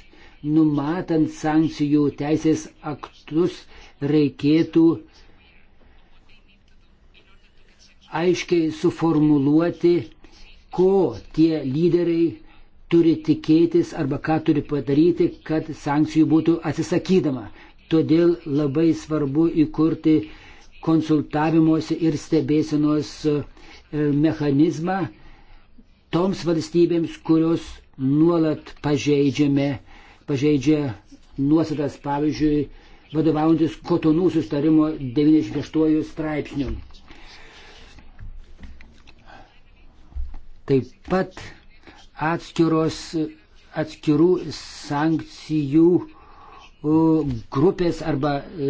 Numatant sankcijų teisės aktus reikėtų aiškiai suformuluoti, ko tie lyderiai turi tikėtis arba ką turi padaryti, kad sankcijų būtų atsisakydama. Todėl labai svarbu įkurti konsultavimuose ir stebėsenos e, mechanizmą toms valstybėms, kurios nuolat pažeidžiame, pažeidžia nuostatas, pavyzdžiui, vadovaujantis kotonų sustarimo 96 straipsnių. Taip pat atskiros, atskirų sankcijų grupės arba e,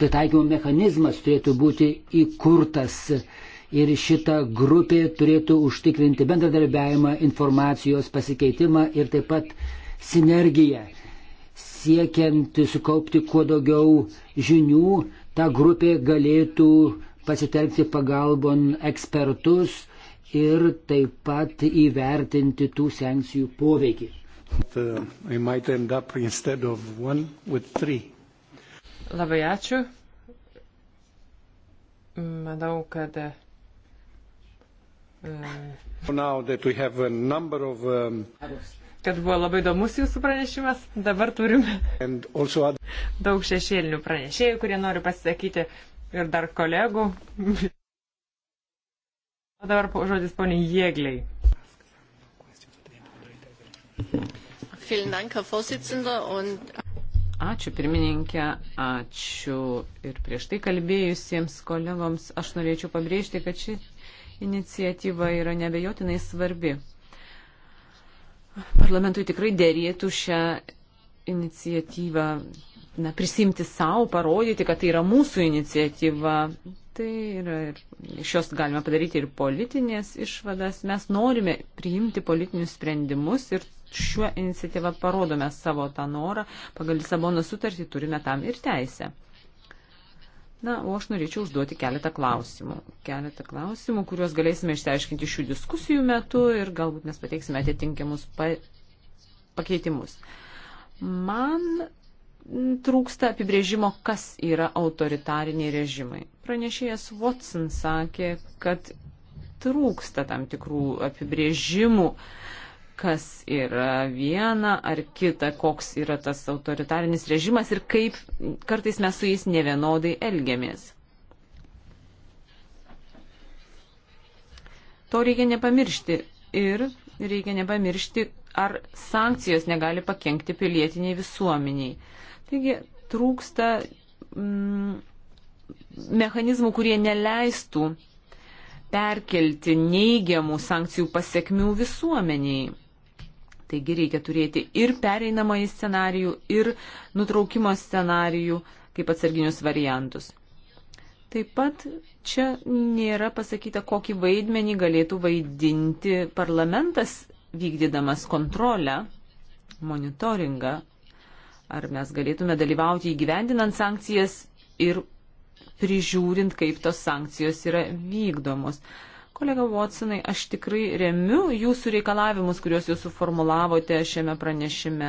pritaikymo mechanizmas turėtų būti įkurtas ir šita grupė turėtų užtikrinti bendradarbiavimą, informacijos pasikeitimą ir taip pat sinergiją. Siekiant sukaupti kuo daugiau žinių, ta grupė galėtų pasitelkti pagalbon ekspertus ir taip pat įvertinti tų sankcijų poveikį. But, uh, one, Labai ačiū. Manau, kad. E, mm. Of, um, kad buvo labai įdomus jūsų pranešimas, dabar turime other... daug šešėlinių pranešėjų, kurie nori pasisakyti ir dar kolegų. O dabar žodis poniai Jėgliai. Ačiū pirmininkė, ačiū ir prieš tai kalbėjusiems kolegoms. Aš norėčiau pabrėžti, kad ši iniciatyva yra nebejotinai svarbi. Parlamentui tikrai dėrėtų šią iniciatyvą na, prisimti savo, parodyti, kad tai yra mūsų iniciatyva. Tai yra ir iš jos galima padaryti ir politinės išvadas. Mes norime priimti politinius sprendimus ir šiuo iniciatyva parodome savo tą norą, pagal Lisabono sutartį turime tam ir teisę. Na, o aš norėčiau užduoti keletą klausimų. Keletą klausimų, kuriuos galėsime išsiaiškinti šių diskusijų metu ir galbūt mes pateiksime atitinkiamus pa pakeitimus. Man trūksta apibrėžimo, kas yra autoritariniai režimai. Pranešėjas Watson sakė, kad trūksta tam tikrų apibrėžimų. Uh, kas yra viena ar kita, koks yra tas autoritarinis režimas ir kaip kartais mes su jais nevienodai elgiamės. To reikia nepamiršti ir reikia nepamiršti, ar sankcijos negali pakengti pilietiniai visuomeniai. Taigi trūksta mm, mechanizmų, kurie neleistų perkelti neigiamų sankcijų pasiekmių visuomeniai. Taigi reikia turėti ir pereinamąjį scenarijų, ir nutraukimo scenarijų kaip atsarginius variantus. Taip pat čia nėra pasakyta, kokį vaidmenį galėtų vaidinti parlamentas vykdydamas kontrolę, monitoringą, ar mes galėtume dalyvauti įgyvendinant sankcijas ir prižiūrint, kaip tos sankcijos yra vykdomos. Kolega Watsonai, aš tikrai remiu jūsų reikalavimus, kuriuos jūs suformulavote šiame pranešime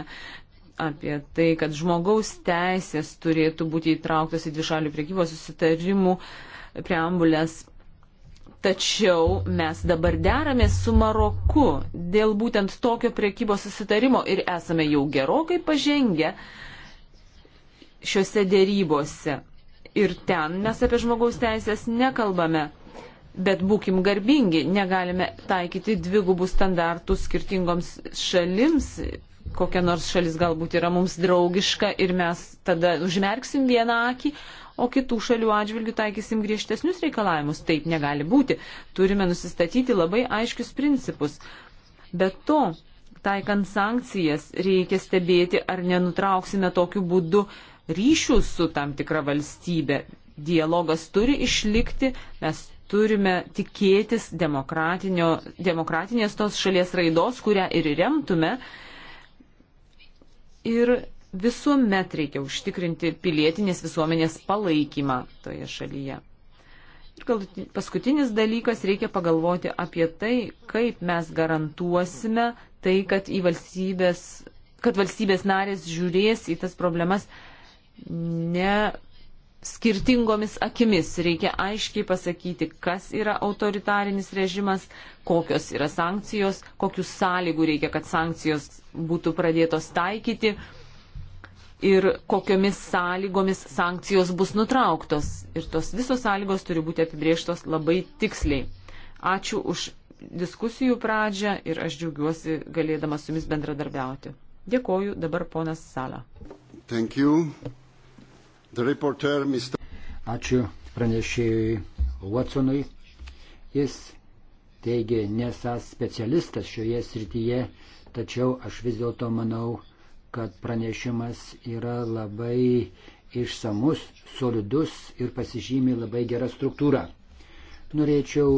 apie tai, kad žmogaus teisės turėtų būti įtrauktos į dvišalių priekybos susitarimų preambulės. Tačiau mes dabar deramės su Maroku dėl būtent tokio priekybos susitarimo ir esame jau gerokai pažengę šiuose dėrybose. Ir ten mes apie žmogaus teisės nekalbame. Bet būkim garbingi, negalime taikyti dvigubų standartų skirtingoms šalims. Kokia nors šalis galbūt yra mums draugiška ir mes tada užmerksim vieną akį, o kitų šalių atžvilgių taikysim griežtesnius reikalavimus. Taip negali būti. Turime nusistatyti labai aiškius principus. Be to, taikant sankcijas, reikia stebėti, ar nenutrauksime tokiu būdu ryšių su tam tikra valstybė dialogas turi išlikti, mes turime tikėtis demokratinės tos šalies raidos, kurią ir remtume. Ir visuomet reikia užtikrinti pilietinės visuomenės palaikymą toje šalyje. Ir gal paskutinis dalykas reikia pagalvoti apie tai, kaip mes garantuosime tai, kad, valstybės, kad valstybės narės žiūrės į tas problemas ne skirtingomis akimis. Reikia aiškiai pasakyti, kas yra autoritarinis režimas, kokios yra sankcijos, kokius sąlygų reikia, kad sankcijos būtų pradėtos taikyti ir kokiomis sąlygomis sankcijos bus nutrauktos. Ir tos visos sąlygos turi būti apibrieštos labai tiksliai. Ačiū už diskusijų pradžią ir aš džiaugiuosi galėdamas su jumis bendradarbiauti. Dėkoju dabar ponas Sala. Thank you. Reporter, Mr... Ačiū pranešėjui Watsonui. Jis teigia, nesas specialistas šioje srityje, tačiau aš vis dėlto manau, kad pranešimas yra labai išsamus, solidus ir pasižymi labai gerą struktūrą. Norėčiau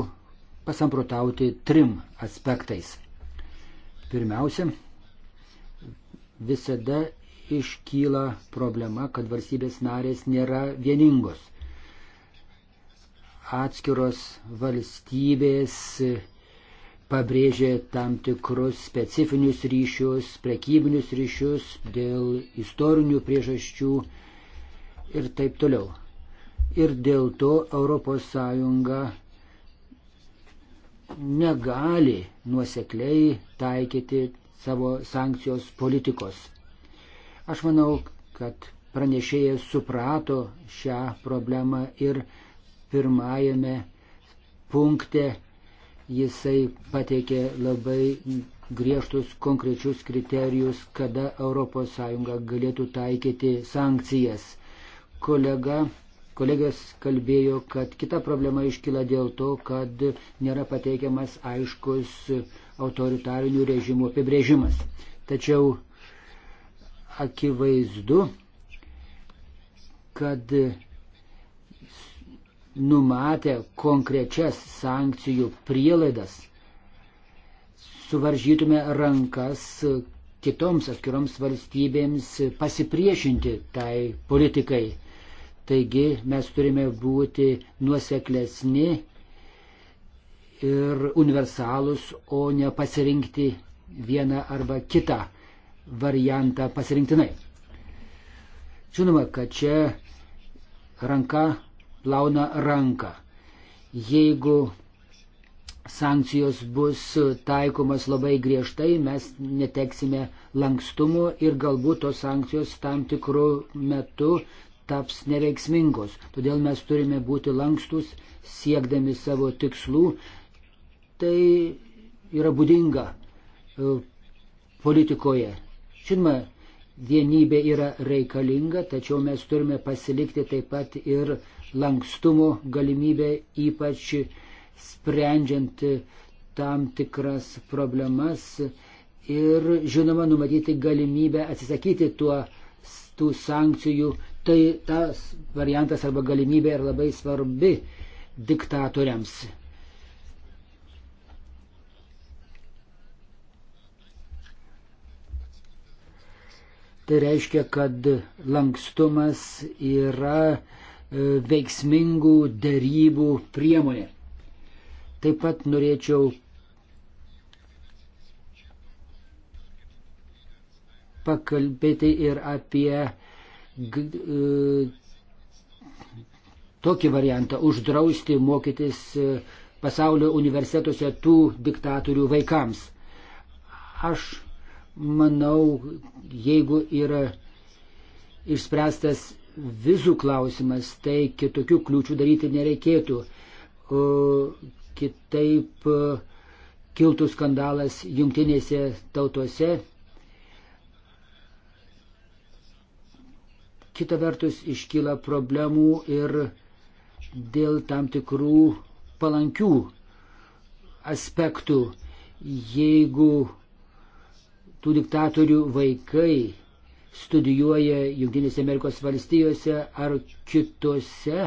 pasamprotauti trim aspektais. Pirmiausia, visada iškyla problema, kad valstybės narės nėra vieningos. Atskiros valstybės pabrėžė tam tikrus specifinius ryšius, prekybinius ryšius dėl istorinių priežasčių ir taip toliau. Ir dėl to ES negali nuosekliai taikyti savo sankcijos politikos. Aš manau, kad pranešėjas suprato šią problemą ir pirmajame punkte jisai pateikė labai griežtus konkrečius kriterijus, kada ES galėtų taikyti sankcijas. Kolega, kolegas kalbėjo, kad kita problema iškyla dėl to, kad nėra pateikiamas aiškus autoritarinių režimų apibrėžimas. Tačiau akivaizdu, kad numatę konkrečias sankcijų prielaidas, suvaržytume rankas kitoms atskiroms valstybėms pasipriešinti tai politikai. Taigi mes turime būti nuoseklesni ir universalus, o ne pasirinkti vieną arba kitą variantą pasirinktinai. Žinoma, kad čia ranka plauna ranką. Jeigu sankcijos bus taikomas labai griežtai, mes neteksime lankstumo ir galbūt tos sankcijos tam tikrų metu taps neveiksmingos. Todėl mes turime būti lankstus, siekdami savo tikslų. Tai yra būdinga e, politikoje. Žinoma, vienybė yra reikalinga, tačiau mes turime pasilikti taip pat ir lankstumo galimybę, ypač sprendžiant tam tikras problemas ir, žinoma, numatyti galimybę atsisakyti tuo, tų sankcijų. Tai tas variantas arba galimybė yra labai svarbi diktatoriams. Tai reiškia, kad lankstumas yra e, veiksmingų dėrybų priemonė. Taip pat norėčiau pakalbėti ir apie e, tokį variantą - uždrausti mokytis e, pasaulio universitetuose tų diktatorių vaikams. Aš Manau, jeigu yra išspręstas vizų klausimas, tai kitokių kliūčių daryti nereikėtų. Kitaip e, kiltų skandalas jungtinėse tautose. Kita vertus iškyla problemų ir dėl tam tikrų palankių aspektų. Jeigu tų diktatorių vaikai studijuoja Junktinėse Amerikos valstijose ar kitose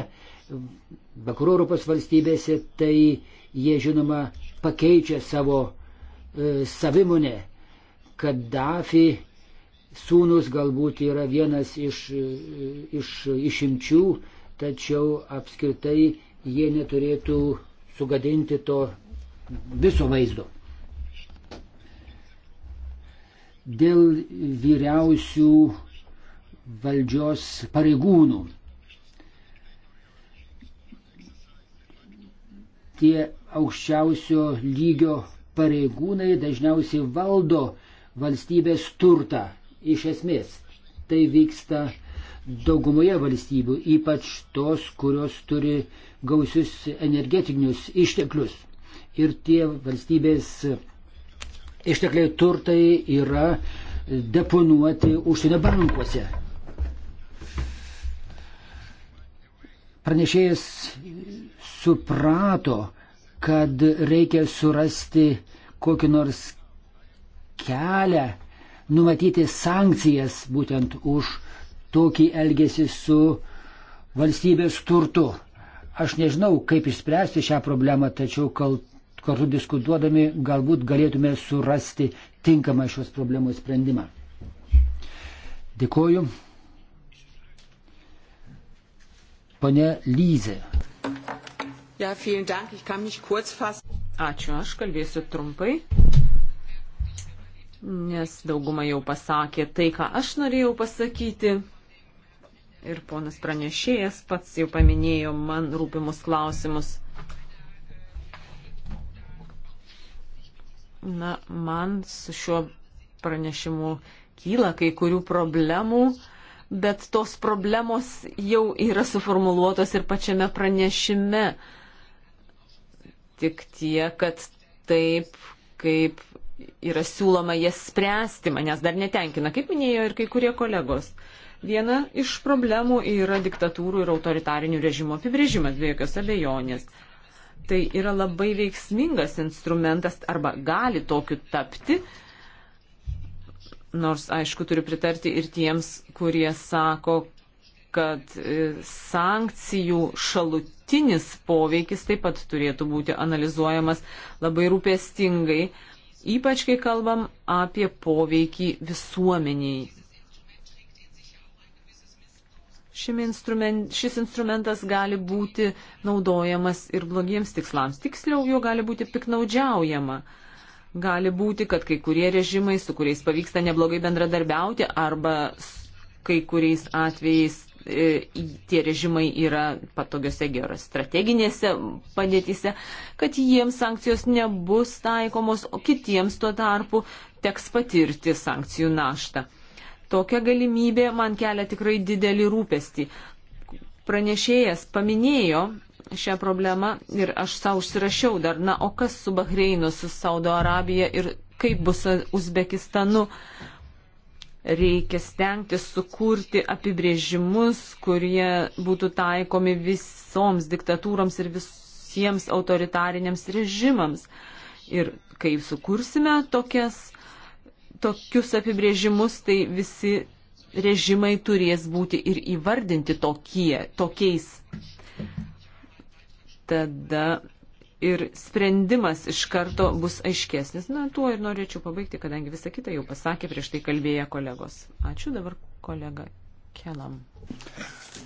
vakarų Europos valstybėse, tai jie žinoma pakeičia savo e, savimonę. Kaddafi sūnus galbūt yra vienas iš, e, iš išimčių, tačiau apskritai jie neturėtų sugadinti to viso vaizdo. dėl vyriausių valdžios pareigūnų. Tie aukščiausio lygio pareigūnai dažniausiai valdo valstybės turtą iš esmės. Tai vyksta daugumoje valstybių, ypač tos, kurios turi gausius energetinius išteklius. Ir tie valstybės ištekliai turtai yra deponuoti užsienio bankuose. Pranešėjas suprato, kad reikia surasti kokį nors kelią, numatyti sankcijas būtent už tokį elgesį su valstybės turtu. Aš nežinau, kaip išspręsti šią problemą, tačiau kal kartu diskutuodami galbūt galėtume surasti tinkamą šios problemos sprendimą. Dėkoju. Pane Lyze. Ja, dank. Ich kann mich kurz fassen. Ačiū, aš kalbėsiu trumpai, nes dauguma jau pasakė tai, ką aš norėjau pasakyti. Ir ponas pranešėjas pats jau paminėjo man rūpimus klausimus. Na, man su šiuo pranešimu kyla kai kurių problemų, bet tos problemos jau yra suformuluotos ir pačiame pranešime. Tik tie, kad taip, kaip yra siūloma jas spręsti, manęs dar netenkina, kaip minėjo ir kai kurie kolegos. Viena iš problemų yra diktatūrų ir autoritarinių režimų apibrėžimas, be jokios abejonės tai yra labai veiksmingas instrumentas arba gali tokiu tapti. Nors, aišku, turiu pritarti ir tiems, kurie sako, kad e, sankcijų šalutinis poveikis taip pat turėtų būti analizuojamas labai rūpestingai, ypač kai kalbam apie poveikį visuomeniai instrument, šis instrumentas gali būti naudojamas ir blogiems tikslams. Tiksliau, jo gali būti piknaudžiaujama. Gali būti, kad kai kurie režimai, su kuriais pavyksta neblogai bendradarbiauti, arba kai kuriais atvejais e, tie režimai yra patogiose geros strateginėse padėtise, kad jiems sankcijos nebus taikomos, o kitiems tuo tarpu teks patirti sankcijų naštą. Tokia galimybė man kelia tikrai didelį rūpestį. Pranešėjas paminėjo šią problemą ir aš savo užsirašiau dar, na, o kas su Bahreinu, su Saudo Arabija ir kaip bus su Uzbekistanu. Reikia stengtis sukurti apibrėžimus, kurie būtų taikomi visoms diktatūroms ir visiems autoritariniams režimams. Ir kai sukursime tokias tokius apibrėžimus, tai visi režimai turės būti ir įvardinti tokie, tokiais. Tada ir sprendimas iš karto bus aiškesnis. Na, tuo ir norėčiau pabaigti, kadangi visą kitą jau pasakė prieš tai kalbėję kolegos. Ačiū dabar kolega Kelam.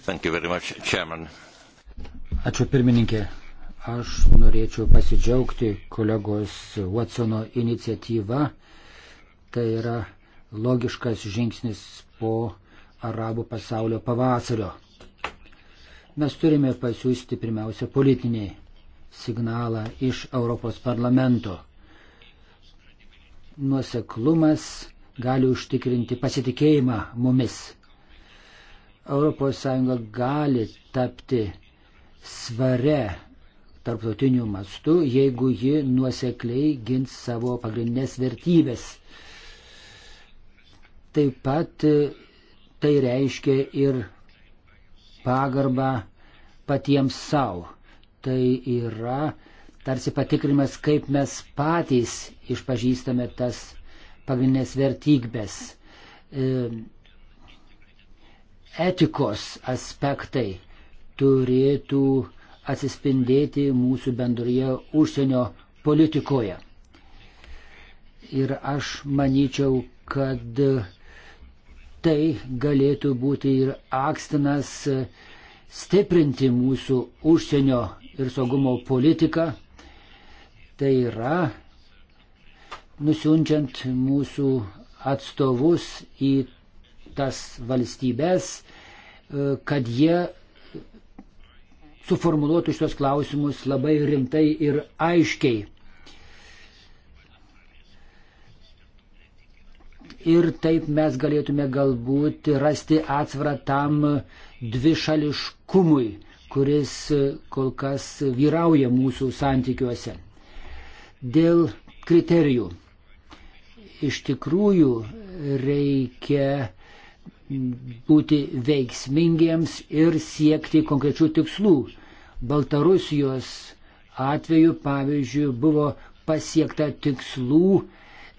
Much, chairman. Ačiū pirmininkė. Aš norėčiau pasidžiaugti kolegos Watsono iniciatyvą Tai yra logiškas žingsnis po arabų pasaulio pavasario. Mes turime pasiūsti pirmiausia politinį signalą iš Europos parlamento. Nuoseklumas gali užtikrinti pasitikėjimą mumis. ES gali tapti svare tarptautiniu mastu, jeigu ji nuosekliai gins savo pagrindinės vertybės Taip pat e, tai reiškia ir pagarbą patiems savo. Tai yra tarsi patikrimas, kaip mes patys išpažįstame tas pagrindinės vertybės. E, etikos aspektai turėtų atsispindėti mūsų bendroje užsienio politikoje. Ir aš manyčiau, kad tai galėtų būti ir akstinas stiprinti mūsų užsienio ir saugumo politiką. Tai yra nusiunčiant mūsų atstovus į tas valstybės, e, kad jie suformuluotų šios klausimus labai rimtai ir aiškiai. ir taip mes galėtume galbūt rasti atsvarą tam dvišališkumui, kuris kol kas vyrauja mūsų santykiuose. Dėl kriterijų. Iš tikrųjų reikia būti veiksmingiems ir siekti konkrečių tikslų. Baltarusijos atveju, pavyzdžiui, buvo pasiekta tikslų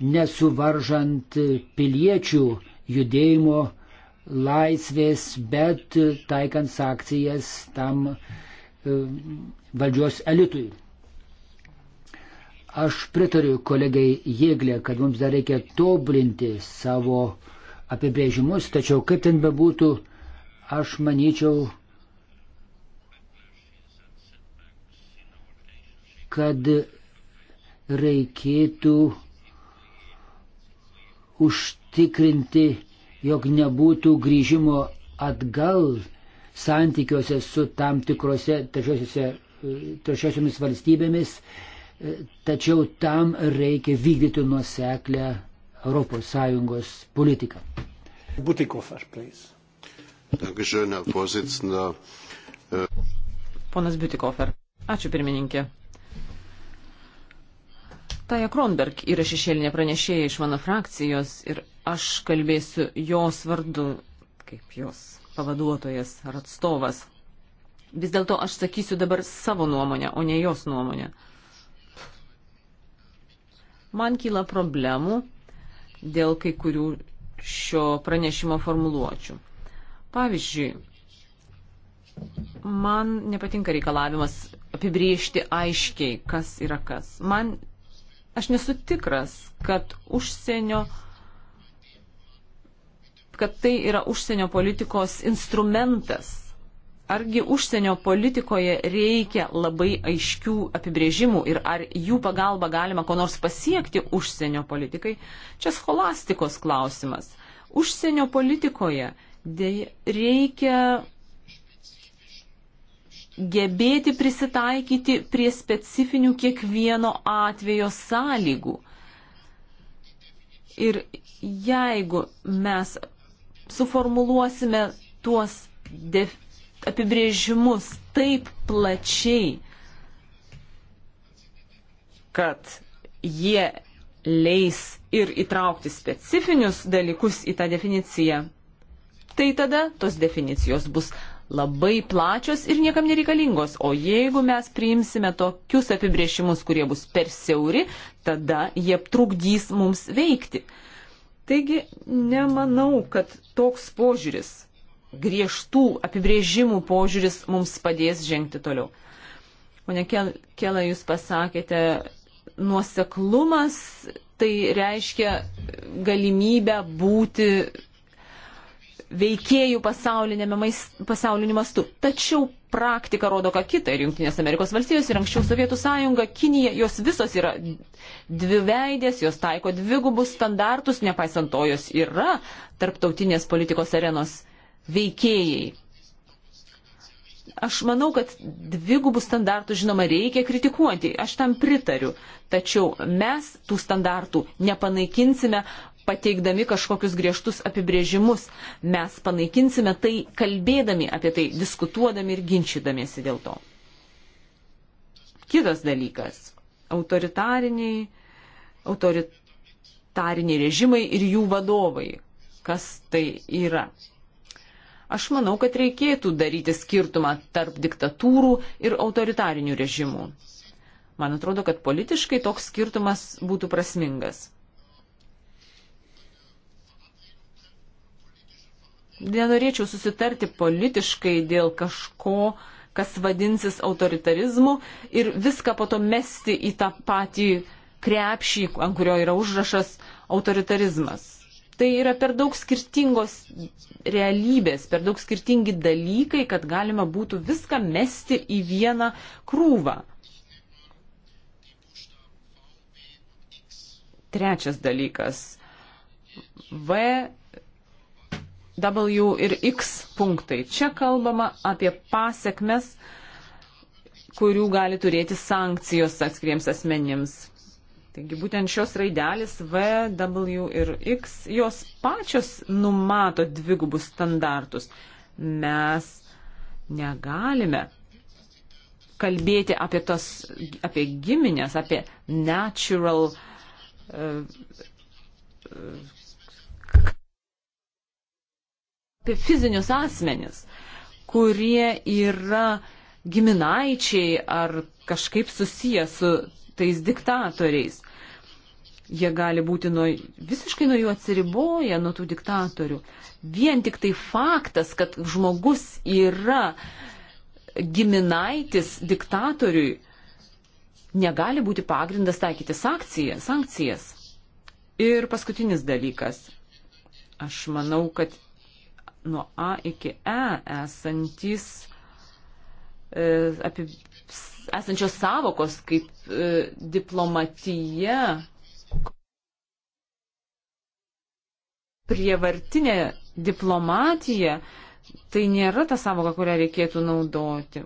nesuvaržant piliečių judėjimo laisvės, bet taikant sankcijas tam e, valdžios elitui. Aš pritariu kolegai Jėglė, kad mums dar reikia tobulinti savo apibrėžimus, tačiau kaip ten bebūtų, aš manyčiau, kad reikėtų užtikrinti, jog nebūtų grįžimo atgal santykiuose su tam tikrose trečiosiomis valstybėmis, tačiau tam reikia vykdyti nuoseklę ES politiką. Butikofer, please. Dankeschön, Herr Vorsitzender. Ponas Butikofer. Ačiū pirmininkė. Ataja Kronberg yra šešėlinė pranešėja iš mano frakcijos ir aš kalbėsiu jos vardu, kaip jos pavaduotojas ar atstovas. Vis dėlto aš sakysiu dabar savo nuomonę, o ne jos nuomonę. Man kyla problemų dėl kai kurių šio pranešimo formuluočių. Pavyzdžiui, man nepatinka reikalavimas apibriežti aiškiai, kas yra kas. Man Aš nesu tikras, kad užsienio kad tai yra užsienio politikos instrumentas. Argi užsienio politikoje reikia labai aiškių apibrėžimų ir ar jų pagalba galima ko nors pasiekti užsienio politikai? Čia scholastikos klausimas. Užsienio politikoje reikia gebėti prisitaikyti prie specifinių kiekvieno atvejo sąlygų. Ir jeigu mes suformuluosime tuos def, apibrėžimus taip plačiai, kad jie leis ir įtraukti specifinius dalykus į tą definiciją, tai tada tos definicijos bus labai plačios ir niekam nereikalingos. O jeigu mes priimsime tokius apibrėžimus, kurie bus per siauri, tada jie trukdys mums veikti. Taigi nemanau, kad toks požiūris, griežtų apibrėžimų požiūris mums padės žengti toliau. Pone Kela, jūs pasakėte, nuoseklumas tai reiškia galimybę būti veikėjų pasauliniu mastu. Tačiau praktika rodo ką kitą ir Junktinės Amerikos valstijos ir anksčiau Sovietų sąjunga, Kinija, jos visos yra dviveidės, jos taiko dvigubus standartus, nepaisant to jos yra tarptautinės politikos arenos veikėjai. Aš manau, kad dvigubų standartų, žinoma, reikia kritikuoti, aš tam pritariu, tačiau mes tų standartų nepanaikinsime pateikdami kažkokius griežtus apibrėžimus. Mes panaikinsime tai, kalbėdami apie tai, diskutuodami ir ginčydamiesi dėl to. Kitas dalykas - autoritariniai, autoritariniai režimai ir jų vadovai. Kas tai yra? Aš manau, kad reikėtų daryti skirtumą tarp diktatūrų ir autoritarinių režimų. Man atrodo, kad politiškai toks skirtumas būtų prasmingas. nenorėčiau susitarti politiškai dėl kažko, kas vadinsis autoritarizmu ir viską po to mesti į tą patį krepšį, ant kurio yra užrašas autoritarizmas. Tai yra per daug skirtingos realybės, per daug skirtingi dalykai, kad galima būtų viską mesti į vieną krūvą. Trečias dalykas. V W ir X punktai. Čia kalbama apie pasiekmes, kurių gali turėti sankcijos atskiriems asmenims. Taigi būtent šios raidelės V, W ir X, jos pačios numato dvigubus standartus. Mes negalime kalbėti apie, tos, apie giminės, apie natural uh, uh, apie fizinius asmenis, kurie yra giminaičiai ar kažkaip susiję su tais diktatoriais. Jie gali būti nuo, visiškai nuo jų atsiriboję, nuo tų diktatorių. Vien tik tai faktas, kad žmogus yra giminaitis diktatoriui, negali būti pagrindas taikyti sankcijas. sankcijas. Ir paskutinis dalykas. Aš manau, kad nuo A iki E esantys e, apie esančios savokos kaip e, diplomatija, prievartinė diplomatija, tai nėra ta savoka, kurią reikėtų naudoti.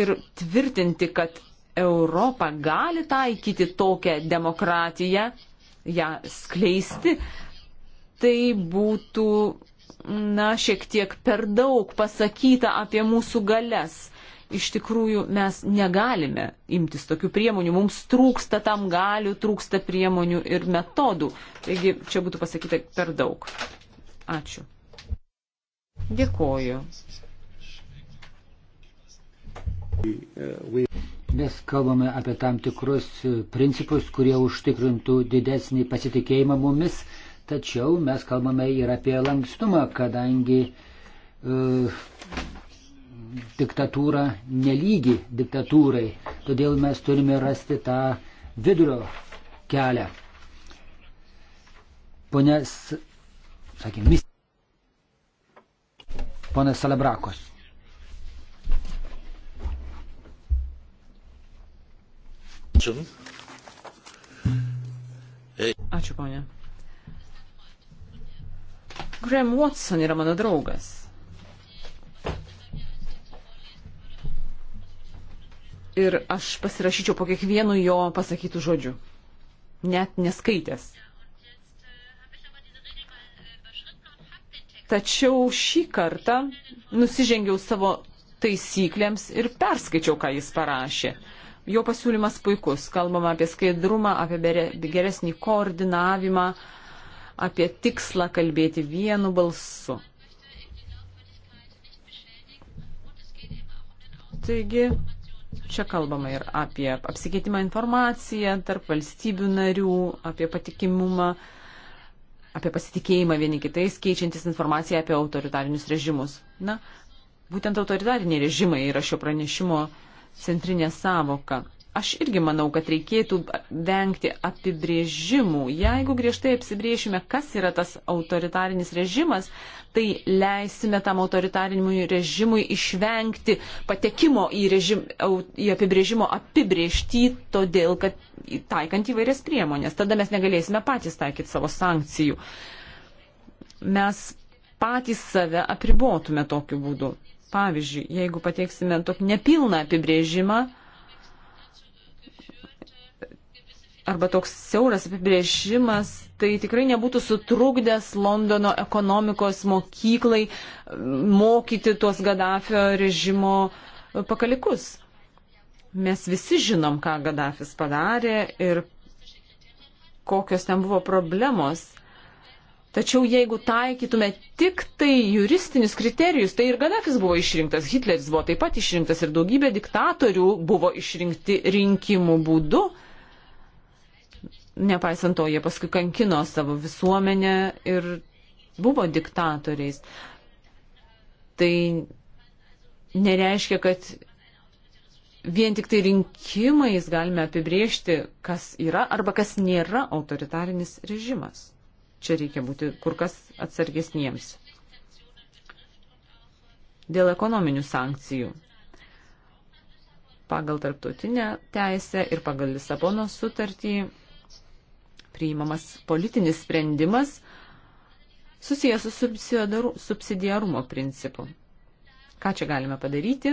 Ir tvirtinti, kad Europa gali taikyti tokią demokratiją, ją skleisti, e, tai būtų, na, šiek tiek per daug pasakyta apie mūsų galias. Iš tikrųjų, mes negalime imtis tokių priemonių, mums trūksta tam galių, trūksta priemonių ir metodų. Taigi čia būtų pasakyta per daug. Ačiū. Dėkoju. Mes kalbame apie tam tikrus principus, kurie užtikrintų didesnį pasitikėjimą mumis, Tačiau mes kalbame ir apie lankstumą, kadangi e, diktatūra nelygi diktatūrai. Todėl mes turime rasti tą vidurio kelią. Ponės, sakė, mis. Ponas Salabrakos. Ačiū, ponė. Graham Watson yra mano draugas. Ir aš pasirašyčiau po kiekvienu jo pasakytų žodžiu, net neskaitęs. Tačiau šį kartą nusižengiau savo taisyklėms ir perskaičiau, ką jis parašė. Jo pasiūlymas puikus. Kalbama apie skaidrumą, apie geresnį koordinavimą, uh, apie tikslą kalbėti vienu balsu. Taigi, čia kalbama ir apie apsikeitimą informaciją tarp valstybių narių, apie patikimumą, apie pasitikėjimą vieni kitais, keičiantis informaciją apie autoritarinius režimus. Na, būtent autoritariniai režimai yra šio pranešimo centrinė savoka. Aš irgi manau, kad reikėtų vengti apibrėžimų. Jeigu griežtai apsibrėšime, kas yra tas autoritarinis režimas, tai leisime tam autoritariniui režimui išvengti patekimo į, režim, į apibrėžimo apibrėžtį, todėl kad taikant įvairias priemonės. Tada mes negalėsime patys taikyti savo sankcijų. Mes patys save apribotume tokiu būdu. Pavyzdžiui, jeigu pateiksime tokį nepilną apibrėžimą, arba toks siauras apibrėžimas, tai tikrai nebūtų sutrukdęs Londono ekonomikos mokyklai mokyti tuos Gaddafio režimo pakalikus. Mes visi žinom, ką Gaddafis padarė ir kokios ten buvo problemos. Tačiau jeigu taikytume tik tai juristinius kriterijus, tai ir Gaddafis buvo išrinktas, Hitleris buvo taip pat išrinktas ir daugybė diktatorių buvo išrinkti rinkimų būdu. Nepaisant to, jie paskui kankino savo visuomenę ir buvo diktatoriais. Tai nereiškia, kad vien tik tai rinkimais galime apibriežti, kas yra arba kas nėra autoritarinis režimas. Čia reikia būti kur kas atsargesniems. Dėl ekonominių sankcijų. Pagal tarptautinę teisę ir pagal Lisabono sutartį priimamas politinis sprendimas susijęs su subsidiarumo principu. Ką čia galime padaryti?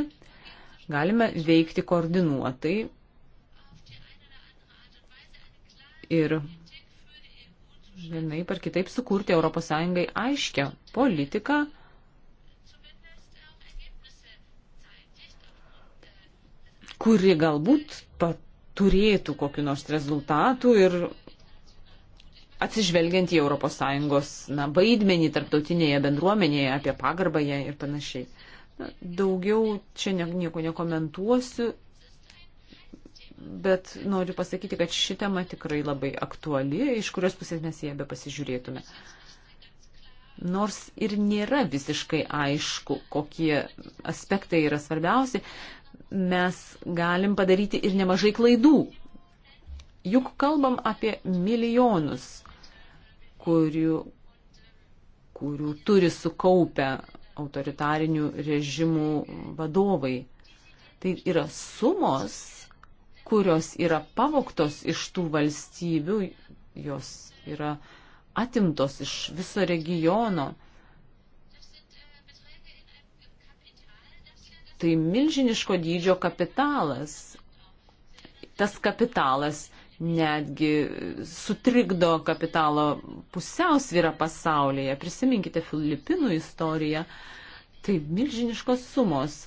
Galime veikti koordinuotai ir vienai par kitaip sukurti ES aiškę politiką, kuri galbūt pat turėtų kokiu nors rezultatu ir atsižvelgiant į ES na, vaidmenį tarptautinėje bendruomenėje, apie pagarbą ją ir panašiai. Na, daugiau čia ne, nieko nekomentuosiu, bet noriu pasakyti, kad ši tema tikrai labai aktuali, iš kurios pusės mes ją be pasižiūrėtume. Nors ir nėra visiškai aišku, kokie aspektai yra svarbiausi, mes galim padaryti ir nemažai klaidų. Juk kalbam apie milijonus kurių, kurių turi sukaupę autoritarinių režimų vadovai. Tai yra sumos, kurios yra pavoktos iš tų valstybių, jos yra atimtos iš viso regiono. Tai milžiniško dydžio kapitalas. Tas kapitalas netgi sutrikdo kapitalo pusiausvyrą pasaulyje. Prisiminkite Filipinų istoriją. Tai milžiniškos sumos.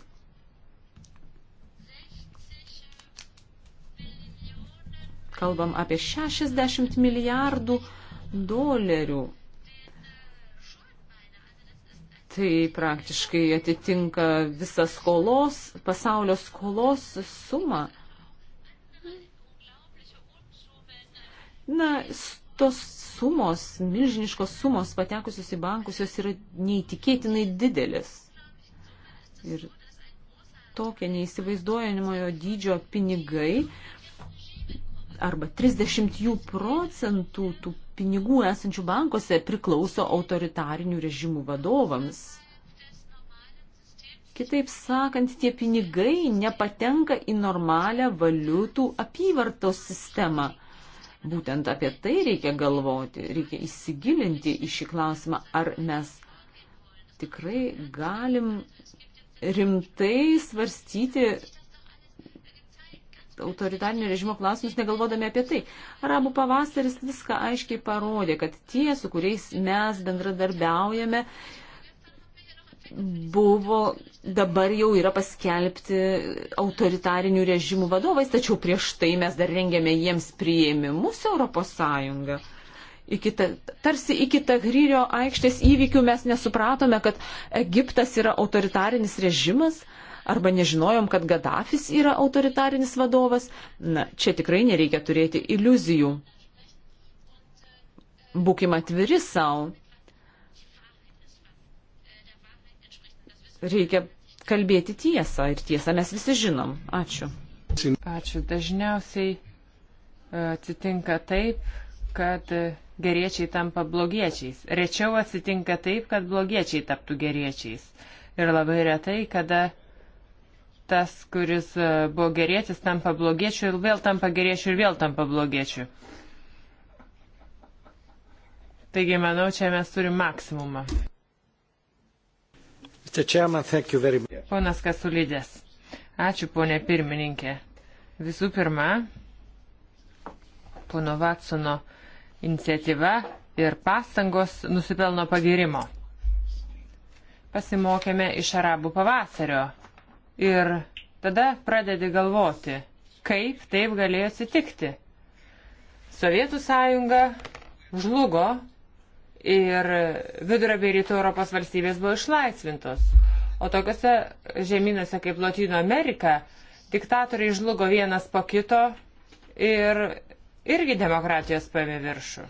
Kalbam apie 60 milijardų dolerių. Tai praktiškai atitinka visą skolos, pasaulio skolos sumą. Na, tos sumos, milžiniškos sumos patekusios į bankus, jos yra neįtikėtinai didelis. Ir tokie neįsivaizduojamojo dydžio pinigai arba 30 jų procentų tų pinigų esančių bankuose priklauso autoritarinių režimų vadovams. Kitaip sakant, tie pinigai nepatenka į normalią valiutų apyvartos sistemą. Būtent apie tai reikia galvoti, reikia įsigilinti į šį klausimą, ar mes tikrai galim rimtai svarstyti autoritarnio režimo klausimus, negalvodami apie tai. Arabų pavasaris viską aiškiai parodė, kad tie, su kuriais mes bendradarbiaujame, buvo, dabar jau yra paskelbti autoritarinių režimų vadovais, tačiau prieš tai mes dar rengėme jiems prieimimus Europos Sąjungą. Iki ta, tarsi iki Tagryrio aikštės įvykių mes nesupratome, kad Egiptas yra autoritarinis režimas, arba nežinojom, kad Gaddafis yra autoritarinis vadovas. Na, čia tikrai nereikia turėti iliuzijų. Būkime atviri savo reikia kalbėti tiesą ir tiesą mes visi žinom. Ačiū. Ačiū. Dažniausiai e, atsitinka taip, kad geriečiai tampa blogiečiais. Rečiau atsitinka taip, kad blogiečiai taptų geriečiais. Ir labai retai, kada tas, kuris e, buvo gerietis, tampa blogiečiu ir vėl tampa geriečiu ir vėl tampa blogiečiu. Taigi, manau, čia mes turim maksimumą. Ponas Kasulydės. Ačiū, ponė pirmininkė. Visų pirma, pono Vatsono iniciatyva ir pastangos nusipelno pagirimo. Pasimokėme iš arabų pavasario ir tada pradedi galvoti, kaip taip galėjo atsitikti. Sovietų sąjunga žlugo ir vidurio bei rytų Europos valstybės buvo išlaisvintos. O tokiuose žemynuose kaip Latino Amerika diktatoriai žlugo vienas po kito ir irgi demokratijos paėmė viršų.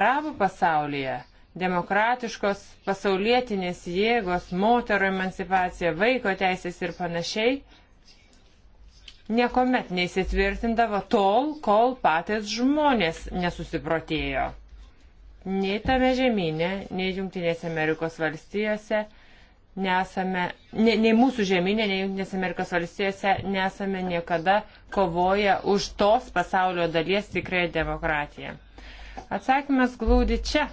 Arabų pasaulyje demokratiškos pasaulietinės jėgos, moterų emancipacija, vaiko teisės ir panašiai niekuomet neįsitvirtindavo tol, kol patys žmonės nesusiprotėjo nei tame žemynė, nei Junktinėse Amerikos valstijose nesame, nei, nei mūsų žemynė, nei Junktinėse Amerikos valstijose nesame niekada kovoję už tos pasaulio dalies tikrąją demokratiją. Atsakymas glūdi čia,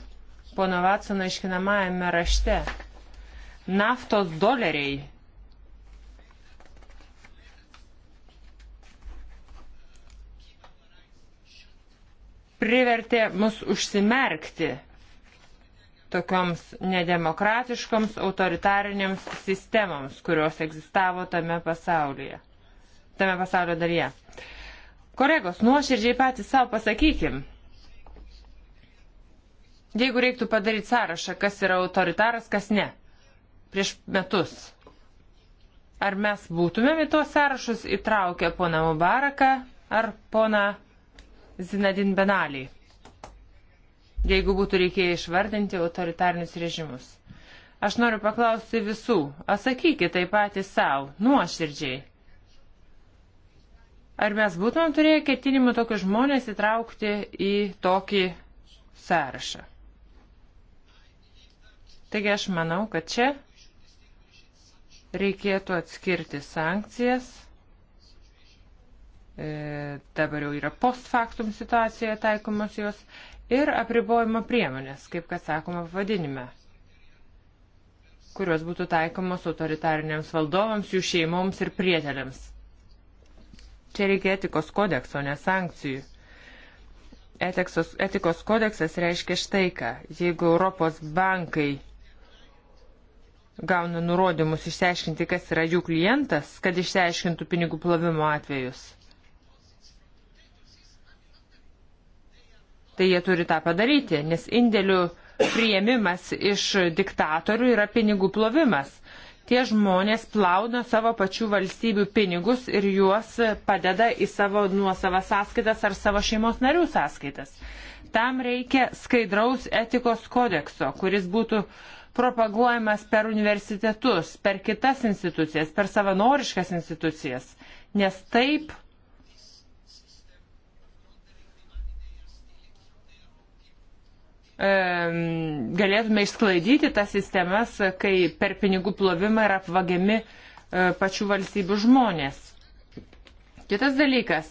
pono Vatsono iškinamajame rašte. Naftos doleriai privertė mus užsimerkti tokioms nedemokratiškoms autoritariniams sistemoms, kurios egzistavo tame pasaulyje, tame pasaulio dalyje. Kolegos, nuoširdžiai patys savo pasakykim, jeigu reiktų padaryti sąrašą, kas yra autoritaras, kas ne, prieš metus, ar mes būtumėm į tuos sąrašus įtraukę poną Mubaraką ar poną Zinadin Benaliai. Jeigu būtų reikėję išvardinti autoritarinius režimus. Aš noriu paklausti visų, atsakykite tai patys savo, nuoširdžiai. Ar mes būtumėm turėję ketinimų tokius žmonės įtraukti į tokį sąrašą? Taigi aš manau, kad čia reikėtų atskirti sankcijas E, dabar jau yra post factum situacijoje taikomos jos ir apribojimo priemonės, kaip kad sakoma vadinime kurios būtų taikomos autoritariniams valdovams, jų šeimoms ir prieteliams. Čia reikia etikos kodekso, ne sankcijų. Etiksos, etikos kodeksas reiškia štai ką. Jeigu Europos bankai gauna nurodymus išsiaiškinti, kas yra jų klientas, kad išsiaiškintų pinigų plovimo atvejus, tai jie turi tą padaryti, nes indėlių prieimimas iš diktatorių yra pinigų plovimas. Tie žmonės plauna savo pačių valstybių pinigus ir juos padeda į savo nuosavą sąskaitas ar savo šeimos narių sąskaitas. Tam reikia skaidraus etikos kodekso, kuris būtų propaguojamas per universitetus, per kitas institucijas, per savanoriškas institucijas, nes taip galėtume išsklaidyti tas sistemas, kai per pinigų plovimą yra apvagiami e, pačių valstybių žmonės. Kitas dalykas,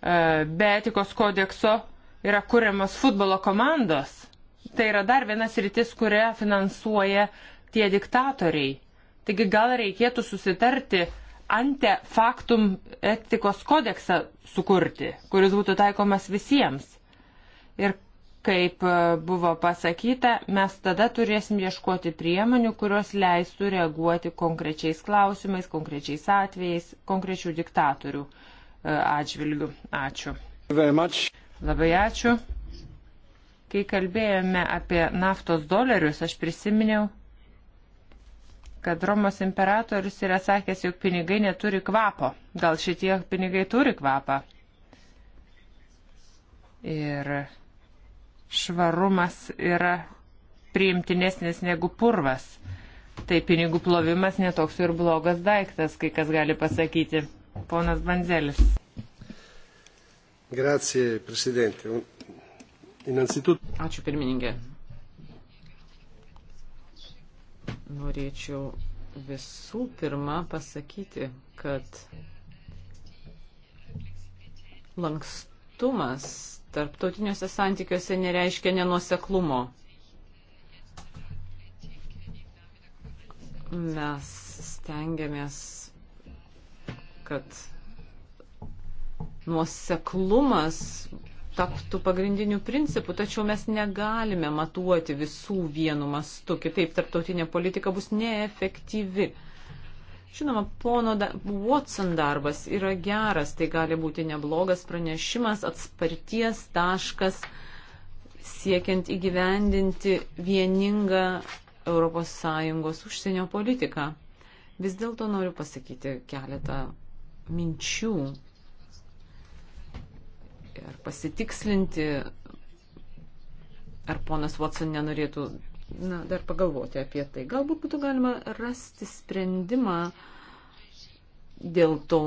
e, be etikos kodekso yra kuriamas futbolo komandos. Tai yra dar vienas rytis, kurią finansuoja tie diktatoriai. Taigi gal reikėtų susitarti ante faktum etikos kodeksą sukurti, kuris būtų taikomas visiems. Ir kaip e, buvo pasakyta, mes tada turėsim ieškoti priemonių, kurios leistų reaguoti konkrečiais klausimais, konkrečiais atvejais, konkrečių diktatorių e, atžvilgių. Ačiū. Labai ačiū. Kai kalbėjome apie naftos dolerius, aš prisiminiau, kad Romos imperatorius yra sakęs, jog pinigai neturi kvapo. Gal šitie pinigai turi kvapą? Ir švarumas yra priimtinesnis negu purvas. Tai pinigų plovimas netoks ir blogas daiktas, kai kas gali pasakyti. Ponas Banzelis. Grazie, prezidentė. Innanzitut... Ačiū pirmininkė. Norėčiau visų pirma pasakyti, kad lankstumas tarptautiniuose santykiuose nereiškia nenuoseklumo. Mes stengiamės, kad nuoseklumas taptų pagrindiniu principu, tačiau mes negalime matuoti visų vienu mastu, kitaip tarptautinė politika bus neefektyvi. Žinoma, pono da Watson darbas yra geras, tai gali būti neblogas pranešimas, atsparties taškas siekiant įgyvendinti vieningą ES užsienio politiką. Vis dėlto noriu pasakyti keletą minčių ir pasitikslinti, ar ponas Watson nenorėtų na, dar pagalvoti apie tai. Galbūt būtų galima rasti sprendimą dėl to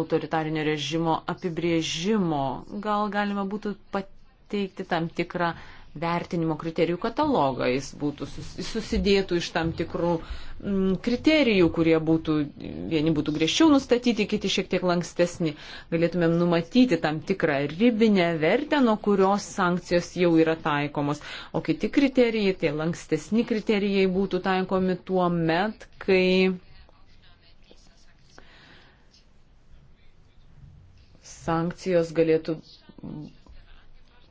autoritarinio režimo apibrėžimo. Gal galima būtų pateikti tam tikrą vertinimo kriterijų katalogą, jis būtų susidėtų iš tam tikrų mm, kriterijų, kurie būtų, vieni būtų griežčiau nustatyti, kiti šiek tiek lankstesni. Galėtumėm numatyti tam tikrą ribinę vertę, nuo kurios sankcijos jau yra taikomos. O kiti kriterijai, tie lankstesni kriterijai būtų taikomi tuo met, kai sankcijos galėtų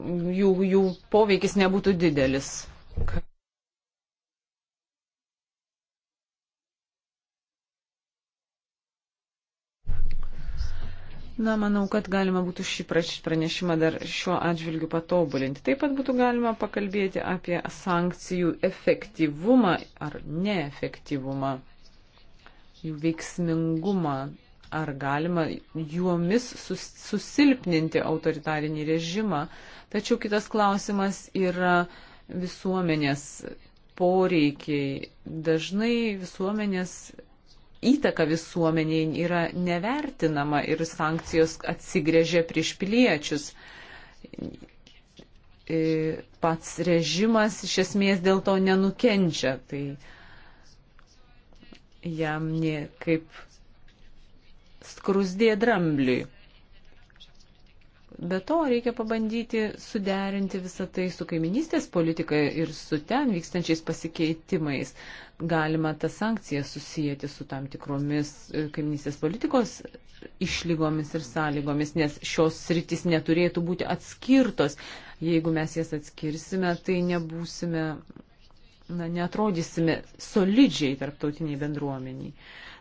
jų, jų poveikis nebūtų didelis. Na, manau, kad galima būtų šį pranešimą dar šiuo atžvilgiu patobulinti. Taip pat būtų galima pakalbėti apie sankcijų efektyvumą ar neefektyvumą, jų veiksmingumą ar galima juomis sus, susilpninti autoritarinį režimą. Tačiau kitas klausimas yra visuomenės poreikiai. Dažnai visuomenės įtaka visuomeniai yra nevertinama ir sankcijos atsigrėžia prieš piliečius. E, pats režimas iš esmės dėl to nenukenčia. Tai jam kaip skrusdė drambliui. Be to reikia pabandyti suderinti visą tai su kaiminystės politika ir su ten vykstančiais pasikeitimais. Galima tą sankciją susijęti su tam tikromis e, kaiminystės politikos išlygomis ir sąlygomis, nes šios sritis neturėtų būti atskirtos. Jeigu mes jas atskirsime, tai nebūsime, na, netrodysime solidžiai tarptautiniai bendruomeniai.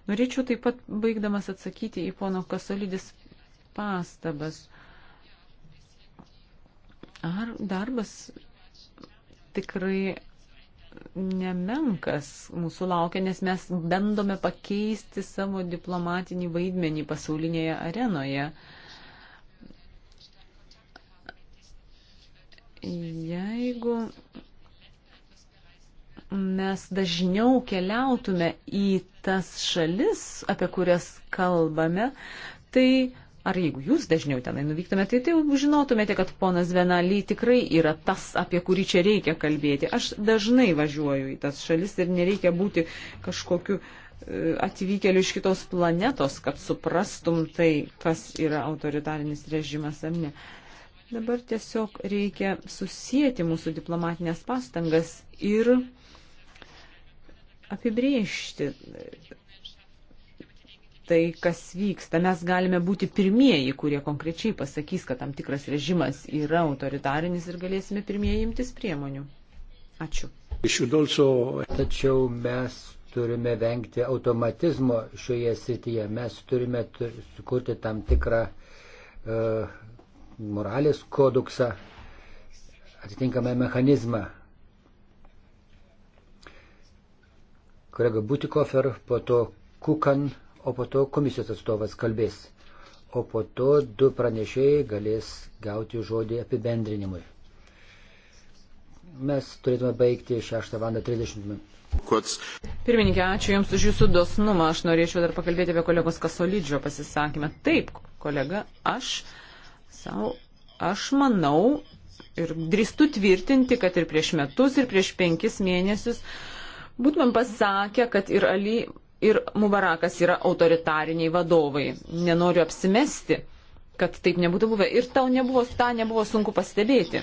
Norėčiau taip pat baigdamas atsakyti į pono Kasolidis pastabas. Ar darbas tikrai nemenkas mūsų laukia, nes mes bandome pakeisti savo diplomatinį vaidmenį pasaulinėje arenoje. Jeigu mes dažniau keliautume į tas šalis, apie kurias kalbame, tai ar jeigu jūs dažniau tenai nuvyktumėte, tai, tai jau žinotumėte, kad ponas Venaly tikrai yra tas, apie kurį čia reikia kalbėti. Aš dažnai važiuoju į tas šalis ir nereikia būti kažkokiu e, atvykėliu iš kitos planetos, kad suprastum tai, kas yra autoritarinis režimas ar ne. Dabar tiesiog reikia susijęti mūsų diplomatinės pastangas ir apibriežti tai, kas vyksta. Mes galime būti pirmieji, kurie konkrečiai pasakys, kad tam tikras režimas yra autoritarinis ir galėsime pirmieji imtis priemonių. Ačiū. Tačiau mes turime vengti automatizmo šioje srityje. Mes turime sukurti tam tikrą uh, moralės kodeksą, atitinkamą mechanizmą. kolega Butikofer, po to Kukan, o po to komisijos atstovas kalbės. O po to du pranešėjai galės gauti žodį apibendrinimui. Mes turėtume baigti 6.30 min. Pirmininkė, ačiū Jums už Jūsų dosnumą. Aš norėčiau dar pakalbėti apie kolegos Kasolidžio pasisakymą. Taip, kolega, aš savo, aš manau ir drįstu tvirtinti, kad ir prieš metus, ir prieš penkis mėnesius uh, būtumėm pasakę, kad ir Ali, ir Mubarakas yra autoritariniai vadovai. Nenoriu apsimesti, kad taip nebūtų buvę. Ir tau nebuvo, tą nebuvo sunku pastebėti.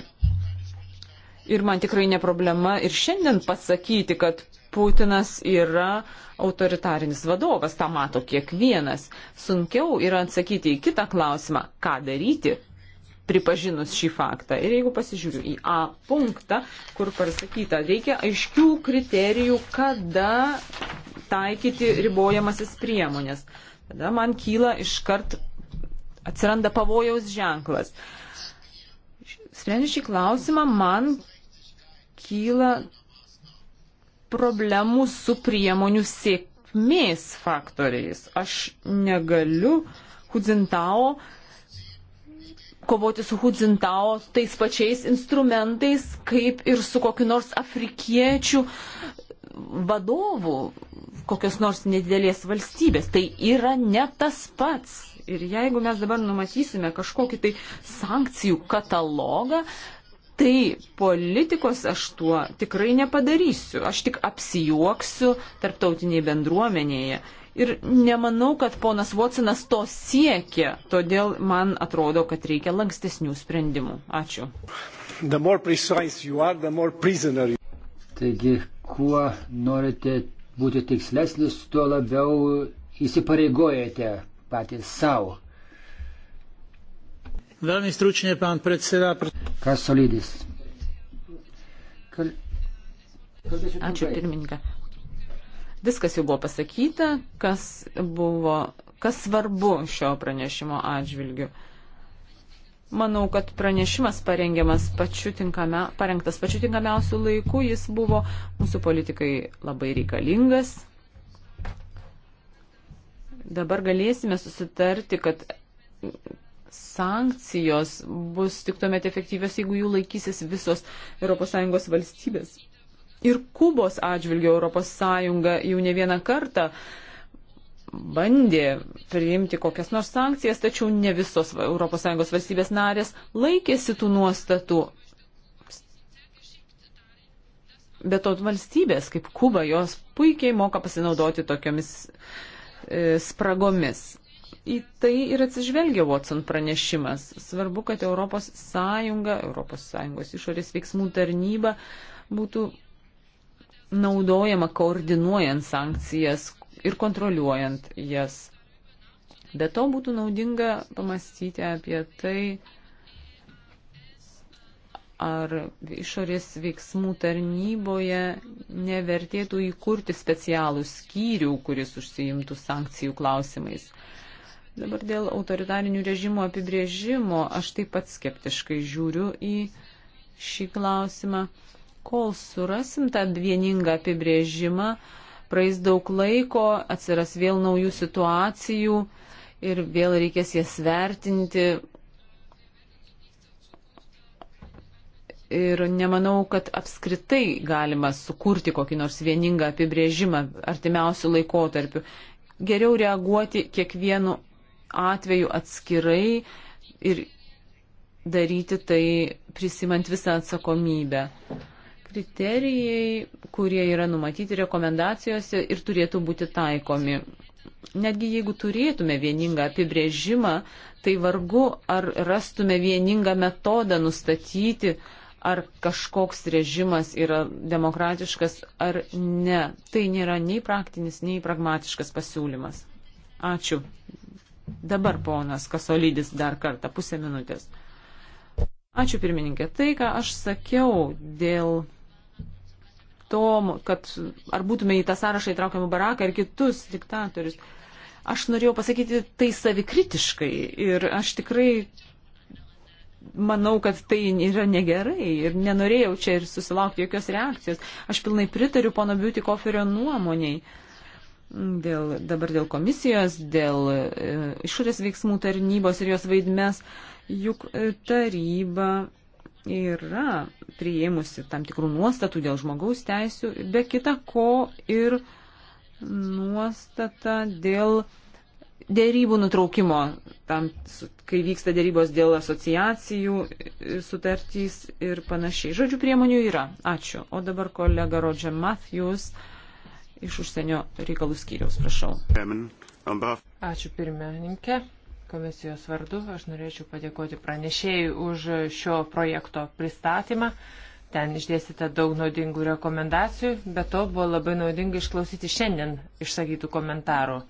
Ir man tikrai ne problema ir šiandien pasakyti, kad Putinas yra autoritarinis vadovas, tą mato kiekvienas. Sunkiau yra atsakyti į kitą klausimą, ką daryti, pripažinus šį faktą. Ir jeigu pasižiūriu į A punktą, kur pasakyta, reikia aiškių kriterijų, kada taikyti ribojamasis priemonės. Tada man kyla iškart atsiranda pavojaus ženklas. Sprendžiu šį klausimą, man kyla problemų su priemonių sėkmės faktoriais. Aš negaliu Hudzintao uh, kovoti su Hudzintao tais pačiais instrumentais, kaip ir su kokiu nors afrikiečių vadovu kokios nors nedidelės valstybės. Tai yra ne tas pats. Ir jeigu mes dabar numatysime kažkokį tai sankcijų katalogą, tai politikos aš tuo tikrai nepadarysiu. Aš tik apsijuoksiu tarptautiniai bendruomenėje Ir nemanau, kad ponas Vocinas to siekia, todėl man atrodo, kad reikia lankstesnių sprendimų. Ačiū. Are, Taigi, kuo norite būti tikslesnis, tuo labiau įsipareigojate patys savo. Veľmi stručne, pán predseda. Kas solidis? Kal... Ačiū pirmininką. Viskas jau buvo pasakyta, kas buvo, kas svarbu šio pranešimo atžvilgiu. Manau, kad pranešimas parengiamas pačiu tinkame, parengtas pačiu tinkamiausiu laiku, jis buvo mūsų politikai labai reikalingas. Dabar galėsime susitarti, kad sankcijos bus tik tuomet efektyvios, jeigu jų laikysis visos ES valstybės ir Kubos atžvilgių ES jau ne vieną kartą bandė priimti kokias nors sankcijas, tačiau ne visos ES valstybės narės laikėsi tų nuostatų. Bet to valstybės, kaip Kuba, jos puikiai moka pasinaudoti tokiomis e, spragomis. Į tai ir atsižvelgia Watson pranešimas. Svarbu, kad ES, ES išorės veiksmų tarnyba būtų naudojama koordinuojant sankcijas ir kontroliuojant jas. Be to būtų naudinga pamastyti apie tai, ar išorės veiksmų tarnyboje nevertėtų įkurti specialų skyrių, kuris užsiimtų sankcijų klausimais. Dabar dėl autoritarinių režimų apibrėžimo aš taip pat skeptiškai žiūriu į šį klausimą kol surasim tą vieningą apibrėžimą, praeis daug laiko, atsiras vėl naujų situacijų ir vėl reikės jas vertinti. Ir nemanau, kad apskritai galima sukurti kokį nors vieningą apibrėžimą artimiausių laikotarpių. Geriau reaguoti kiekvienu atveju atskirai ir daryti tai prisimant visą atsakomybę kriterijai, kurie yra numatyti rekomendacijose ir turėtų būti taikomi. Netgi jeigu turėtume vieningą apibrėžimą, tai vargu ar rastume vieningą metodą nustatyti, ar kažkoks režimas yra demokratiškas ar ne. Tai nėra nei praktinis, nei pragmatiškas pasiūlymas. Ačiū. Dabar ponas Kasolydis dar kartą pusę minutės. Ačiū pirmininkė. Tai, ką aš sakiau dėl to, kad ar būtume į tą sąrašą įtraukiamą baraką ar kitus diktatorius. Aš norėjau pasakyti tai savikritiškai ir aš tikrai manau, kad tai yra negerai ir nenorėjau čia ir susilaukti jokios reakcijos. Aš pilnai pritariu pono Biutikoferio nuomoniai. Dėl, dabar dėl komisijos, dėl e, išorės veiksmų tarnybos ir jos vaidmės, juk e, taryba yra prieimusi tam tikrų nuostatų dėl žmogaus teisų, be kita ko ir nuostata dėl dėrybų nutraukimo, tam, kai vyksta dėrybos dėl asociacijų sutartys ir panašiai. Žodžių priemonių yra. Ačiū. O dabar kolega Rodžia Matthews iš užsienio reikalų skyriaus, prašau. Ačiū pirmininkė. Komisijos vardu aš norėčiau padėkoti pranešėjai už šio projekto pristatymą. Ten išdėstyta daug naudingų rekomendacijų, bet to buvo labai naudinga išklausyti šiandien išsakytų komentarų.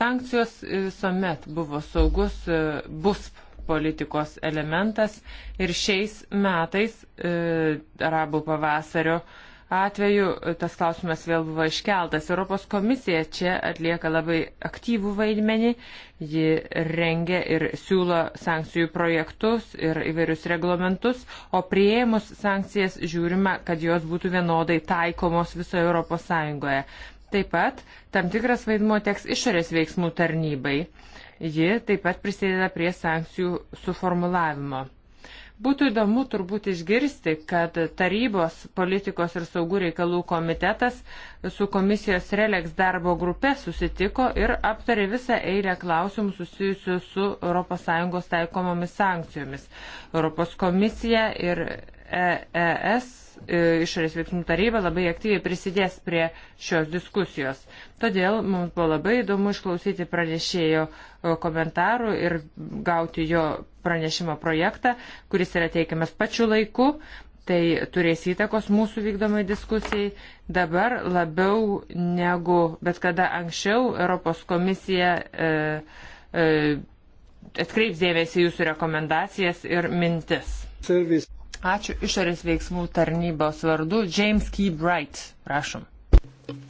Sankcijos visuomet buvo saugus e, BUSP politikos elementas ir šiais metais e, arabų pavasario e, atveju e, tas klausimas vėl buvo iškeltas. Europos komisija čia atlieka labai aktyvų vaidmenį, ji rengia ir siūlo sankcijų projektus ir įvairius reglamentus, o prieimus sankcijas žiūrima, kad jos būtų vienodai taikomos visoje Europos Sąjungoje. Taip pat tam tikras vaidmuo teks išorės veiksmų tarnybai. Ji taip pat prisideda prie sankcijų suformulavimo. Būtų įdomu turbūt išgirsti, kad tarybos politikos ir saugų reikalų komitetas su komisijos Relex darbo grupė susitiko ir aptarė visą eilę klausimų susijusių su ES taikomomis sankcijomis. Europos komisija ir EES e, išorės veiksmų taryba labai aktyviai prisidės prie šios diskusijos. Todėl mums buvo labai įdomu išklausyti pranešėjo e, komentarų ir gauti jo pranešimo projektą, kuris yra teikiamas pačiu laiku. Tai turės įtakos mūsų vykdomai diskusijai. Dabar labiau negu bet kada anksčiau Europos komisija e, e, atkreips dėmesį jūsų rekomendacijas ir mintis. Service. Ačiū išorės veiksmų tarnybos vardu. James Key Bright, prašom.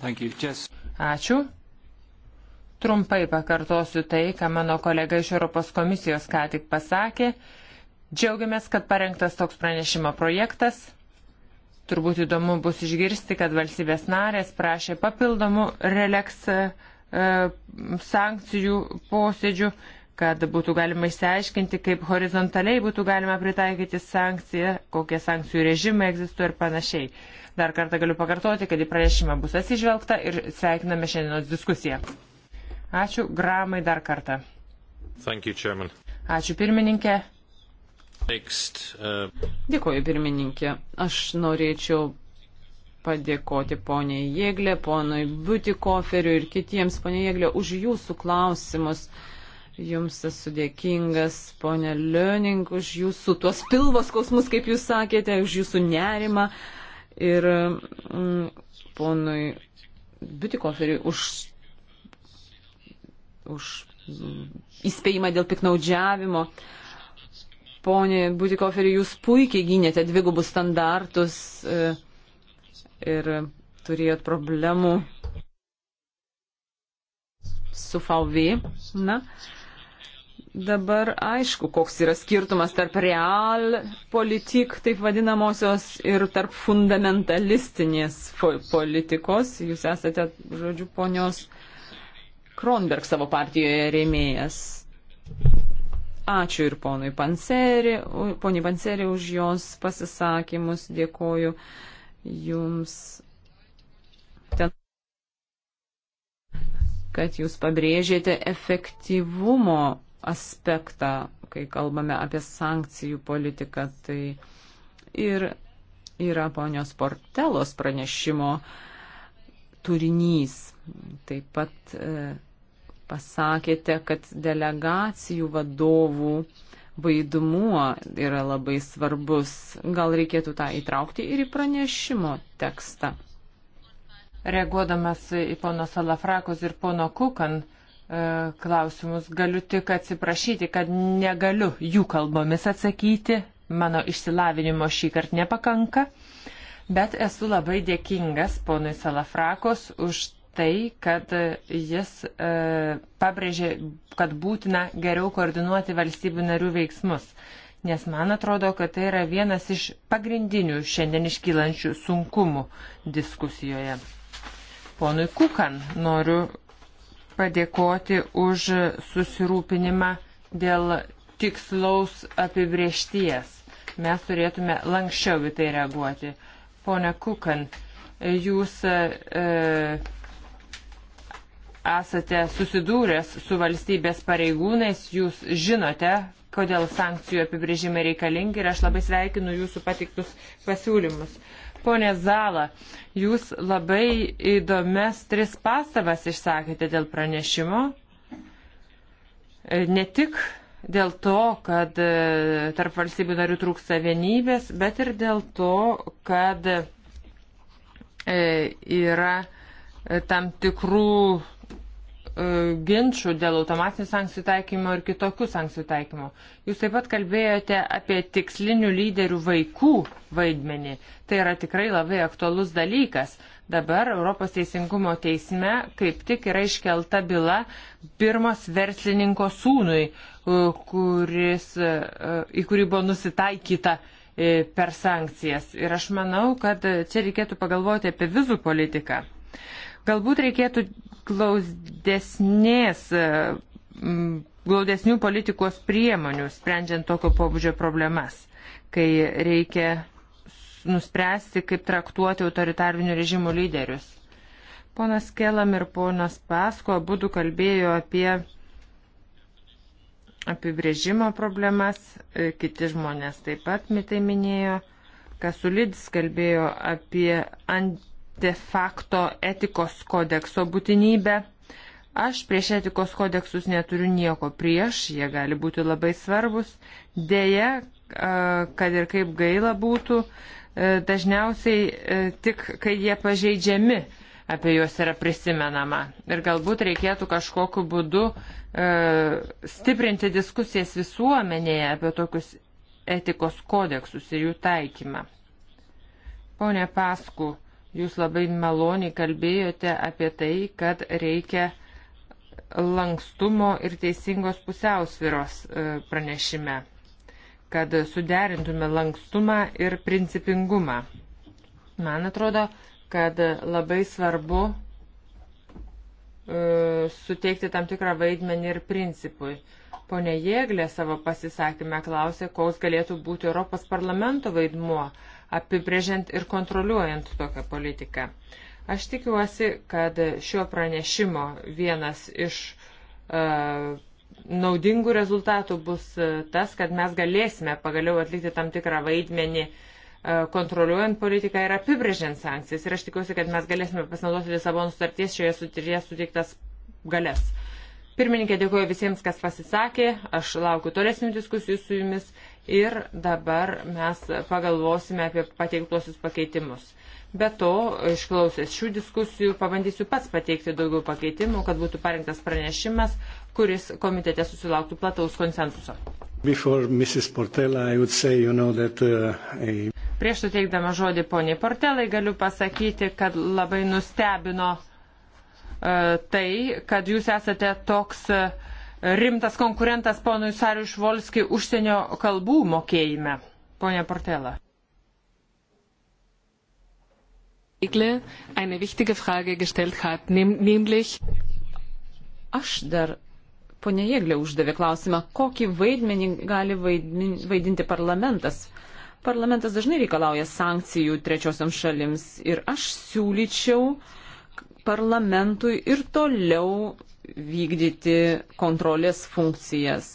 Thank you, Jess. Ačiū. Trumpai pakartosiu tai, ką mano kolega iš Europos komisijos ką tik pasakė. Džiaugiamės, kad parengtas toks pranešimo projektas. Turbūt įdomu bus išgirsti, kad valstybės narės prašė papildomų releks e, sankcijų posėdžių, kad būtų galima išsiaiškinti, kaip horizontaliai būtų galima pritaikyti sankciją, kokie sankcijų režimai egzistuoja ir panašiai. Dar kartą galiu pakartoti, kad į pranešimą bus atsižvelgta ir sveikiname šiandienos diskusiją. Ačiū Gramai dar kartą. Thank you, chairman. Ačiū pirmininkė. Next, uh... Dėkuoju pirmininkė. Aš norėčiau padėkoti poniai Jėglė, ponui Butikoferiu ir kitiems, poniai Jėglė, už jūsų klausimus. Jums esu dėkingas, ponė Lioning, už jūsų tuos pilvos kausmus, kaip jūs sakėte, už jūsų nerimą. Uh, ir mm, ponui Biutikoferiui už, už mm, įspėjimą dėl piknaudžiavimo. Pone Butikoferi, jūs puikiai gynėte dvigubus standartus e, ir turėjot problemų su VV. Na, Dabar aišku, koks yra skirtumas tarp real politik, taip vadinamosios, ir tarp fundamentalistinės politikos. Jūs esate, žodžiu, ponios Kronberg savo partijoje rėmėjas. Ačiū ir ponui Panseri, poniai Panseri už jos pasisakymus. Dėkoju jums, ten, kad jūs pabrėžėte efektyvumo aspektą, kai kalbame apie sankcijų politiką. Tai ir yra ponios Portelos pranešimo turinys. Taip pat e, pasakėte, kad delegacijų vadovų vaidmuo yra labai svarbus. Gal reikėtų tą įtraukti ir į pranešimo tekstą. Reaguodamas į pono Salafrakos ir pono Kukan, E, klausimus. Galiu tik atsiprašyti, kad negaliu jų kalbomis atsakyti. Mano išsilavinimo šį kartą nepakanka. Bet esu labai dėkingas ponui Salafrakos už tai, kad jis e, pabrėžė, kad būtina geriau koordinuoti valstybių narių veiksmus. Nes man atrodo, kad tai yra vienas iš pagrindinių šiandien iškylančių sunkumų diskusijoje. Ponui Kukan noriu padėkoti už susirūpinimą dėl tikslaus apibriešties. Mes turėtume lankščiau į tai reaguoti. Pone Kukan, jūs e, esate susidūręs su valstybės pareigūnais, jūs žinote, kodėl sankcijų apibrėžimai reikalingi ir aš labai sveikinu jūsų patiktus pasiūlymus. E, Pone Zala, jūs labai įdomias tris pastabas išsakėte dėl pranešimo. Ne tik dėl to, kad e, tarp valstybių narių trūksta vienybės, bet ir dėl to, kad e, yra e, tam tikrų ginčių dėl automatinių sankcijų taikymo ir kitokių sankcijų taikymo. Jūs taip pat kalbėjote apie tikslinių lyderių vaikų vaidmenį. Tai yra tikrai labai aktualus dalykas. Dabar Europos teisingumo teisme kaip tik yra iškelta byla pirmas verslininko sūnui, e, kuris, e, į kurį buvo nusitaikyta e, per sankcijas. Ir aš manau, kad čia reikėtų pagalvoti apie vizų politiką. Galbūt reikėtų glaudesnės, glaudesnių politikos priemonių, sprendžiant tokio pobūdžio problemas, kai reikia nuspręsti, kaip traktuoti autoritarinių režimų lyderius. Ponas Kelam ir ponas Pasko būtų kalbėjo apie apibrėžimo problemas, kiti žmonės taip pat mitai minėjo, Kasulidis kalbėjo apie antefakto etikos kodekso būtinybę. Aš prieš etikos kodeksus neturiu nieko prieš, jie gali būti labai svarbus. Deja, kad ir kaip gaila būtų, E, dažniausiai e, tik kai jie pažeidžiami apie juos yra prisimenama. Ir galbūt reikėtų kažkokiu būdu e, stiprinti diskusijas visuomenėje apie tokius etikos kodeksus ir jų taikymą. Pone Pasku, jūs labai maloniai kalbėjote apie tai, kad reikia lankstumo ir teisingos pusiausviros e, pranešime kad suderintume lankstumą ir principingumą. Man atrodo, kad labai svarbu e, suteikti tam tikrą vaidmenį ir principui. Pone Jėglė savo pasisakymę klausė, koks galėtų būti Europos parlamento vaidmuo, apibrėžiant ir kontroliuojant tokią politiką. Aš tikiuosi, kad šio pranešimo vienas iš uh, naudingų rezultatų bus e, tas, kad mes galėsime pagaliau atlikti tam tikrą vaidmenį e, kontroliuojant politiką ir apibrėžiant sankcijas. Ir aš tikiuosi, kad mes galėsime pasinaudoti Lisabonų sutarties šioje sutartyje suteiktas galės. Pirmininkė, dėkuoju visiems, kas pasisakė. Aš laukiu tolesnių diskusijų su jumis ir dabar mes pagalvosime apie pateiktuosius pakeitimus. Be to, išklausęs šių diskusijų, pabandysiu pats pateikti daugiau pakeitimų, kad būtų parinktas pranešimas, kuris komitete susilauktų plataus konsensuso. Portela, say, you know, that, uh, a... Prieš suteikdama žodį poniai Portelai galiu pasakyti, kad labai nustebino uh, tai, kad jūs esate toks uh, rimtas konkurentas ponui Sariu Švolskiui užsienio kalbų mokėjime. Pone Portela. eine wichtige Frage gestellt hat, nämlich Aš dar Pone Jėglė uždavė klausimą, kokį vaidmenį gali vaidinti parlamentas. Parlamentas dažnai reikalauja sankcijų trečiosiam šalims ir aš siūlyčiau parlamentui ir toliau vykdyti kontrolės funkcijas.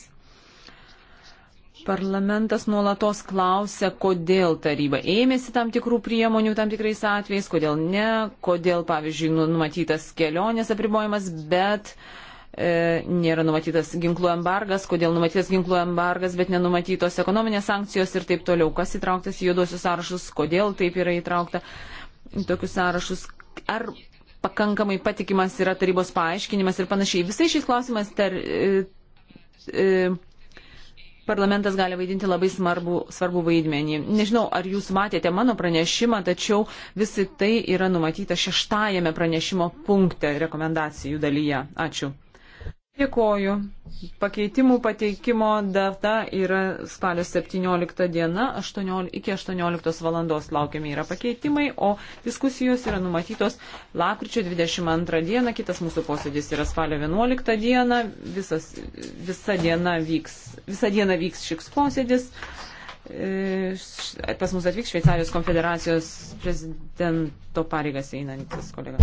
Parlamentas nuolatos klausia, kodėl taryba ėmėsi tam tikrų priemonių tam tikrais atvejais, kodėl ne, kodėl, pavyzdžiui, nu, numatytas kelionės apribojimas, bet uh, e, nėra numatytas ginklų embargas, kodėl numatytas ginklų embargas, bet nenumatytos ekonominės sankcijos ir taip toliau, kas įtrauktas į juodosius sąrašus, kodėl taip yra įtraukta į tokius sąrašus, ar pakankamai patikimas yra tarybos paaiškinimas ir panašiai. Visai šiais klausimas tar, e, e, parlamentas gali vaidinti labai svarbu, svarbu vaidmenį. Nežinau, ar jūs matėte mano pranešimą, tačiau visi tai yra numatyta šeštajame pranešimo punkte rekomendacijų dalyje. Ačiū. Dėkoju. Pakeitimų pateikimo data yra spalio 17 diena, 18, iki 18 valandos laukiami yra pakeitimai, o diskusijos yra numatytos lakryčio 22 dieną, kitas mūsų posėdis yra spalio 11 diena, visas, visa, diena vyks, visa diena vyks šiks posėdis. E, pas mus atvyks Šveicarijos konfederacijos prezidento pareigas einantis kolega.